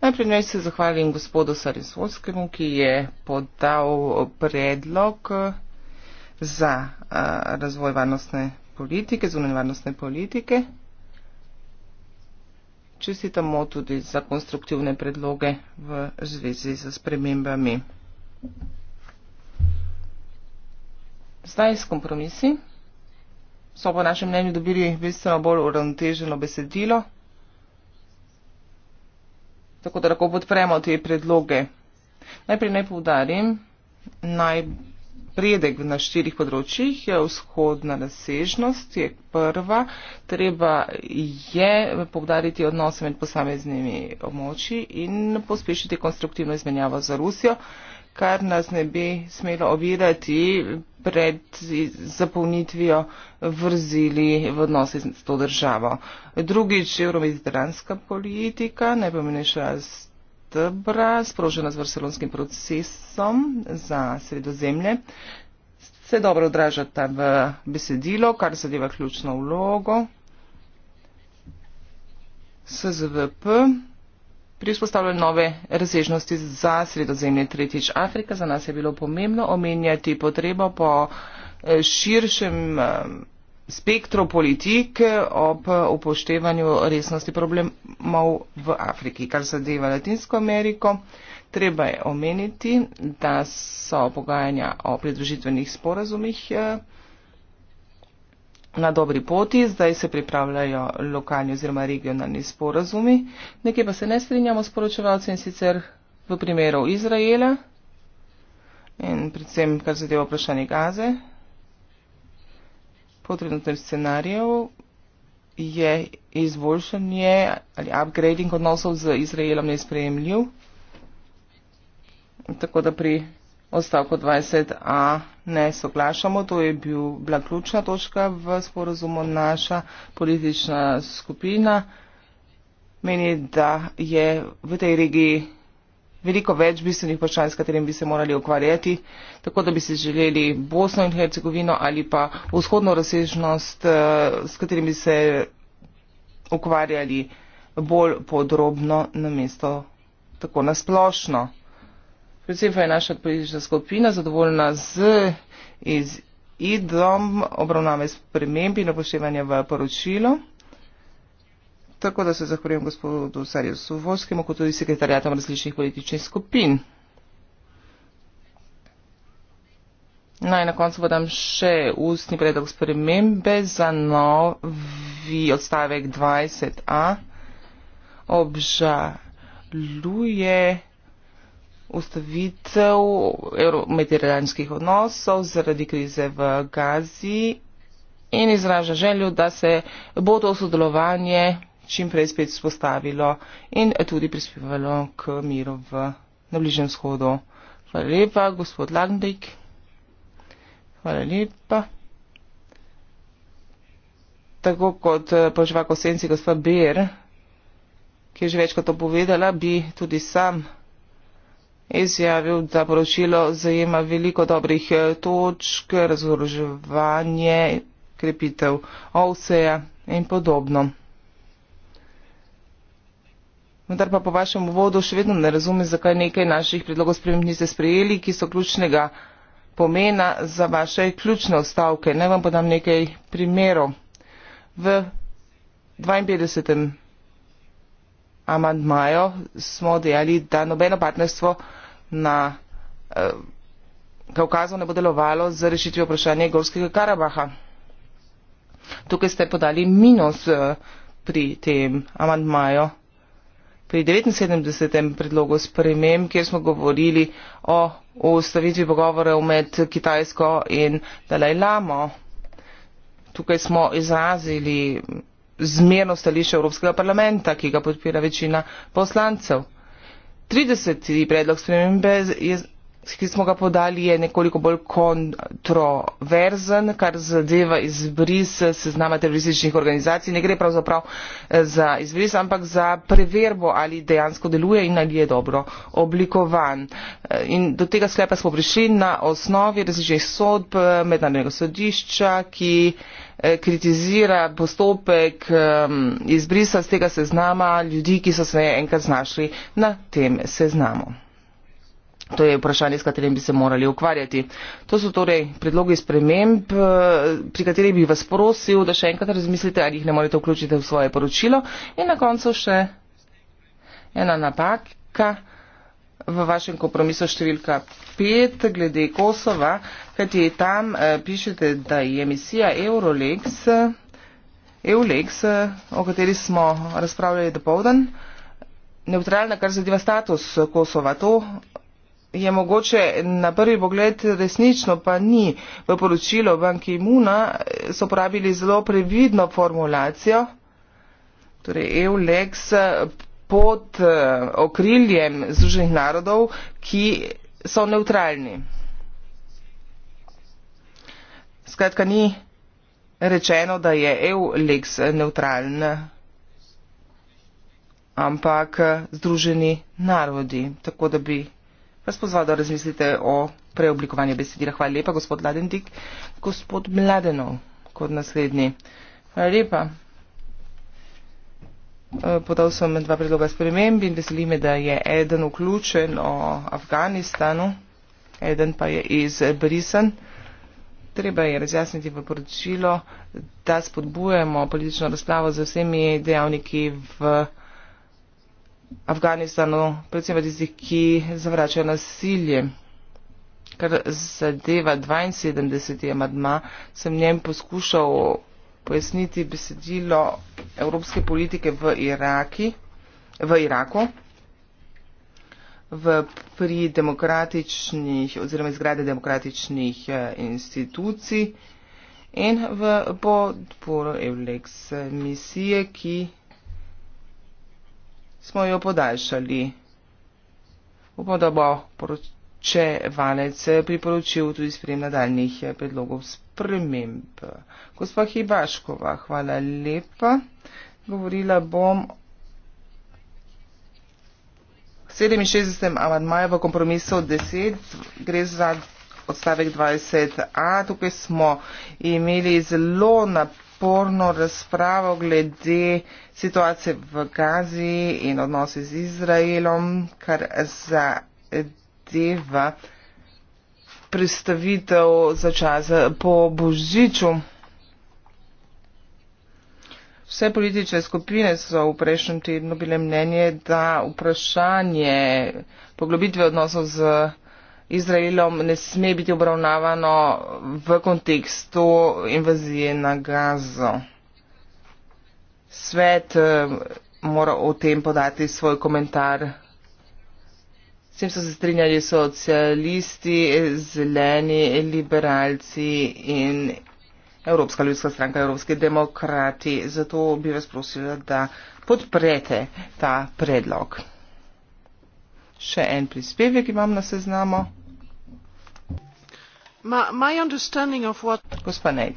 Najprej naj se zahvalim gospodu Sarisovskemu, ki je podal predlog eh, za eh, razvoj varnostne politike, zunanje varnostne politike. Čestitamo tudi za konstruktivne predloge v zvezi z spremembami Zdaj s kompromisi so po našem mnenju dobili bistveno bolj uravnoteženo besedilo, tako da lahko podpremo te predloge. Najprej naj povdarim, najpredek na štirih področjih je vzhodna razsežnost, je prva, treba je povdariti odnose med posameznimi območji in pospešiti konstruktivno izmenjavo za Rusijo. Uh, kar nas ne bi smelo ovirati pred zapolnitvijo vrzili v odnose s to državo. Drugič, evromediteranska politika, najpomenejša stebra, sprožena z barcelonskim procesom za sredozemlje, se dobro odražata v besedilo, kar zadeva ključno vlogo. SZVP. Pri vzpostavljanju nove razsežnosti za sredozemlje tretjič Afrika za nas je bilo pomembno omenjati potrebo po eh, širšem eh, spektru politik ob upoštevanju resnosti problemov v Afriki. Kar zadeva Latinsko Ameriko, treba je omeniti, da so pogajanja o pridružitvenih sporazumih. Eh, na dobri poti, zdaj se pripravljajo lokalni oziroma regionalni sporazumi. Nekaj pa se ne strinjamo s poročevalci in sicer v primeru Izraela in predvsem kar zadeva vprašanje gaze. Po trenutnem scenariju je izboljšanje ali upgrading odnosov z Izraelom nesprejemljiv. Tako da pri odstavku 20a ne soglašamo. To je bil, bila ključna točka v sporozumu naša politična skupina. Meni, da je v tej regiji veliko več bistvenih vprašanj, s katerim bi se morali ukvarjati, tako da bi si želeli Bosno in Hercegovino ali pa vzhodno razsežnost, eh, s katerim bi se ukvarjali bolj podrobno na mesto tako nasplošno. Predvsem pa je naša politična skupina zadovoljna z izidom obravnave sprememb in upoštevanja v poročilu. Tako da se zahvaljujem gospodu Sarju Suvoskemu, kot tudi sekretarjatom različnih političnih skupin. Naj na koncu podam še ustni predlog spremembe za novi odstavek 20a. Obžaluje ustavitev mediteranskih odnosov zaradi krize v Gazi in izraža željo, da se bo to sodelovanje čim prej spet spostavilo in tudi prispevalo k miru v, na bližnjem shodu. Hvala lepa, gospod Lagndik. Hvala lepa. Tako kot eh, poživa kosenci gospod Bir, ki je že večkrat to povedala, bi tudi sam izjavil, da poročilo zajema veliko dobrih eh, točk, razoroževanje, krepitev ovseja in podobno. Vendar pa po vašem uvodu še vedno ne razume, zakaj nekaj naših predlogov sprememb niste sprejeli, ki so ključnega pomena za vaše ključne ostavke. Naj vam podam nekaj primerov. V 52 amandmajo smo dejali, da nobeno partnerstvo na eh, Kaukazu ne bo delovalo za rešitvijo vprašanja Gorskega Karabaha. Tukaj ste podali minus eh, pri tem amandmaju. Pri 79. predlogu spremem, kjer smo govorili o ustavitvi pogovorov med Kitajsko in Dalajlamo. Tukaj smo izrazili zmerno stališče Evropskega parlamenta, ki ga podpira večina poslancev. 30. predlog spremembe je ki smo ga podali, je nekoliko bolj kontroverzen, kar zadeva izbris seznama terorističnih organizacij. Ne gre pravzaprav eh, za izbris, ampak za preverbo, ali dejansko deluje in ali je dobro oblikovan. Eh, in do tega sklepa smo prišli na osnovi različnih sodb eh, mednarodnega sodišča, ki kritizira postopek ehm, izbrisa z tega seznama ljudi, ki so se enkrat znašli na tem seznamu. To je vprašanje, s katerim bi se morali ukvarjati. To so torej predlogi sprememb, eh, pri katerih bi vas prosil, da še enkrat razmislite, ali jih ne morete vključiti v svoje poročilo. In na koncu še ena napaka v vašem kompromisu številka 5 glede Kosova, kajti tam eh, pišete, da je misija Eurolex, Eulex, eh, o kateri smo razpravljali dopovdan, neutralna, kar zadeva status Kosova. To je mogoče na prvi pogled resnično, pa ni. V poročilu Banki Muna eh, so uporabili zelo previdno formulacijo, torej EULEX eh, pod eh, okriljem Združenih narodov, ki so neutralni. Skratka, ni rečeno, da je EULEX neutralen, ampak Združeni narodi, tako da bi vas pozval, da razmislite o preoblikovanju besedila. Hvala lepa, gospod Ladendik. Gospod Mladenov, kot naslednji. Hvala lepa. E, podal sem dva predloga sprememb in veseli me, da je eden vključen o Afganistanu, eden pa je izbrisan. Treba je razjasniti v poročilo, da spodbujemo politično razpravo z vsemi dejavniki v Afganistanu. Afganistanu, predvsem tistih, ki zavračajo nasilje. Kar zadeva 72. amadma, sem njem poskušal pojasniti besedilo evropske politike v, Iraki, v Iraku, v, pri demokratičnih oziroma izgrade demokratičnih eh, institucij in v podporo Eulex misije, ki smo jo podaljšali. Upam, da bo poročevalec priporočil tudi sprejem nadaljnih predlogov sprememb. Gospa Hibaškova, hvala lepa. Govorila bom. 67. avadmaja v kompromisu 10 gre za odstavek 20a. Tukaj smo imeli zelo napredno sporno razpravo glede situacije v Gazi in odnose z Izraelom, kar zadeva predstavitev za čas po božiču. Vse politične skupine so v prejšnjem tednu bile mnenje, da vprašanje poglobitve odnosov z Izraelom Izraelom ne sme biti obravnavano v kontekstu invazije na Gazo. Svet eh, mora o tem podati svoj komentar. S tem so se strinjali socialisti, zeleni, liberalci in Evropska ljudska stranka, Evropski demokrati. Zato bi vas prosila, da podprete ta predlog. Še en prispevek imam na seznamu. My understanding of what Gospa Nec.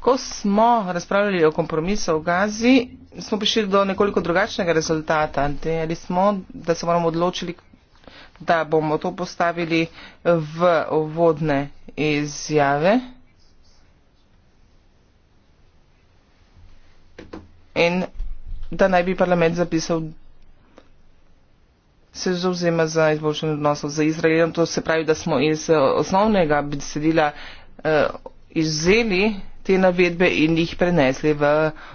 Ko smo razpravljali o kompromisu v Gazi, smo prišli do nekoliko drugačnega rezultata. Dejali smo, da se moramo odločili, da bomo to postavili v uvodne izjave. In da naj bi parlament zapisal, se zauzema za izboljšanje odnosov z Izraelom. To se pravi, da smo iz eh, osnovnega besedila uh, eh, izzeli te navedbe in jih prenesli v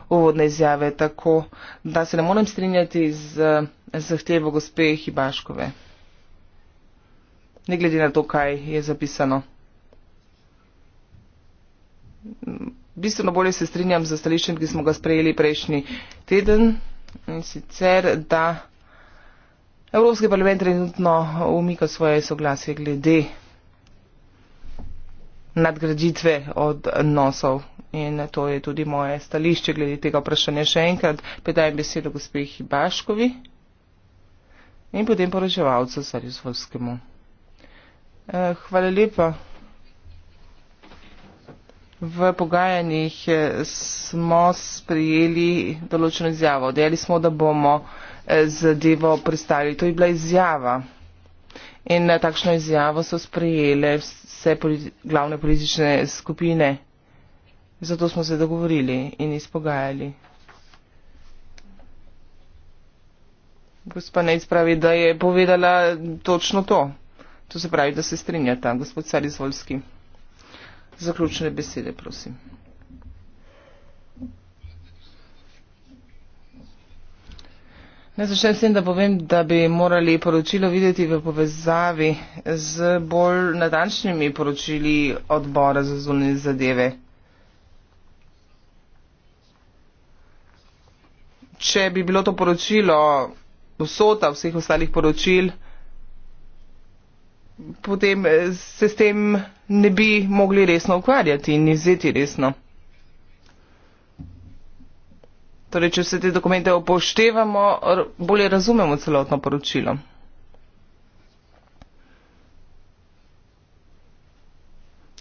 uvodne izjave, tako da se ne morem strinjati z eh, zahtevo gospe Hibaškove. Ne glede na to, kaj je zapisano bistveno bolje se strinjam z stališčem, ki smo ga sprejeli prejšnji teden in sicer, da Evropski parlament trenutno umika svoje soglasje glede nadgraditve odnosov in to je tudi moje stališče glede tega vprašanja. Še enkrat predajem besedo gospehi Baškovi in potem poraževalcu Sarjusvolskemu. Eh, hvala lepa. V pogajanjih eh, smo sprejeli določeno izjavo. Dejali smo, da bomo eh, zadevo pristali. To je bila izjava. In eh, takšno izjavo so sprejele vse politi glavne politične skupine. Zato smo se dogovorili in izpogajali. Gospa Nec pravi, da je povedala točno to. To se pravi, da se strinjata, gospod Sarizvolski. Zaključne besede, prosim. Ne začnem s tem, da povem, da bi morali poročilo videti v povezavi z bolj natančnimi poročili odbora za zunanje zadeve. Če bi bilo to poročilo vsota vseh ostalih poročil, potem eh, se s tem ne bi mogli resno ukvarjati in izzeti resno. Torej, če vse te dokumente upoštevamo, bolje razumemo celotno poročilo.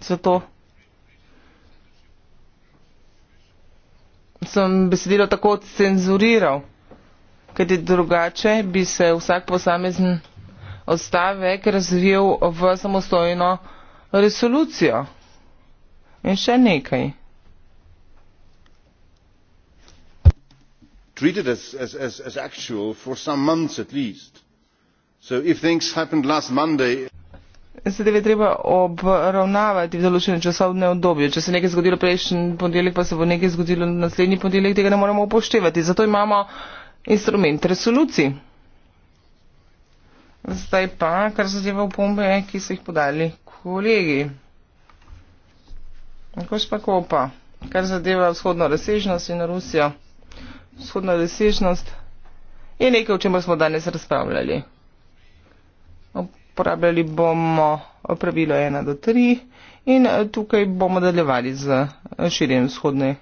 Zato sem besedilo tako cenzuriral, kajti drugače bi se vsak posamezen odstavek razvil v samostojno resolucijo in še nekaj. treated as, as, as, as actual for some months at least. So if things happened last Monday... Zadeve treba obravnavati v določenem časovnem obdobju. Če se nekaj zgodilo prejšnji ponedeljek, pa se bo nekaj zgodilo naslednji ponedeljek, tega ne moremo upoštevati. Zato imamo instrument resolucij. Zdaj pa, kar zadeva opombe, ki so jih podali kolegi. Kož pa ko pa, kar zadeva vzhodno razsežnost in Rusijo. Vzhodna razsežnost je nekaj, o čemer smo danes razpravljali. Uporabljali bomo pravilo 1 do 3 in eh, tukaj bomo nadaljevali z eh, širjenjem vzhodne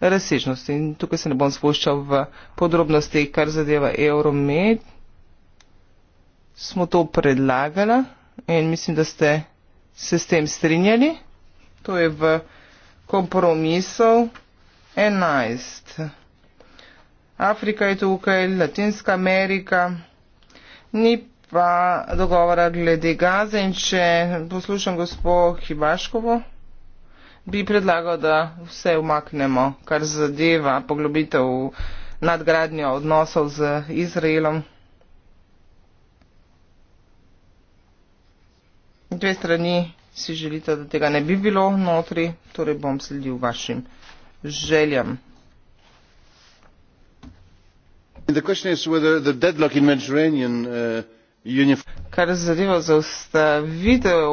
razsežnosti. In tukaj se ne bom spuščal v podrobnosti, kar zadeva Euromed smo to predlagala in mislim, da ste se s tem strinjali. To je v kompromisov 11. Afrika je tukaj, Latinska Amerika, ni pa dogovora glede gaze in če poslušam gospod Hivaškovo, bi predlagal, da vse umaknemo, kar zadeva poglobitev nadgradnjo odnosov z Izraelom. dve strani si želite, da tega ne bi bilo notri, torej bom sledil vašim željam. Uh, Kar zadeva zaustavitev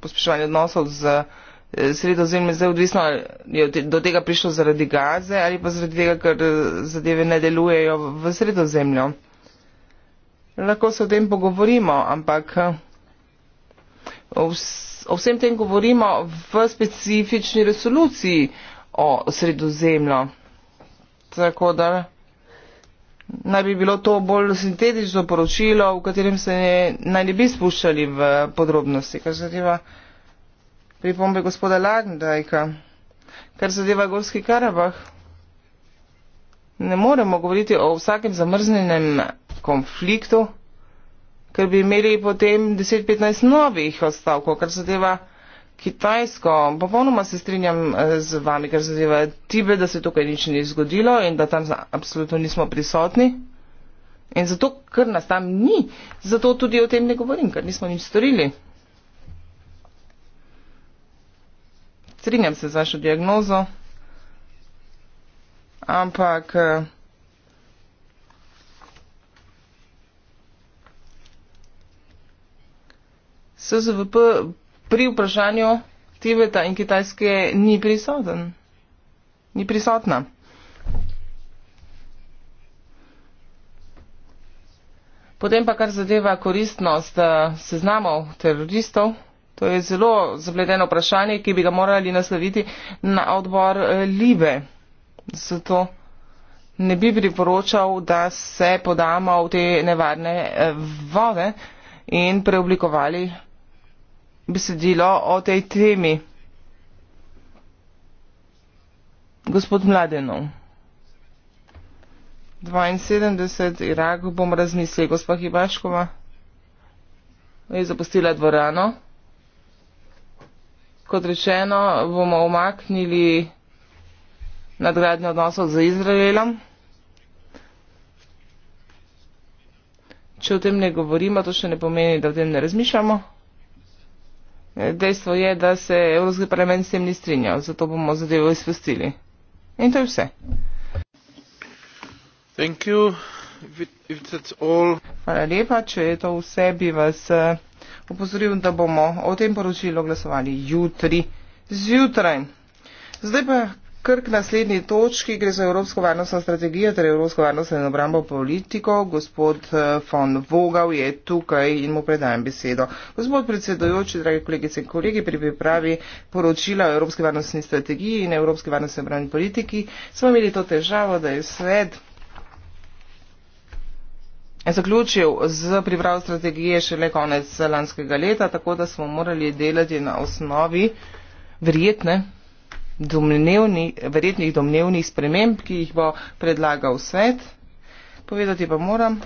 pospeševanja odnosov z eh, sredo zemlje, zdaj odvisno je do tega prišlo zaradi gaze ali pa zaradi tega, ker eh, zadeve ne delujejo v sredo zemljo. Lahko se o tem pogovorimo, ampak eh, O vsem tem govorimo v specifični resoluciji o sredozemlju. Tako da naj bi bilo to bolj sintetično poročilo, v katerem se ne, naj ne bi spuščali v podrobnosti, kar zadeva pripombe gospoda Lagendajka, kar zadeva Gorski Karabah. Ne moremo govoriti o vsakem zamrznenem konfliktu ker bi imeli potem 10-15 novih odstavkov, kar zadeva Kitajsko. Popolnoma se strinjam eh, z vami, kar zadeva Tibe, da se tukaj nič ni zgodilo in da tam absolutno nismo prisotni. In zato, ker nas tam ni, zato tudi o tem ne govorim, ker nismo nič storili. Strinjam se z vašo diagnozo, ampak. Eh, SZVP pri vprašanju Tibeta in Kitajske ni prisoten. Ni prisotna. Potem pa kar zadeva koristnost eh, seznamov teroristov, to je zelo zapleteno vprašanje, ki bi ga morali nasloviti na odbor eh, Libe. Zato ne bi priporočal, da se podamo v te nevarne eh, vode in preoblikovali besedilo o tej temi. Gospod Mladenov. 72, Irak, bom razmislil. Gospa Hibaškova je zapustila dvorano. Kot rečeno, bomo omaknili nadgradnjo odnosov z Izraelom. Če o tem ne govorimo, to še ne pomeni, da o tem ne razmišljamo. Dejstvo je, da se Evropski parlament s tem ni strinjal, zato bomo zadevo izpustili. In to je vse. Hvala lepa, če je to vse, bi vas eh, opozoril, da bomo o tem poročilu glasovali jutri zjutraj. Zdaj pa Kar k naslednji točki gre za Evropsko varnostno strategijo, torej Evropsko varnostno in obrambo politiko. Gospod eh, von Vogel je tukaj in mu predajem besedo. Gospod predsedujoči, dragi kolegice in kolegi, pri pripravi poročila o Evropski varnostni strategiji in Evropski varnostni obrambni politiki smo imeli to težavo, da je svet zaključil z pripravo strategije šele konec lanskega leta, tako da smo morali delati na osnovi verjetne domnevni, verjetnih domnevnih sprememb, ki jih bo predlagal svet. Povedati pa moram,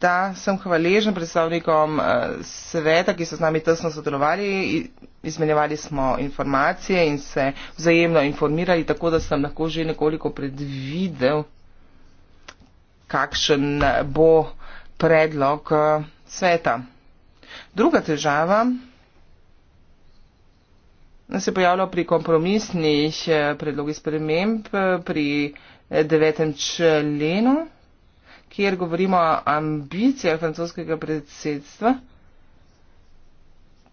da sem hvaležen predstavnikom eh, sveta, ki so z nami tesno sodelovali, izmenjevali smo informacije in se vzajemno informirali, tako da sem lahko že nekoliko predvidel, kakšen bo predlog eh, sveta. Druga težava se pojavljal pri kompromisnih eh, predlogih sprememb eh, pri eh, devetem členu, kjer govorimo o ambicijah francoskega predsedstva,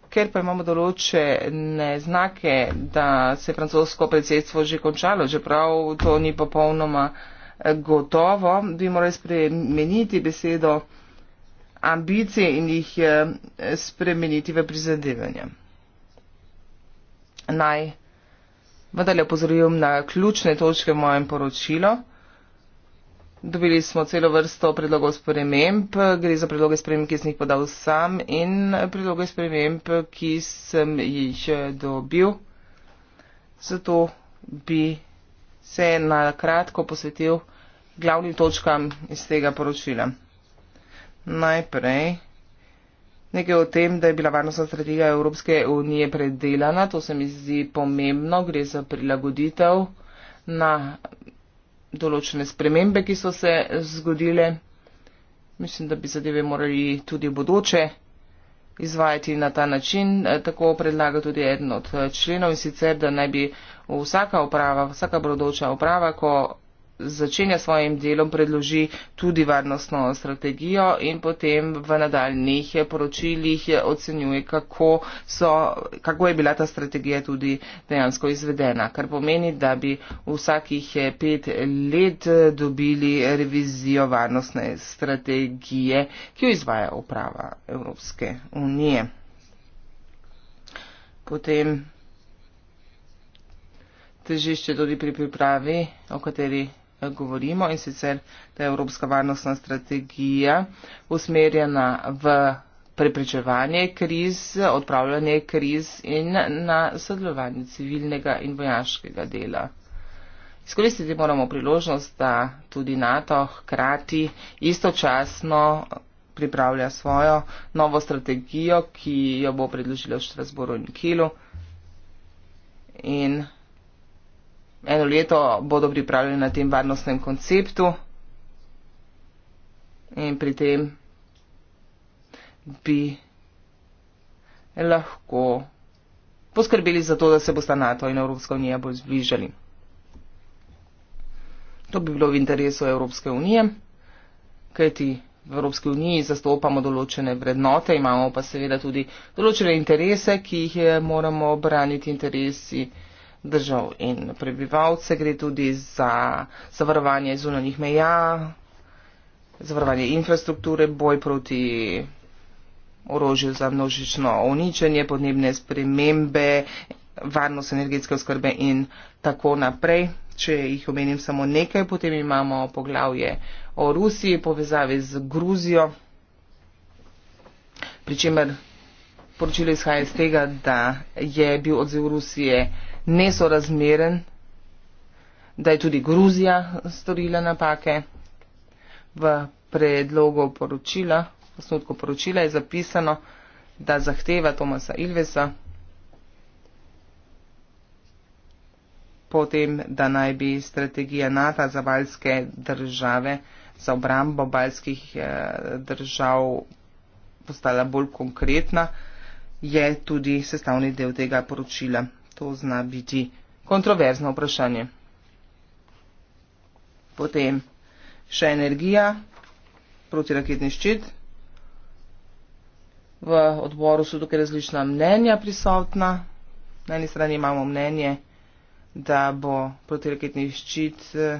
ker pa imamo določene znake, da se je francosko predsedstvo že končalo, čeprav to ni popolnoma gotovo, bi morali spremeniti besedo ambicije in jih spremeniti v prizadevanje naj vendarle opozorim na ključne točke v mojem poročilu. Dobili smo celo vrsto predlogov sprememb, gre za predloge sprememb, ki sem jih podal sam in predloge sprememb, ki sem jih eh, dobil. Zato bi se na kratko posvetil glavnim točkam iz tega poročila. Najprej. Nekaj o tem, da je bila varnostna strategija Evropske unije predelana, to se mi zdi pomembno, gre za prilagoditev na določene spremembe, ki so se zgodile. Mislim, da bi zadeve morali tudi v bodoče izvajati na ta način. Tako predlaga tudi eden od členov in sicer, da naj bi vsaka uprava, vsaka bodoča uprava, ko začenja svojim delom, predloži tudi varnostno strategijo in potem v nadaljnih poročilih ocenjuje, kako, so, kako je bila ta strategija tudi dejansko izvedena. Kar pomeni, da bi vsakih pet let dobili revizijo varnostne strategije, ki jo izvaja uprava Evropske unije. Potem težišče tudi pri pripravi, o kateri govorimo in sicer ta Evropska varnostna strategija usmerjena v preprečevanje kriz, odpravljanje kriz in na sodelovanje civilnega in vojaškega dela. Izkoristiti moramo priložnost, da tudi NATO hkrati istočasno pripravlja svojo novo strategijo, ki jo bo predložila v Štrasboru in Kilu. In eno leto bodo pripravljeni na tem varnostnem konceptu in pri tem bi lahko poskrbeli za to, da se bosta NATO in Evropska unija bolj zbližali. To bi bilo v interesu Evropske unije, kajti v Evropski uniji zastopamo določene vrednote, imamo pa seveda tudi določene interese, ki jih moramo obraniti interesi držav in prebivalce, gre tudi za zavarovanje zunanjih meja, zavarovanje infrastrukture, boj proti orožju za množično uničenje, podnebne spremembe, varnost energetske oskrbe in tako naprej. Če jih omenim samo nekaj, potem imamo poglavje o Rusiji, povezavi z Gruzijo, pričemer poročilo izhaja iz tega, da je bil odziv Rusije nesorazmeren, da je tudi Gruzija storila napake. V predlogu poročila, osnutku poročila je zapisano, da zahteva Tomasa Ilvesa potem, da naj bi strategija NATO za baljske države, za obrambo baljskih eh, držav postala bolj konkretna, je tudi sestavni del tega poročila to zna biti kontroverzno vprašanje. Potem še energija, protiraketni ščit. V odboru so tukaj različna mnenja prisotna. Na eni strani imamo mnenje, da bo protiraketni ščit eh,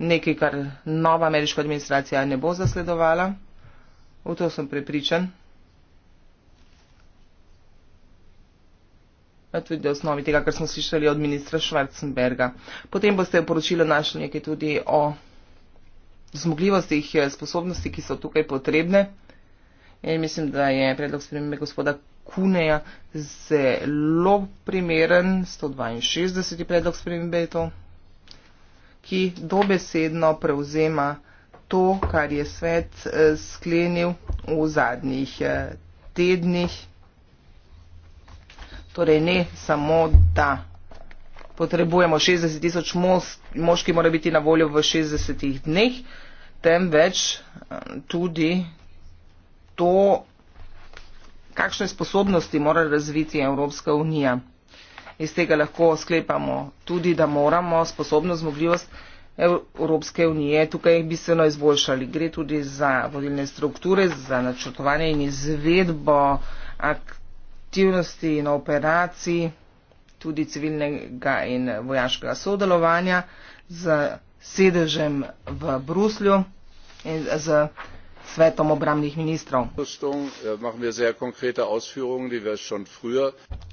nekaj, kar nova ameriška administracija ne bo zasledovala. V to sem prepričan. Eh, tudi osnovi tega, kar smo slišali od ministra Schwarzenberga. Potem boste v poročilu našli nekaj tudi o zmogljivostih, eh, sposobnosti, ki so tukaj potrebne. In mislim, da je predlog spremembe gospoda Kuneja zelo primeren, 162. predlog spremembe je to, ki dobesedno prevzema to, kar je svet eh, sklenil v zadnjih tednih. Torej ne samo, da potrebujemo 60 tisoč mož, ki mora biti na voljo v 60 dneh, temveč eh, tudi to, kakšne sposobnosti mora razviti Evropska unija. Iz tega lahko sklepamo tudi, da moramo sposobnost, zmogljivost Evropske unije tukaj bistveno izboljšali. Gre tudi za vodilne strukture, za načrtovanje in izvedbo aktivnosti aktivnosti in operacij, tudi civilnega in vojaškega sodelovanja z sedežem v Bruslju in z svetom obramnih ministrov.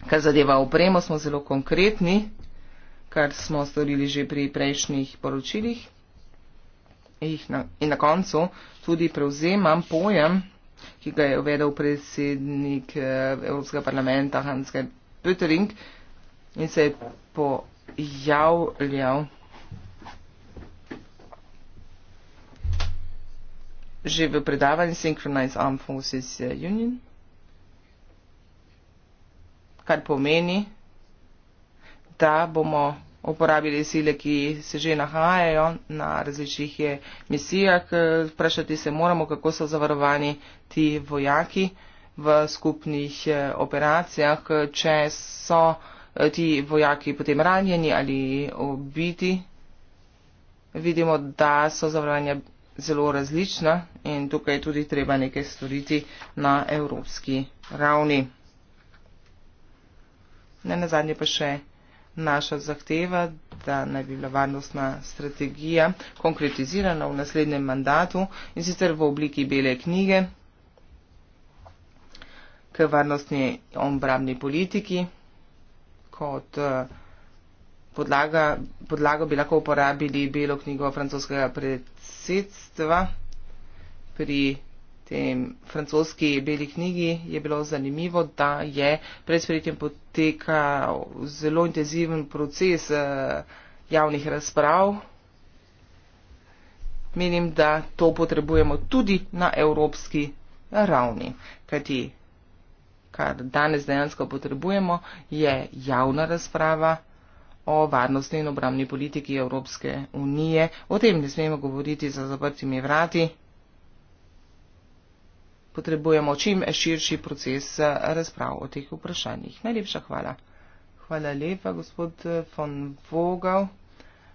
Kar zadeva opremo, smo zelo konkretni, kar smo storili že pri prejšnjih poročilih. In na koncu tudi prevzemam pojem ki ga je uvedel predsednik eh, Evropskega parlamenta Hans Götering in se je pojavljal že v predavanju Synchronized Armed Forces Union, kar pomeni, da bomo uporabili sile, ki se že nahajajo na različnih misijah. Vprašati se moramo, kako so zavarovani ti vojaki v skupnih eh, operacijah, če so eh, ti vojaki potem ranjeni ali ubiti. Vidimo, da so zavarovanja zelo različna in tukaj tudi treba nekaj storiti na evropski ravni. Ne na zadnje pa še naša zahteva, da naj bi bila varnostna strategija konkretizirana v naslednjem mandatu in sicer v obliki bele knjige k varnostni obrambni politiki kot eh, podlaga, podlago bi lahko uporabili belo knjigo francoskega predsedstva pri tem francoski beli knjigi je bilo zanimivo, da je pred sprejetjem potekal zelo intenziven proces eh, javnih razprav. Menim, da to potrebujemo tudi na evropski ravni, kajti kar danes dejansko potrebujemo je javna razprava o varnostni in obramni politiki Evropske unije. O tem ne smemo govoriti za zaprtimi vrati potrebujemo čim širši proces razprav o teh vprašanjih. Najlepša hvala. Hvala lepa, gospod eh, von Vogel,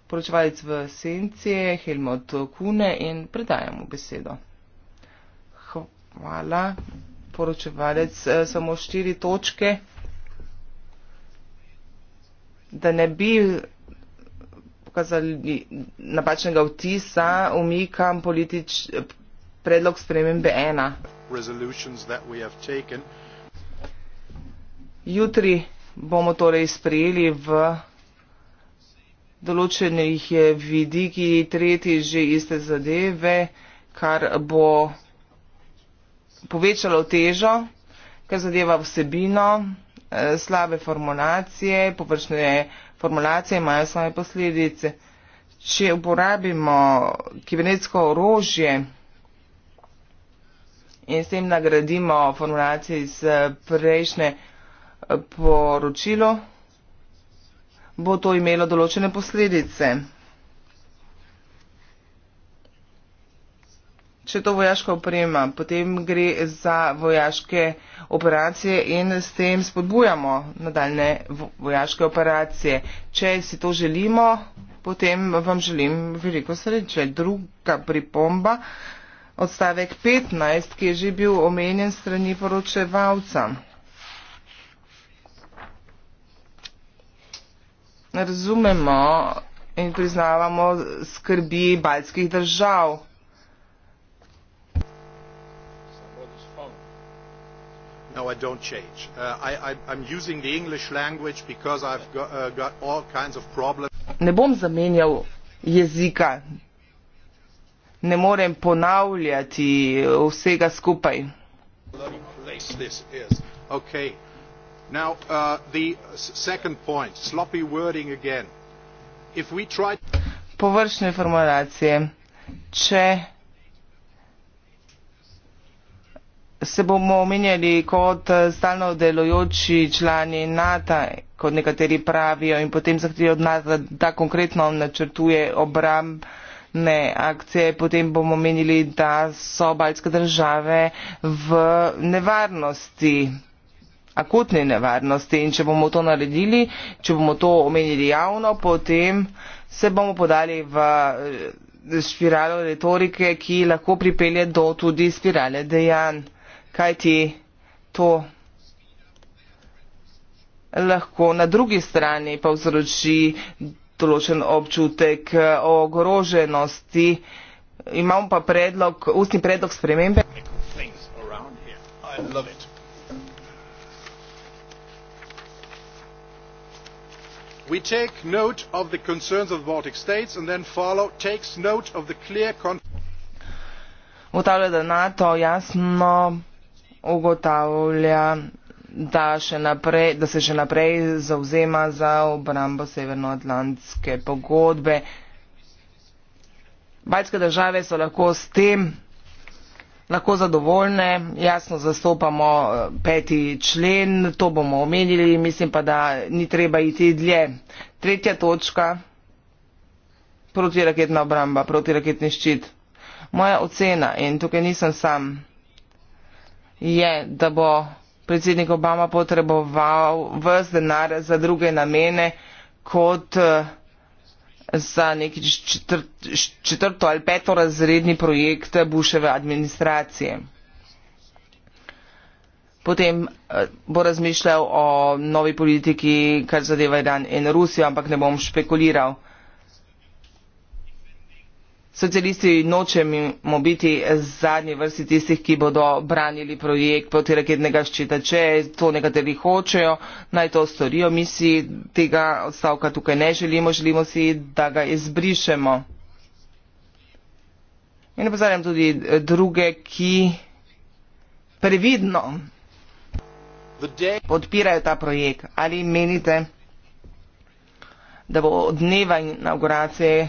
poročevalec v Senci, Helmut Kune in predajamo besedo. Hvala, poročevalec, eh, samo štiri točke. Da ne bi pokazali napačnega vtisa, umikam politič, predlog spremembe ena. Jutri bomo torej sprejeli v določenih vidiki tretji že iste zadeve, kar bo povečalo težo, kar zadeva vsebino, eh, slabe formulacije, površne formulacije imajo svoje posledice. Če uporabimo kibernetsko orožje, in s tem nagradimo formulacije iz eh, prejšnje eh, poročilo, bo to imelo določene posledice. Če to vojaška oprema, potem gre za vojaške operacije in s tem spodbujamo nadaljne vojaške operacije. Če si to želimo, potem vam želim veliko sreče. Druga pripomba odstavek 15, ki je že bil omenjen strani poročevalca. Razumemo in priznavamo skrbi baljskih držav. No, I don't change. Uh, I, I, I'm using the English language because I've got, uh, got all kinds of problems. Ne bom zamenjal jezika, ne morem ponavljati vsega skupaj. Uh, Površne formulacije. Če se bomo omenjali kot stalno delojoči člani NATO, kot nekateri pravijo, in potem zahtevajo od nas, da konkretno načrtuje obramb, ne akcije, potem bomo menili, da so baljske države v nevarnosti akutne nevarnosti in če bomo to naredili, če bomo to omenili javno, potem se bomo podali v eh, spiralo retorike, ki lahko pripelje do tudi spirale dejanj. Kaj ti to lahko na drugi strani pa vzroči določen občutek o eh, ogroženosti. Imam pa predlog, ustni predlog spremembe. We take note of the concerns of the Baltic states and then follow, takes note of the clear ugotavlja, da NATO jasno ugotavlja da, še naprej, da se še naprej zauzema za obrambo Severnoatlantske pogodbe. Baljske države so lahko s tem lahko zadovoljne, jasno zastopamo eh, peti člen, to bomo omenili, mislim pa, da ni treba iti dlje. Tretja točka, protiraketna obramba, protiraketni ščit. Moja ocena, in tukaj nisem sam, je, da bo predsednik Obama potreboval vse denar za druge namene, kot eh, za neki četrto, četrto ali peto razredni projekt Buševe administracije. Potem eh, bo razmišljal o novi politiki, kar zadeva Iran in Rusijo, ampak ne bom špekuliral. Socialisti nočemo biti zadnji vrsti tistih, ki bodo branili projekt protiraketnega ščita. Če to nekateri hočejo, naj to storijo. Mi si tega odstavka tukaj ne želimo, želimo si, da ga izbrišemo. In opozarjam tudi druge, ki previdno podpirajo ta projekt. Ali menite, da bo dneva inauguracije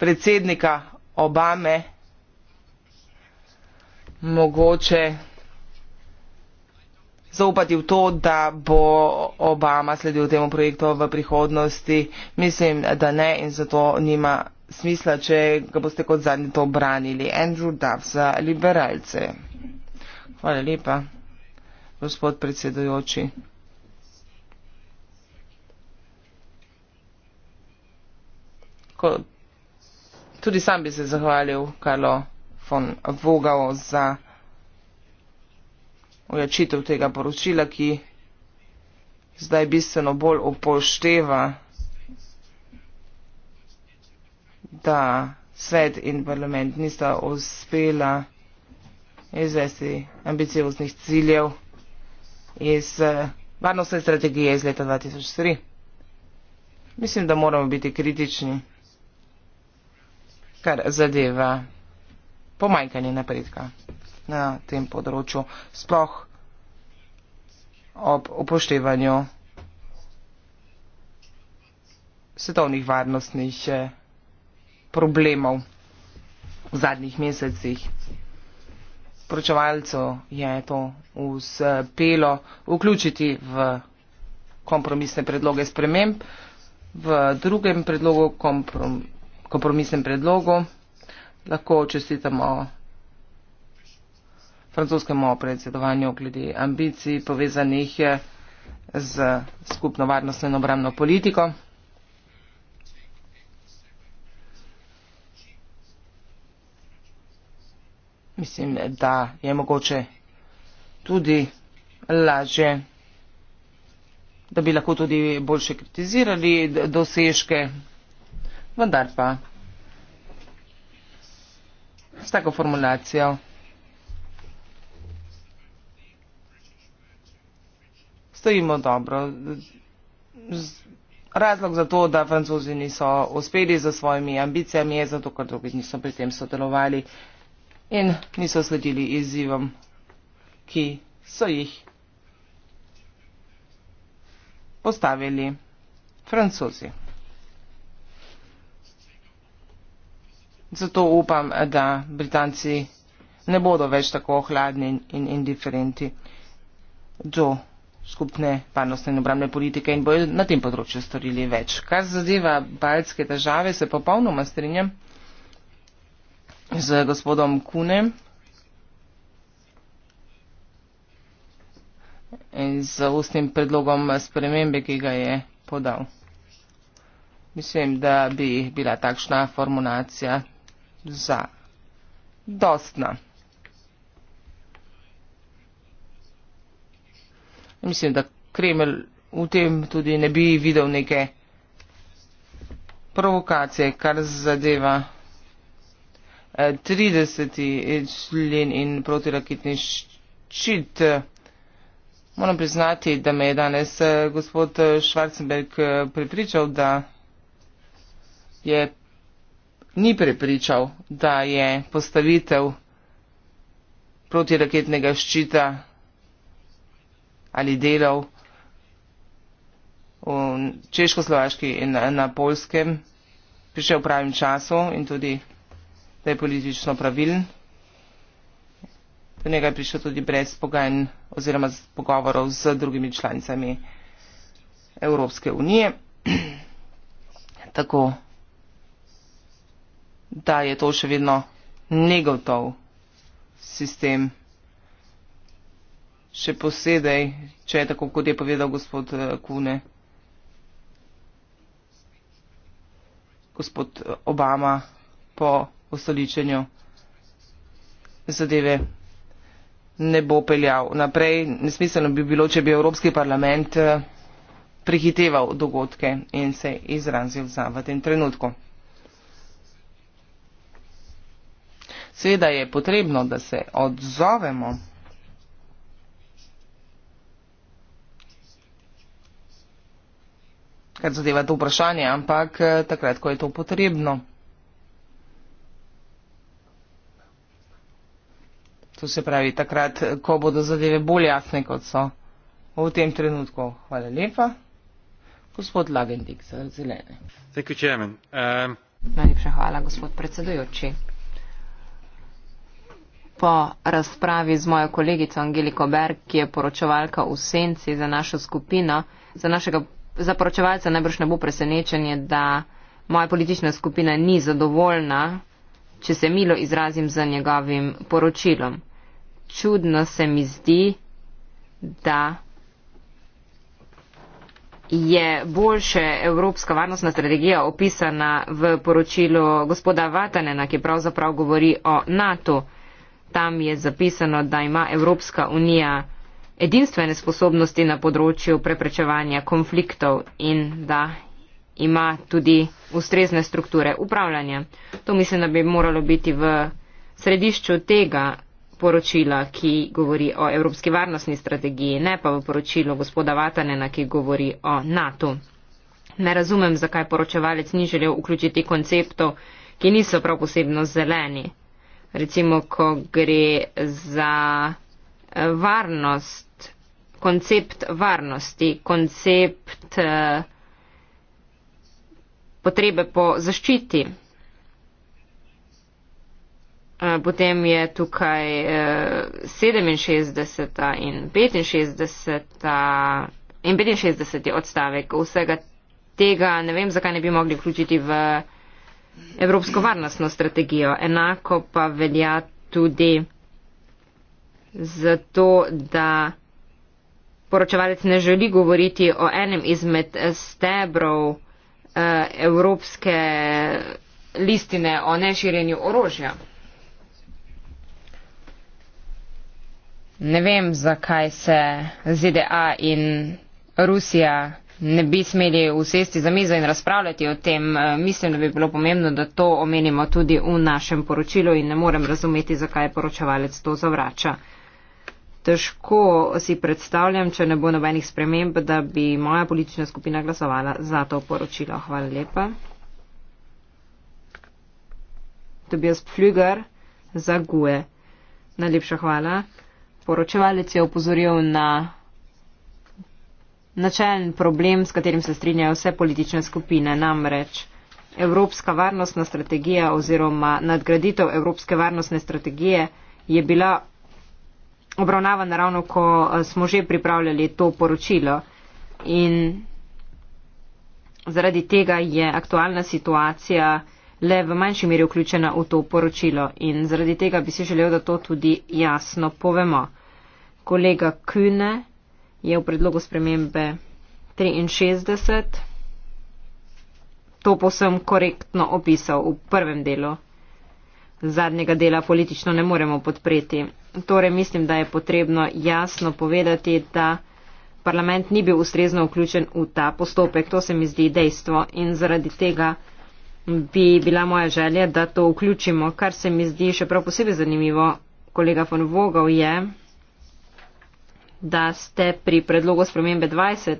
predsednika Obame mogoče zaupati v to, da bo Obama sledil temu projektu v prihodnosti. Mislim, da ne in zato nima smisla, če ga boste kot zadnji to obranili. Andrew Duff za liberalce. Hvala lepa, gospod predsedujoči. Ko Tudi sam bi se zahvalil Karlo von Vogao za ojačitev tega poročila, ki zdaj bistveno bolj upošteva, da svet in parlament nista uspela izvesti ambicioznih ciljev iz eh, varnostne strategije iz leta 2003. Mislim, da moramo biti kritični kar zadeva pomanjkanje napredka na tem področju, sploh ob upoštevanju svetovnih varnostnih eh, problemov v zadnjih mesecih. Pročevalcu je to uspelo vključiti v kompromisne predloge sprememb, v drugem predlogu kompromisne kompromisnem predlogu. Lahko čestitamo francoskemu predsedovanju glede ambicij, povezanih je z skupno varnostno in obramno politiko. Mislim, da je mogoče tudi lažje, da bi lahko tudi boljše kritizirali dosežke vendar pa s tako formulacijo. Stojimo dobro. Razlog za to, da francozi niso uspeli za svojimi ambicijami, je zato, ker drugi niso pri tem sodelovali in niso sledili izzivom, ki so jih postavili francozi. Zato upam, da Britanci ne bodo več tako hladni in indiferenti do skupne varnostne in obramne politike in bojo na tem področju storili več. Kar zadeva baljske države, se popolnoma strinjam z gospodom Kunem in z ustnim predlogom spremembe, ki ga je podal. Mislim, da bi bila takšna formulacija za dostna. Mislim, da Kremelj v tem tudi ne bi videl neke provokacije, kar zadeva 30. Eh, člen in protiraketni ščit. Moram priznati, da me je danes eh, gospod Schwarzenberg eh, pripričal, da je ni prepričal, da je postavitev protiraketnega ščita ali delov v Češko-Slovaški in na Polskem prišel v pravem času in tudi, da je politično pravilen. Do njega je prišel tudi brez pogajanj oziroma z pogovorov z drugimi članicami Evropske unije. Tako da je to še vedno negotov sistem. Še posebej, če je tako, kot je povedal gospod eh, Kune, gospod eh, Obama po osoličenju zadeve ne bo peljal naprej. Nesmiselno bi bilo, če bi Evropski parlament eh, prihiteval dogodke in se izrazil za v tem trenutku. Seveda je potrebno, da se odzovemo. kar zadeva to vprašanje, ampak eh, takrat, ko je to potrebno. To se pravi takrat, ko bodo zadeve bolj jasne, kot so v tem trenutku. Hvala lepa. Gospod Lagendik za zelene. Thank you, chairman. Um... Najlepša hvala, gospod predsedujoči po razpravi z mojo kolegico Angeliko Berg, ki je poročevalka v senci za našo skupino. Za našega zaporočevalca najbrž ne bo presenečenje, da moja politična skupina ni zadovoljna, če se milo izrazim za njegovim poročilom. Čudno se mi zdi, da je boljše evropska varnostna strategija opisana v poročilu gospoda Vatanena, ki pravzaprav govori o NATO. Tam je zapisano, da ima Evropska unija edinstvene sposobnosti na področju preprečevanja konfliktov in da ima tudi ustrezne strukture upravljanja. To mislim, da bi moralo biti v središču tega poročila, ki govori o Evropski varnostni strategiji, ne pa v poročilu gospoda Vatanena, ki govori o NATO. Ne razumem, zakaj poročevalec ni želel vključiti konceptov, ki niso prav posebno zeleni recimo, ko gre za eh, varnost, koncept varnosti, koncept eh, potrebe po zaščiti. Eh, potem je tukaj 67 in 65, in 65 je odstavek vsega tega. Ne vem, zakaj ne bi mogli vključiti v evropsko varnostno strategijo. Enako pa velja tudi zato, da poročevalec ne želi govoriti o enem izmed stebrov eh, evropske listine o neširjenju orožja. Ne vem, zakaj se ZDA in Rusija ne bi smeli usesti za mizo in razpravljati o tem. E, mislim, da bi bilo pomembno, da to omenimo tudi v našem poročilu in ne morem razumeti, zakaj poročevalec to zavrača. Težko si predstavljam, če ne bo nobenih sprememb, da bi moja politična skupina glasovala za to poročilo. Hvala lepa. Tobias Pflüger za GUE. Najlepša hvala. Poročevalec je upozoril na načelen problem, s katerim se strinjajo vse politične skupine, namreč evropska varnostna strategija oziroma nadgraditev evropske varnostne strategije je bila obravnavana ravno, ko eh, smo že pripravljali to poročilo in zaradi tega je aktualna situacija le v manjši meri vključena v to poročilo in zaradi tega bi si želel, da to tudi jasno povemo. Kolega Kühne, je v predlogu spremembe 63 to posem korektno opisal v prvem delu. Zadnjega dela politično ne moremo podpreti. Torej mislim, da je potrebno jasno povedati, da parlament ni bil ustrezno vključen v ta postopek. To se mi zdi dejstvo in zaradi tega bi bila moja želja, da to vključimo. Kar se mi zdi še prav posebej zanimivo, kolega von Vogel je, da ste pri predlogu spremembe 20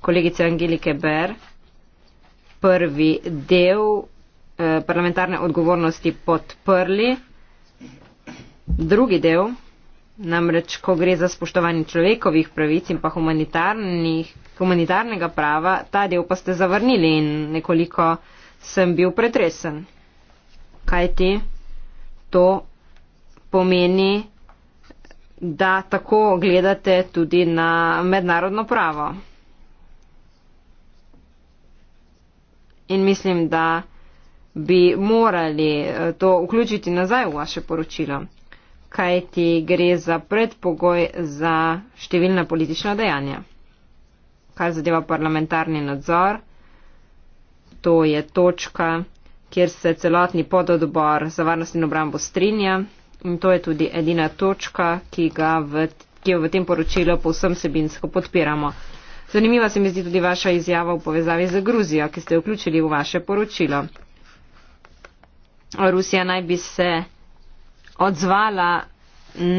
kolegice Angelike Ber prvi del eh, parlamentarne odgovornosti podprli, drugi del, namreč ko gre za spoštovanje človekovih pravic in pa humanitarnega prava, ta del pa ste zavrnili in nekoliko sem bil pretresen. Kaj ti to pomeni? da tako gledate tudi na mednarodno pravo. In mislim, da bi morali eh, to vključiti nazaj v vaše poročilo, kaj ti gre za predpogoj za številna politična dejanja. Kar zadeva parlamentarni nadzor, to je točka, kjer se celotni pododbor za varnost in obrambo strinja. In to je tudi edina točka, ki, v, ki jo v tem poročilu povsem sebinsko podpiramo. Zanimiva se mi zdi tudi vaša izjava v povezavi z Gruzijo, ki ste jo vključili v vaše poročilo. Rusija naj bi se odzvala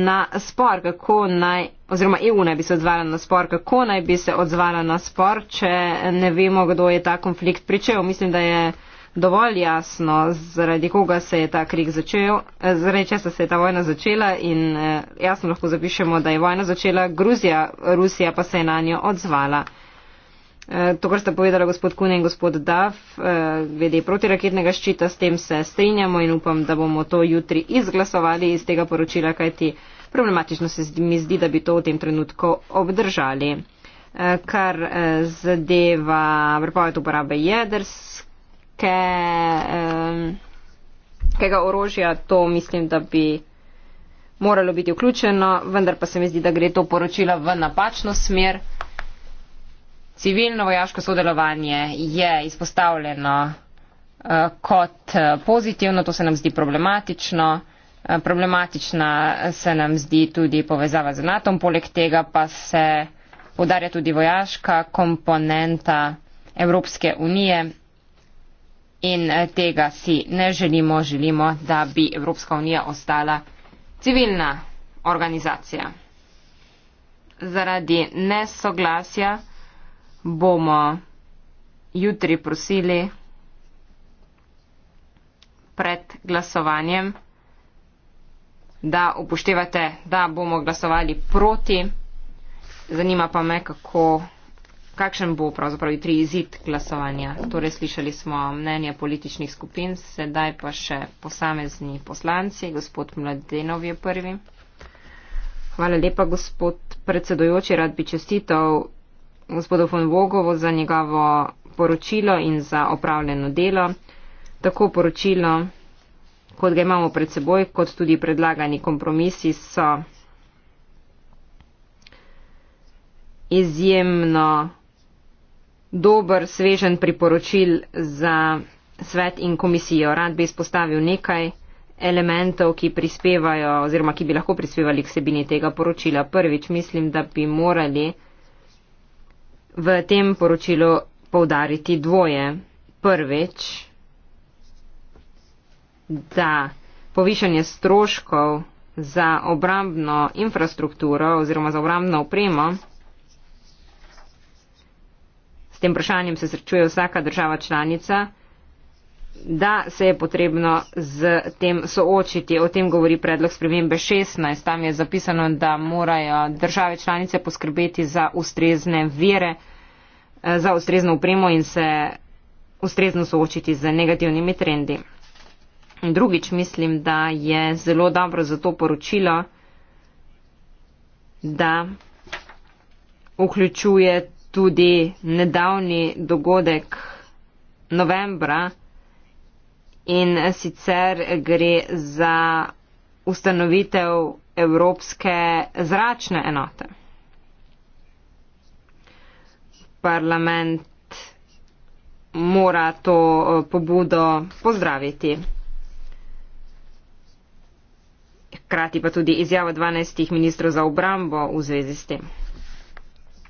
na spor, kako naj, oziroma EU naj bi se odzvala na spor, kako naj bi se odzvala na spor, če ne vemo, kdo je ta konflikt pričel. Mislim, da je dovolj jasno, zaradi koga se je ta krik začel, eh, zaradi česa se je ta vojna začela in eh, jasno lahko zapišemo, da je vojna začela Gruzija, Rusija pa se je na njo odzvala. Eh, to, kar ste povedali, gospod Kune in gospod Dav, glede protiraketnega ščita, s tem se strinjamo in upam, da bomo to jutri izglasovali iz tega poročila, kajti problematično se mi zdi, da bi to v tem trenutku obdržali. Kar zadeva prepoved uporabe jedrske neke, um, kega orožja, to mislim, da bi moralo biti vključeno, vendar pa se mi zdi, da gre to poročilo v napačno smer. Civilno vojaško sodelovanje je izpostavljeno uh, kot eh, pozitivno, to se nam zdi problematično. Eh, problematična se nam zdi tudi povezava z NATO, poleg tega pa se podarja tudi vojaška komponenta Evropske unije, in eh, tega si ne želimo. Želimo, da bi Evropska unija ostala civilna organizacija. Zaradi nesoglasja bomo jutri prosili pred glasovanjem, da upoštevate, da bomo glasovali proti. Zanima pa me, kako kakšen bo pravzaprav tri izid glasovanja. Torej slišali smo mnenja političnih skupin, sedaj pa še posamezni poslanci. Gospod Mladenov je prvi. Hvala lepa, gospod predsedojoči. Rad bi čestitev gospodu von Vogovo za njegovo poročilo in za opravljeno delo. Tako poročilo, kot ga imamo pred seboj, kot tudi predlagani kompromisi so izjemno dober svežen priporočil za svet in komisijo. Rad bi izpostavil nekaj elementov, ki prispevajo oziroma ki bi lahko prispevali k sebini tega poročila. Prvič, mislim, da bi morali v tem poročilu povdariti dvoje. Prvič, da povišanje stroškov za obrambno infrastrukturo oziroma za obrambno opremo tem vprašanjem se srečuje vsaka država članica, da se je potrebno z tem soočiti. O tem govori predlog spremembe 16. Tam je zapisano, da morajo države članice poskrbeti za ustrezne vire, eh, za ustrezno upremo in se ustrezno soočiti z negativnimi trendi. Drugič mislim, da je zelo dobro za to poročilo, da vključuje tudi nedavni dogodek novembra in sicer gre za ustanovitev Evropske zračne enote. Parlament mora to eh, pobudo pozdraviti. Hkrati pa tudi izjavo 12 ministrov za obrambo v zvezi s tem.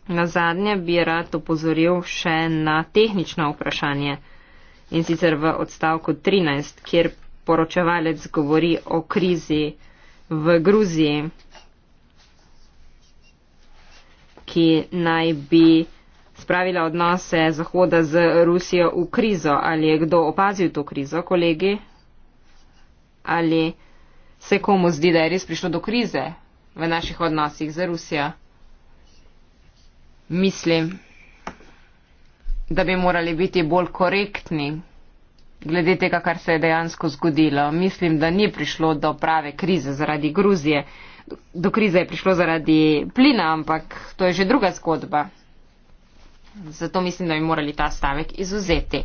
Na zadnje bi rad upozoril še na tehnično vprašanje in sicer v odstavku 13, kjer poročevalec govori o krizi v Gruziji, ki naj bi spravila odnose Zahoda z Rusijo v krizo. Ali je kdo opazil to krizo, kolegi? Ali se komu zdi, da je res prišlo do krize v naših odnosih z Rusijo? mislim, da bi morali biti bolj korektni glede tega, kar se je dejansko zgodilo. Mislim, da ni prišlo do prave krize zaradi Gruzije. Do krize je prišlo zaradi plina, ampak to je že druga zgodba. Zato mislim, da bi morali ta stavek izuzeti.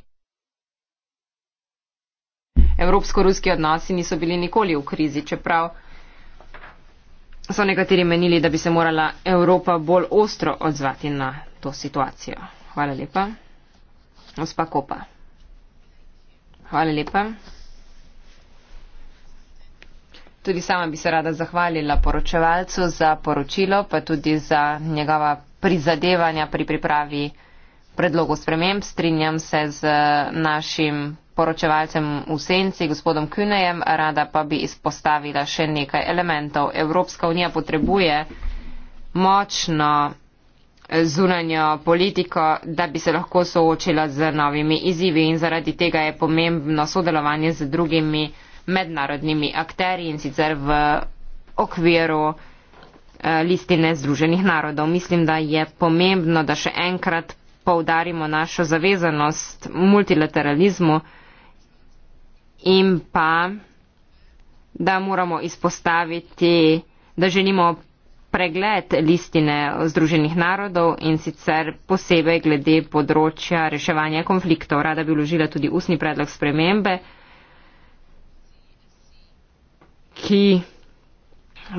Evropsko-ruski odnosi niso bili nikoli v krizi, čeprav so nekateri menili, da bi se morala Evropa bolj ostro odzvati na to situacijo. Hvala lepa. Gospa Kopa. Hvala lepa. Tudi sama bi se rada zahvalila poročevalcu za poročilo, pa tudi za njegova prizadevanja pri pripravi predlogov sprememb. Strinjam se z našim poročevalcem v senci, gospodom Künejem, rada pa bi izpostavila še nekaj elementov. Evropska unija potrebuje močno zunanjo politiko, da bi se lahko soočila z novimi izzivi in zaradi tega je pomembno sodelovanje z drugimi mednarodnimi akteri in sicer v okviru eh, listine Združenih narodov. Mislim, da je pomembno, da še enkrat povdarimo našo zavezanost multilateralizmu, in pa, da moramo izpostaviti, da želimo pregled listine Združenih narodov in sicer posebej glede področja reševanja konfliktov. Rada bi vložila tudi usni predlog spremembe, ki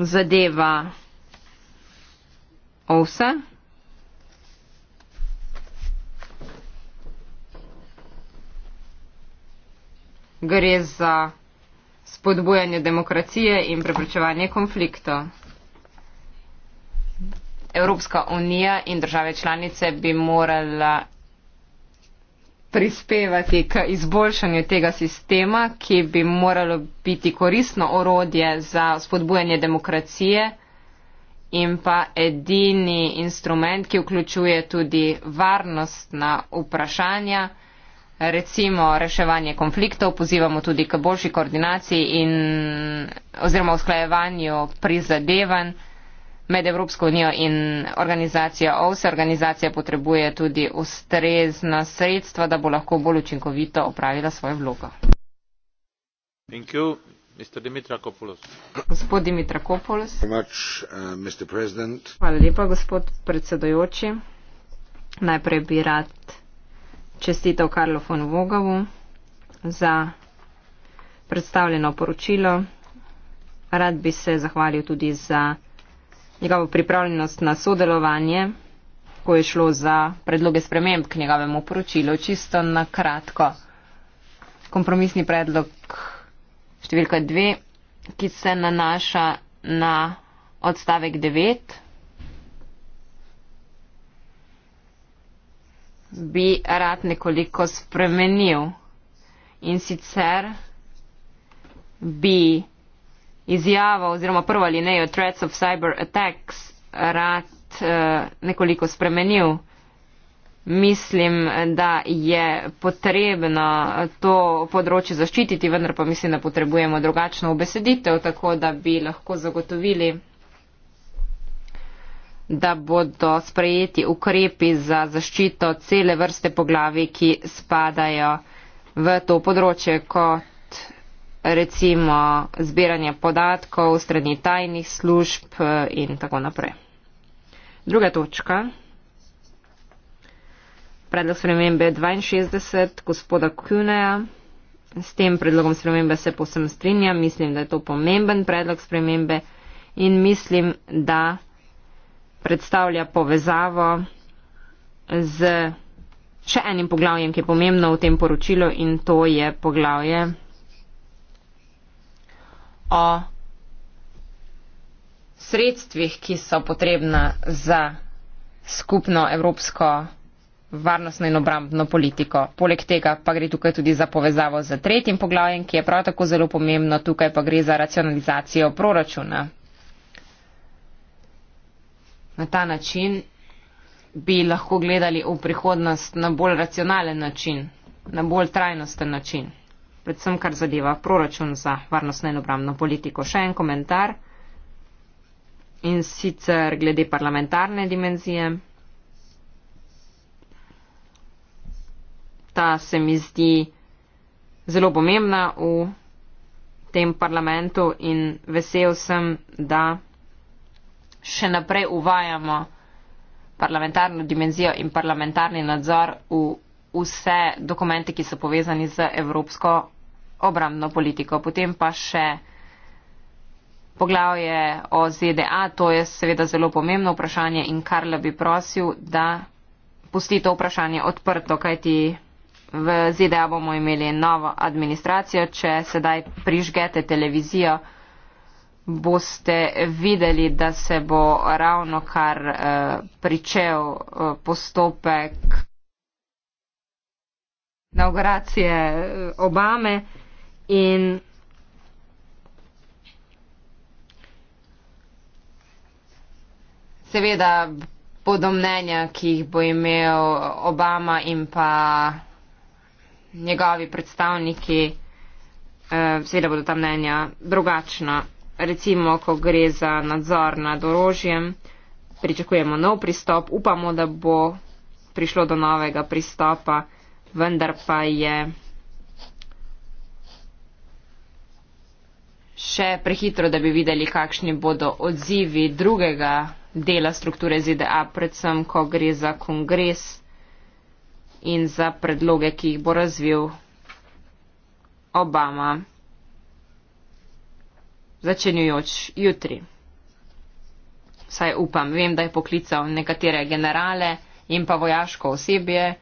zadeva OSA. gre za spodbujanje demokracije in preprečevanje konflikta. Evropska unija in države članice bi morala prispevati k izboljšanju tega sistema, ki bi moralo biti koristno orodje za spodbujanje demokracije in pa edini instrument, ki vključuje tudi varnostna vprašanja recimo reševanje konfliktov, pozivamo tudi k boljši koordinaciji in, oziroma usklajevanju prizadevanj med Evropsko unijo in organizacijo OVSE. Organizacija potrebuje tudi ustrezna sredstva, da bo lahko bolj učinkovito opravila svojo vlogo. Gospod Dimitrakopoulos. Uh, Hvala lepa, gospod predsedojoči. Najprej bi rad čestitev Karlo von Vogavu za predstavljeno poročilo. Rad bi se zahvalil tudi za njegovo pripravljenost na sodelovanje, ko je šlo za predloge sprememb k njegovemu poročilu. Čisto na kratko. Kompromisni predlog številka 2, ki se nanaša na odstavek 9 bi rad nekoliko spremenil. In sicer bi izjavo oziroma prvo linijo Threats of Cyber Attacks rad uh, nekoliko spremenil. Mislim, da je potrebno to področje zaščititi, vendar pa mislim, da potrebujemo drugačno obeseditev, tako da bi lahko zagotovili da bodo sprejeti ukrepi za zaščito cele vrste poglavi, ki spadajo v to področje, kot recimo zbiranje podatkov strani tajnih služb eh, in tako naprej. Druga točka. Predlog spremembe 62 gospoda Kuneja. S tem predlogom spremembe se posem strinjam. Mislim, da je to pomemben predlog spremembe in mislim, da predstavlja povezavo z še enim poglavjem, ki je pomembno v tem poročilu in to je poglavje o sredstvih, ki so potrebna za skupno evropsko varnostno in obrambno politiko. Poleg tega pa gre tukaj tudi za povezavo z tretjim poglavjem, ki je prav tako zelo pomembno, tukaj pa gre za racionalizacijo proračuna na ta način bi lahko gledali v prihodnost na bolj racionalen način, na bolj trajnosten način, predvsem kar zadeva proračun za varnostno in obramno politiko. Še en komentar in sicer glede parlamentarne dimenzije. Ta se mi zdi zelo pomembna v tem parlamentu in vesel sem, da še naprej uvajamo parlamentarno dimenzijo in parlamentarni nadzor v vse dokumente, ki so povezani z evropsko obramno politiko. Potem pa še poglavje o ZDA, to je seveda zelo pomembno vprašanje in Karla bi prosil, da pusti to vprašanje odprto, kajti v ZDA bomo imeli novo administracijo, če sedaj prižgete televizijo boste videli, da se bo ravno kar eh, pričel eh, postopek inauguracije eh, Obame in seveda bodo mnenja, ki jih bo imel Obama in pa njegovi predstavniki, seveda bodo ta mnenja drugačna recimo, ko gre za nadzor nad orožjem, pričakujemo nov pristop, upamo, da bo prišlo do novega pristopa, vendar pa je še prehitro, da bi videli, kakšni bodo odzivi drugega dela strukture ZDA, predvsem, ko gre za kongres in za predloge, ki jih bo razvil Obama začenjujoč jutri. Saj upam, vem, da je poklical nekatere generale in pa vojaško osebje,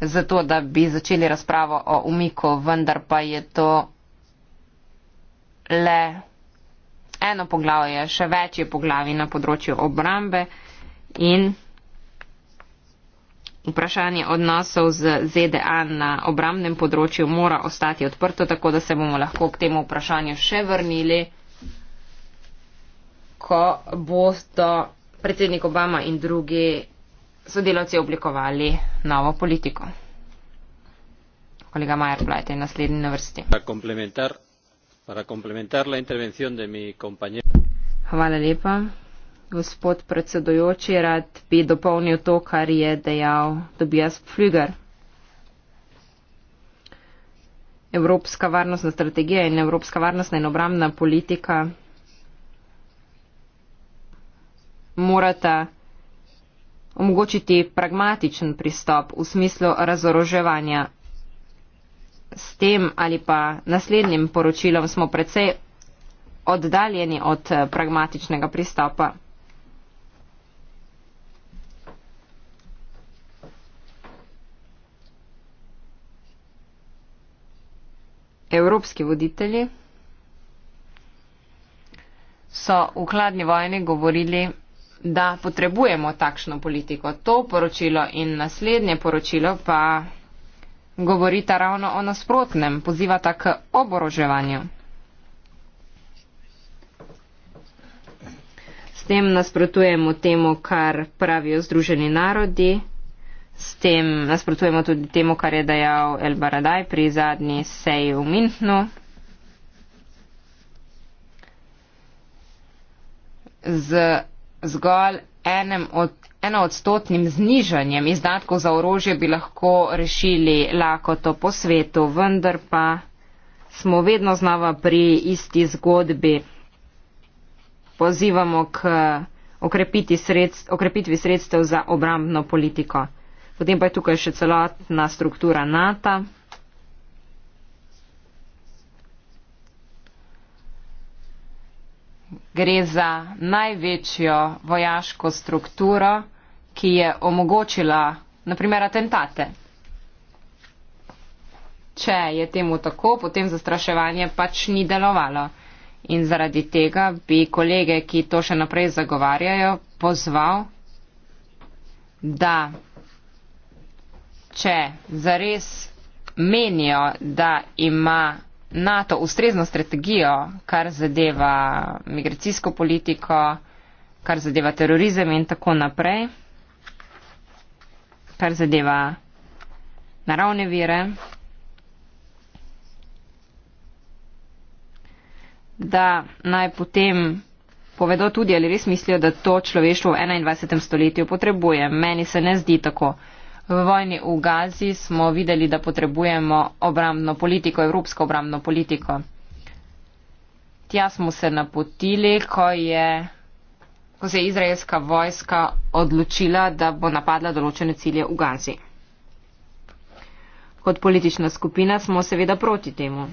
zato da bi začeli razpravo o umiku, vendar pa je to le eno poglavje, še več je poglavi na področju obrambe in vprašanje odnosov z ZDA na obramnem področju mora ostati odprto, tako da se bomo lahko k temu vprašanju še vrnili ko bodo predsednik Obama in drugi sodelavci oblikovali novo politiko. Kolega Majer, plajte naslednji na vrsti. Para complementar la intervención de mi compañero. Hvala lepa. Gospod predsedojoči, rad bi dopolnil to, kar je dejal Tobias Pflüger. Evropska varnostna strategija in evropska varnostna in obramna politika morata omogočiti pragmatičen pristop v smislu razoroževanja. S tem ali pa naslednjim poročilom smo precej oddaljeni od eh, pragmatičnega pristopa. Evropski voditelji so v hladni vojni govorili, da potrebujemo takšno politiko. To poročilo in naslednje poročilo pa govorita ravno o nasprotnem, pozivata k oboroževanju. S tem nasprotujemo temu, kar pravijo Združeni narodi, s tem nasprotujemo tudi temu, kar je dejal El Baradaj pri zadnji seji v Mintnu. Z zgolj od, enoodstotnim znižanjem izdatkov za orožje bi lahko rešili lakoto po svetu, vendar pa smo vedno znova pri isti zgodbi. Pozivamo k okrepitvi sredstev za obrambno politiko. Potem pa je tukaj še celotna struktura NATO. gre za največjo vojaško strukturo, ki je omogočila naprimer atentate. Če je temu tako, potem zastraševanje pač ni delovalo. In zaradi tega bi kolege, ki to še naprej zagovarjajo, pozval, da če zares menijo, da ima NATO ustrezno strategijo, kar zadeva migracijsko politiko, kar zadeva terorizem in tako naprej, kar zadeva naravne vire, da naj potem povedo tudi, ali res mislijo, da to človeštvo v 21. stoletju potrebuje. Meni se ne zdi tako. V vojni v Gazi smo videli, da potrebujemo obrambno politiko, evropsko obrambno politiko. Tja smo se napotili, ko, je, ko se je izraelska vojska odločila, da bo napadla določene cilje v Gazi. Kot politična skupina smo seveda proti temu.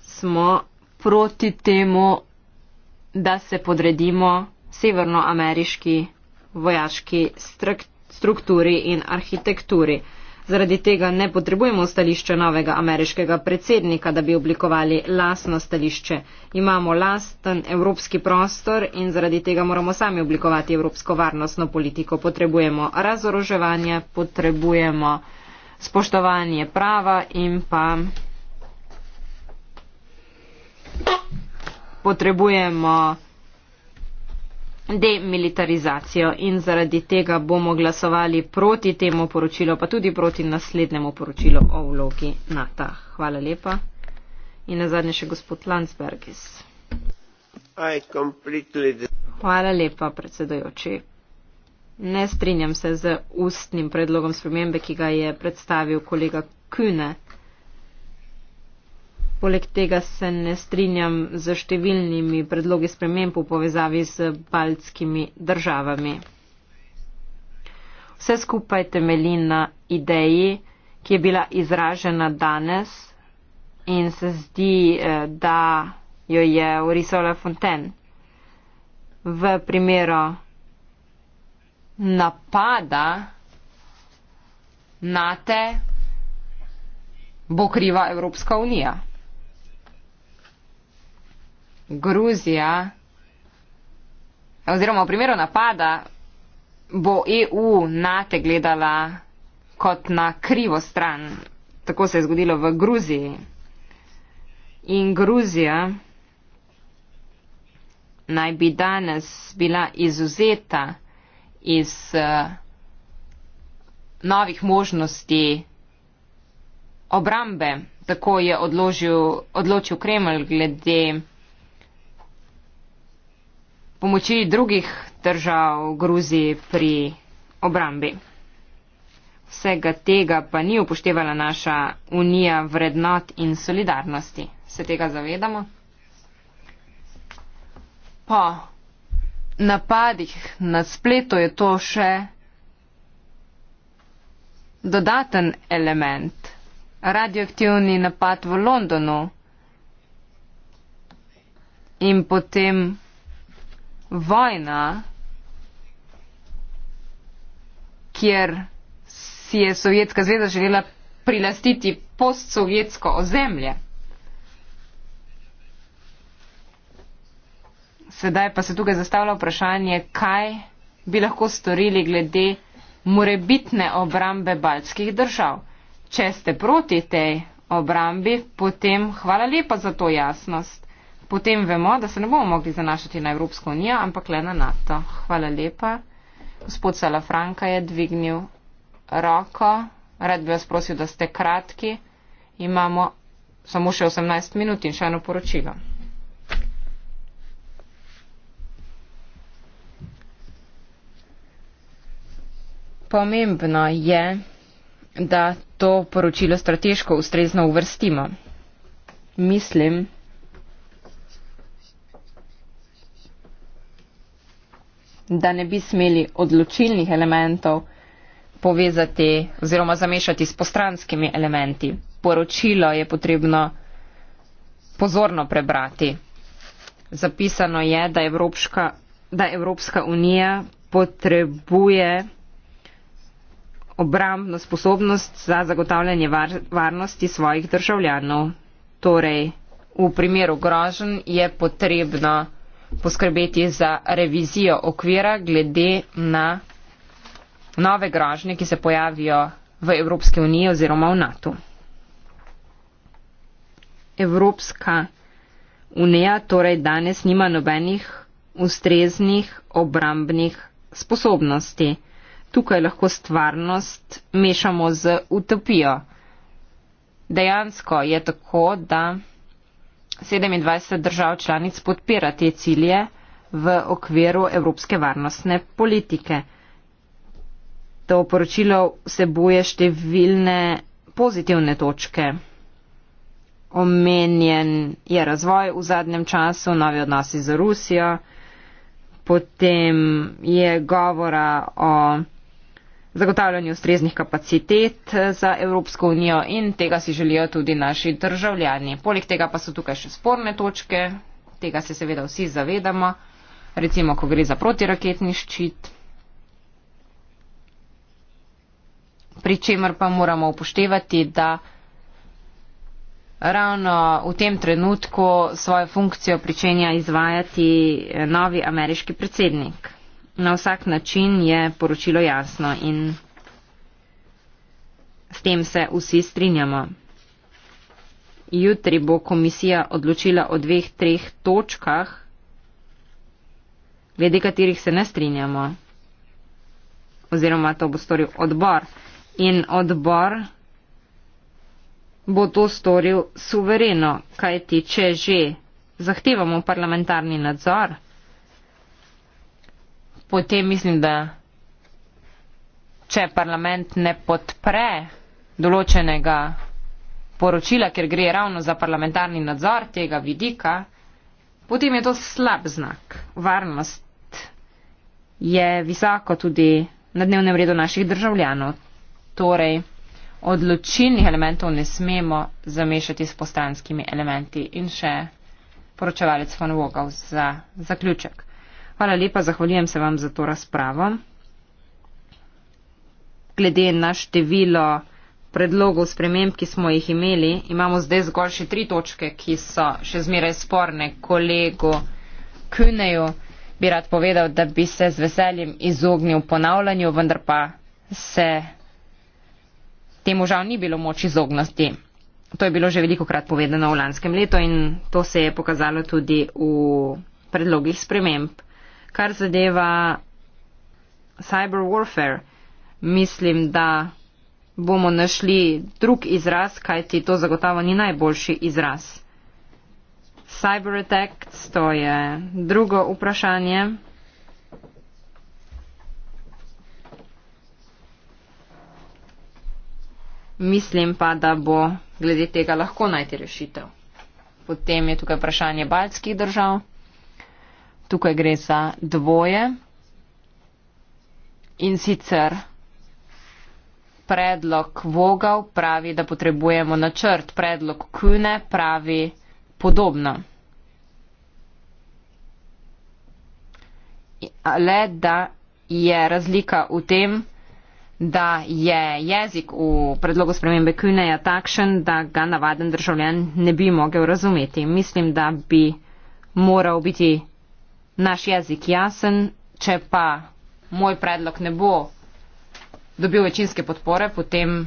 Smo proti temu, da se podredimo severnoameriški vojaški strukturi in arhitekturi. Zaradi tega ne potrebujemo stališče novega ameriškega predsednika, da bi oblikovali lasno stališče. Imamo lasten evropski prostor in zaradi tega moramo sami oblikovati evropsko varnostno politiko. Potrebujemo razoroževanje, potrebujemo spoštovanje prava in pa potrebujemo demilitarizacijo in zaradi tega bomo glasovali proti temu poročilu, pa tudi proti naslednjemu poročilu o vlogi NATO. Hvala lepa. In na zadnje še gospod Landsbergis. Hvala lepa, predsedojoči. Ne strinjam se z ustnim predlogom spremembe, ki ga je predstavil kolega Kune. Poleg tega se ne strinjam z številnimi predlogi sprememb v povezavi z baltskimi državami. Vse skupaj temelji na ideji, ki je bila izražena danes in se zdi, eh, da jo je orisala Fonten. V primeru napada na te bo kriva Evropska unija. Gruzija, oziroma v primeru napada, bo EU nate gledala kot na krivo stran. Tako se je zgodilo v Gruziji. In Gruzija naj bi danes bila izuzeta iz uh, novih možnosti obrambe. Tako je odložil, odločil Kreml glede pomoči drugih držav Gruziji pri obrambi. Vsega tega pa ni upoštevala naša unija vrednot in solidarnosti. Se tega zavedamo? Po napadih na spletu je to še dodaten element. Radioaktivni napad v Londonu in potem vojna, kjer si je Sovjetska zveza želela prilastiti postsovjetsko ozemlje. Sedaj pa se tukaj zastavlja vprašanje, kaj bi lahko storili glede morebitne obrambe baltskih držav. Če ste proti tej obrambi, potem hvala lepa za to jasnost potem vemo, da se ne bomo mogli zanašati na Evropsko unijo, ampak le na NATO. Hvala lepa. Gospod Salafranka je dvignil roko. Rad bi vas prosil, da ste kratki. Imamo samo še 18 minut in še eno poročilo. Pomembno je, da to poročilo strateško ustrezno uvrstimo. Mislim, da ne bi smeli odločilnih elementov povezati oziroma zamešati s postranskimi elementi. Poročilo je potrebno pozorno prebrati. Zapisano je, da Evropska, da Evropska unija potrebuje obrambno sposobnost za zagotavljanje var, varnosti svojih državljanov. Torej, v primeru grožen je potrebno poskrbeti za revizijo okvira glede na nove grožnje, ki se pojavijo v Evropske unije oziroma v NATO. Evropska unija torej danes nima nobenih ustreznih obrambnih sposobnosti. Tukaj lahko stvarnost mešamo z utopijo. Dejansko je tako, da 27 držav članic podpira te cilje v okviru evropske varnostne politike. To poročilo vsebuje številne pozitivne točke. Omenjen je razvoj v zadnjem času, novi odnosi z Rusijo, potem je govora o zagotavljanju ustreznih kapacitet eh, za Evropsko unijo in tega si želijo tudi naši državljani. Poleg tega pa so tukaj še sporne točke, tega se seveda vsi zavedamo, recimo, ko gre za protiraketni ščit. Pričemer pa moramo upoštevati, da ravno v tem trenutku svojo funkcijo pričenja izvajati eh, novi ameriški predsednik na vsak način je poročilo jasno in s tem se vsi strinjamo. Jutri bo komisija odločila o dveh, treh točkah, glede katerih se ne strinjamo. Oziroma to bo storil odbor. In odbor bo to storil suvereno, kajti če že zahtevamo parlamentarni nadzor, potem mislim, da če parlament ne podpre določenega poročila, ker gre ravno za parlamentarni nadzor tega vidika, potem je to slab znak. Varnost je visoko tudi na dnevnem redu naših državljanov. Torej, odločilnih elementov ne smemo zamešati s postranskimi elementi. In še poročevalec von Vogel za zaključek. Hvala lepa, zahvaljujem se vam za to razpravo. Glede na število predlogov sprememb, ki smo jih imeli, imamo zdaj zgolj še tri točke, ki so še zmeraj sporne kolegu Kuneju. Bi rad povedal, da bi se z veseljem izognil ponavljanju, vendar pa se temu žal ni bilo moč izogniti. To je bilo že veliko krat povedano v lanskem letu in to se je pokazalo tudi v predlogih sprememb kar zadeva cyber warfare, mislim, da bomo našli drug izraz, kajti to zagotovo ni najboljši izraz. Cyber attacks to je drugo vprašanje. Mislim pa, da bo glede tega lahko najti rešitev. Potem je tukaj vprašanje baltskih držav tukaj gre za dvoje in sicer predlog vogal pravi, da potrebujemo načrt, predlog kune pravi podobno. Le da je razlika v tem, da je jezik v predlogu spremembe kuneja takšen, da ga navaden državljan ne bi mogel razumeti. Mislim, da bi moral biti naš jezik jasen, če pa moj predlog ne bo dobil večinske podpore, potem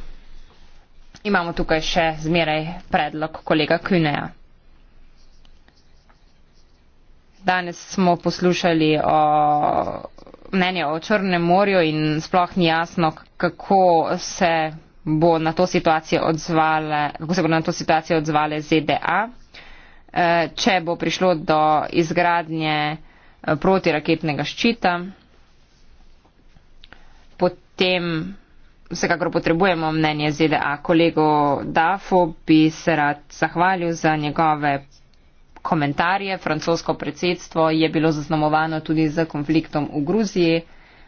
imamo tukaj še zmeraj predlog kolega Kuneja. Danes smo poslušali o mnenje o Črnem morju in sploh ni jasno, kako se bo na to situacijo odzvale, kako se bo na to situacijo odzvale ZDA, e, če bo prišlo do izgradnje protiraketnega ščita. Potem vsekakor potrebujemo mnenje ZDA. Kolego Dafo bi se rad zahvalil za njegove komentarje. Francosko predsedstvo je bilo zaznamovano tudi z konfliktom v Gruziji,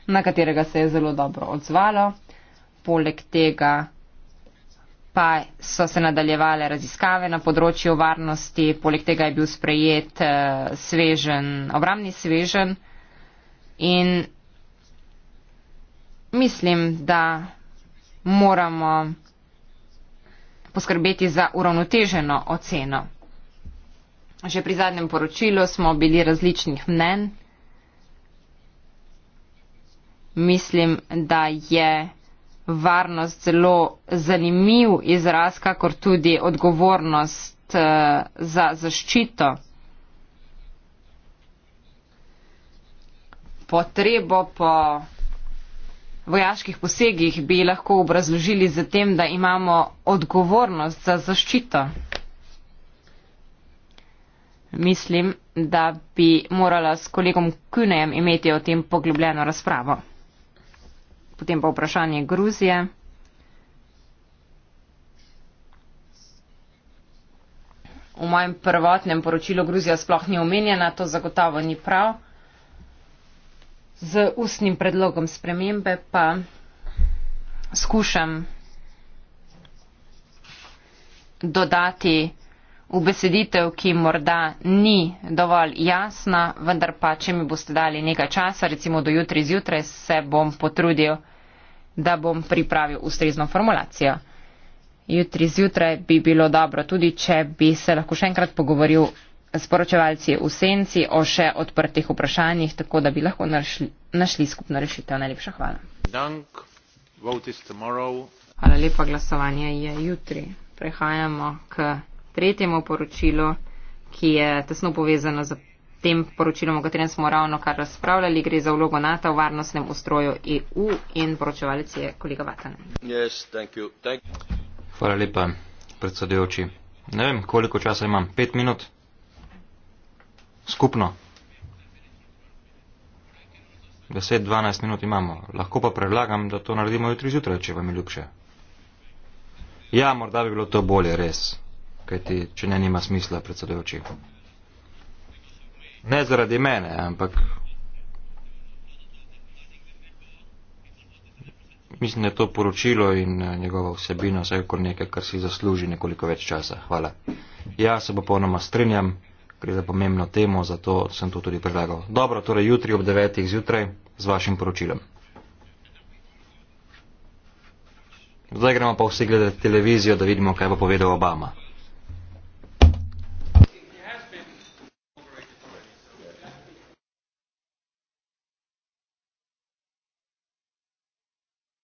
na katerega se je zelo dobro odzvalo. Poleg tega pa so se nadaljevale raziskave na področju varnosti, poleg tega je bil sprejet eh, svežen, obramni svežen in mislim, da moramo poskrbeti za uravnoteženo oceno. Že pri zadnjem poročilu smo bili različnih mnen. Mislim, da je varnost zelo zanimiv izraz, kakor tudi odgovornost eh, za zaščito. Potrebo po vojaških posegih bi lahko obrazložili z tem, da imamo odgovornost za zaščito. Mislim, da bi morala s kolegom Künejem imeti o tem poglobljeno razpravo potem pa vprašanje Gruzije. V mojem prvotnem poročilu Gruzija sploh ni omenjena, to zagotovo ni prav. Z ustnim predlogom spremembe pa skušam dodati ubeseditev, ki morda ni dovolj jasna, vendar pa, če mi boste dali nekaj časa, recimo do jutri zjutraj, se bom potrudil, da bom pripravil ustrezno formulacijo. Jutri zjutraj bi bilo dobro tudi, če bi se lahko še enkrat pogovoril s poročevalci v senci o še odprtih vprašanjih, tako da bi lahko našli, našli skupno rešitev. Najlepša hvala. Dank, vote is tomorrow. Hvala lepa, glasovanje je jutri. Prehajamo k tretjemu poročilu, ki je tesno povezano z tem poročilom, o katerem smo ravno kar razpravljali. Gre za vlogo NATO v varnostnem ustroju EU in poročevalec je kolega Vatanen. Yes, Hvala lepa, predsedujoči. Ne vem, koliko časa imam. Pet minut? Skupno. Deset, dvanajst minut imamo. Lahko pa predlagam, da to naredimo jutri zjutraj, če vam je ljubše. Ja, morda bi bilo to bolje, res kajti če ne nima smisla predsedujoči. Ne zaradi mene, ampak mislim, da je to poročilo in eh, njegova vsebina vsaj kot nekaj, kar si zasluži nekoliko več časa. Hvala. Ja, se popolnoma strinjam, gre za pomembno temo, zato sem to tudi predlagal. Dobro, torej jutri ob devetih zjutraj z vašim poročilom. Zdaj gremo pa vsi gledati televizijo, da vidimo, kaj bo povedal Obama.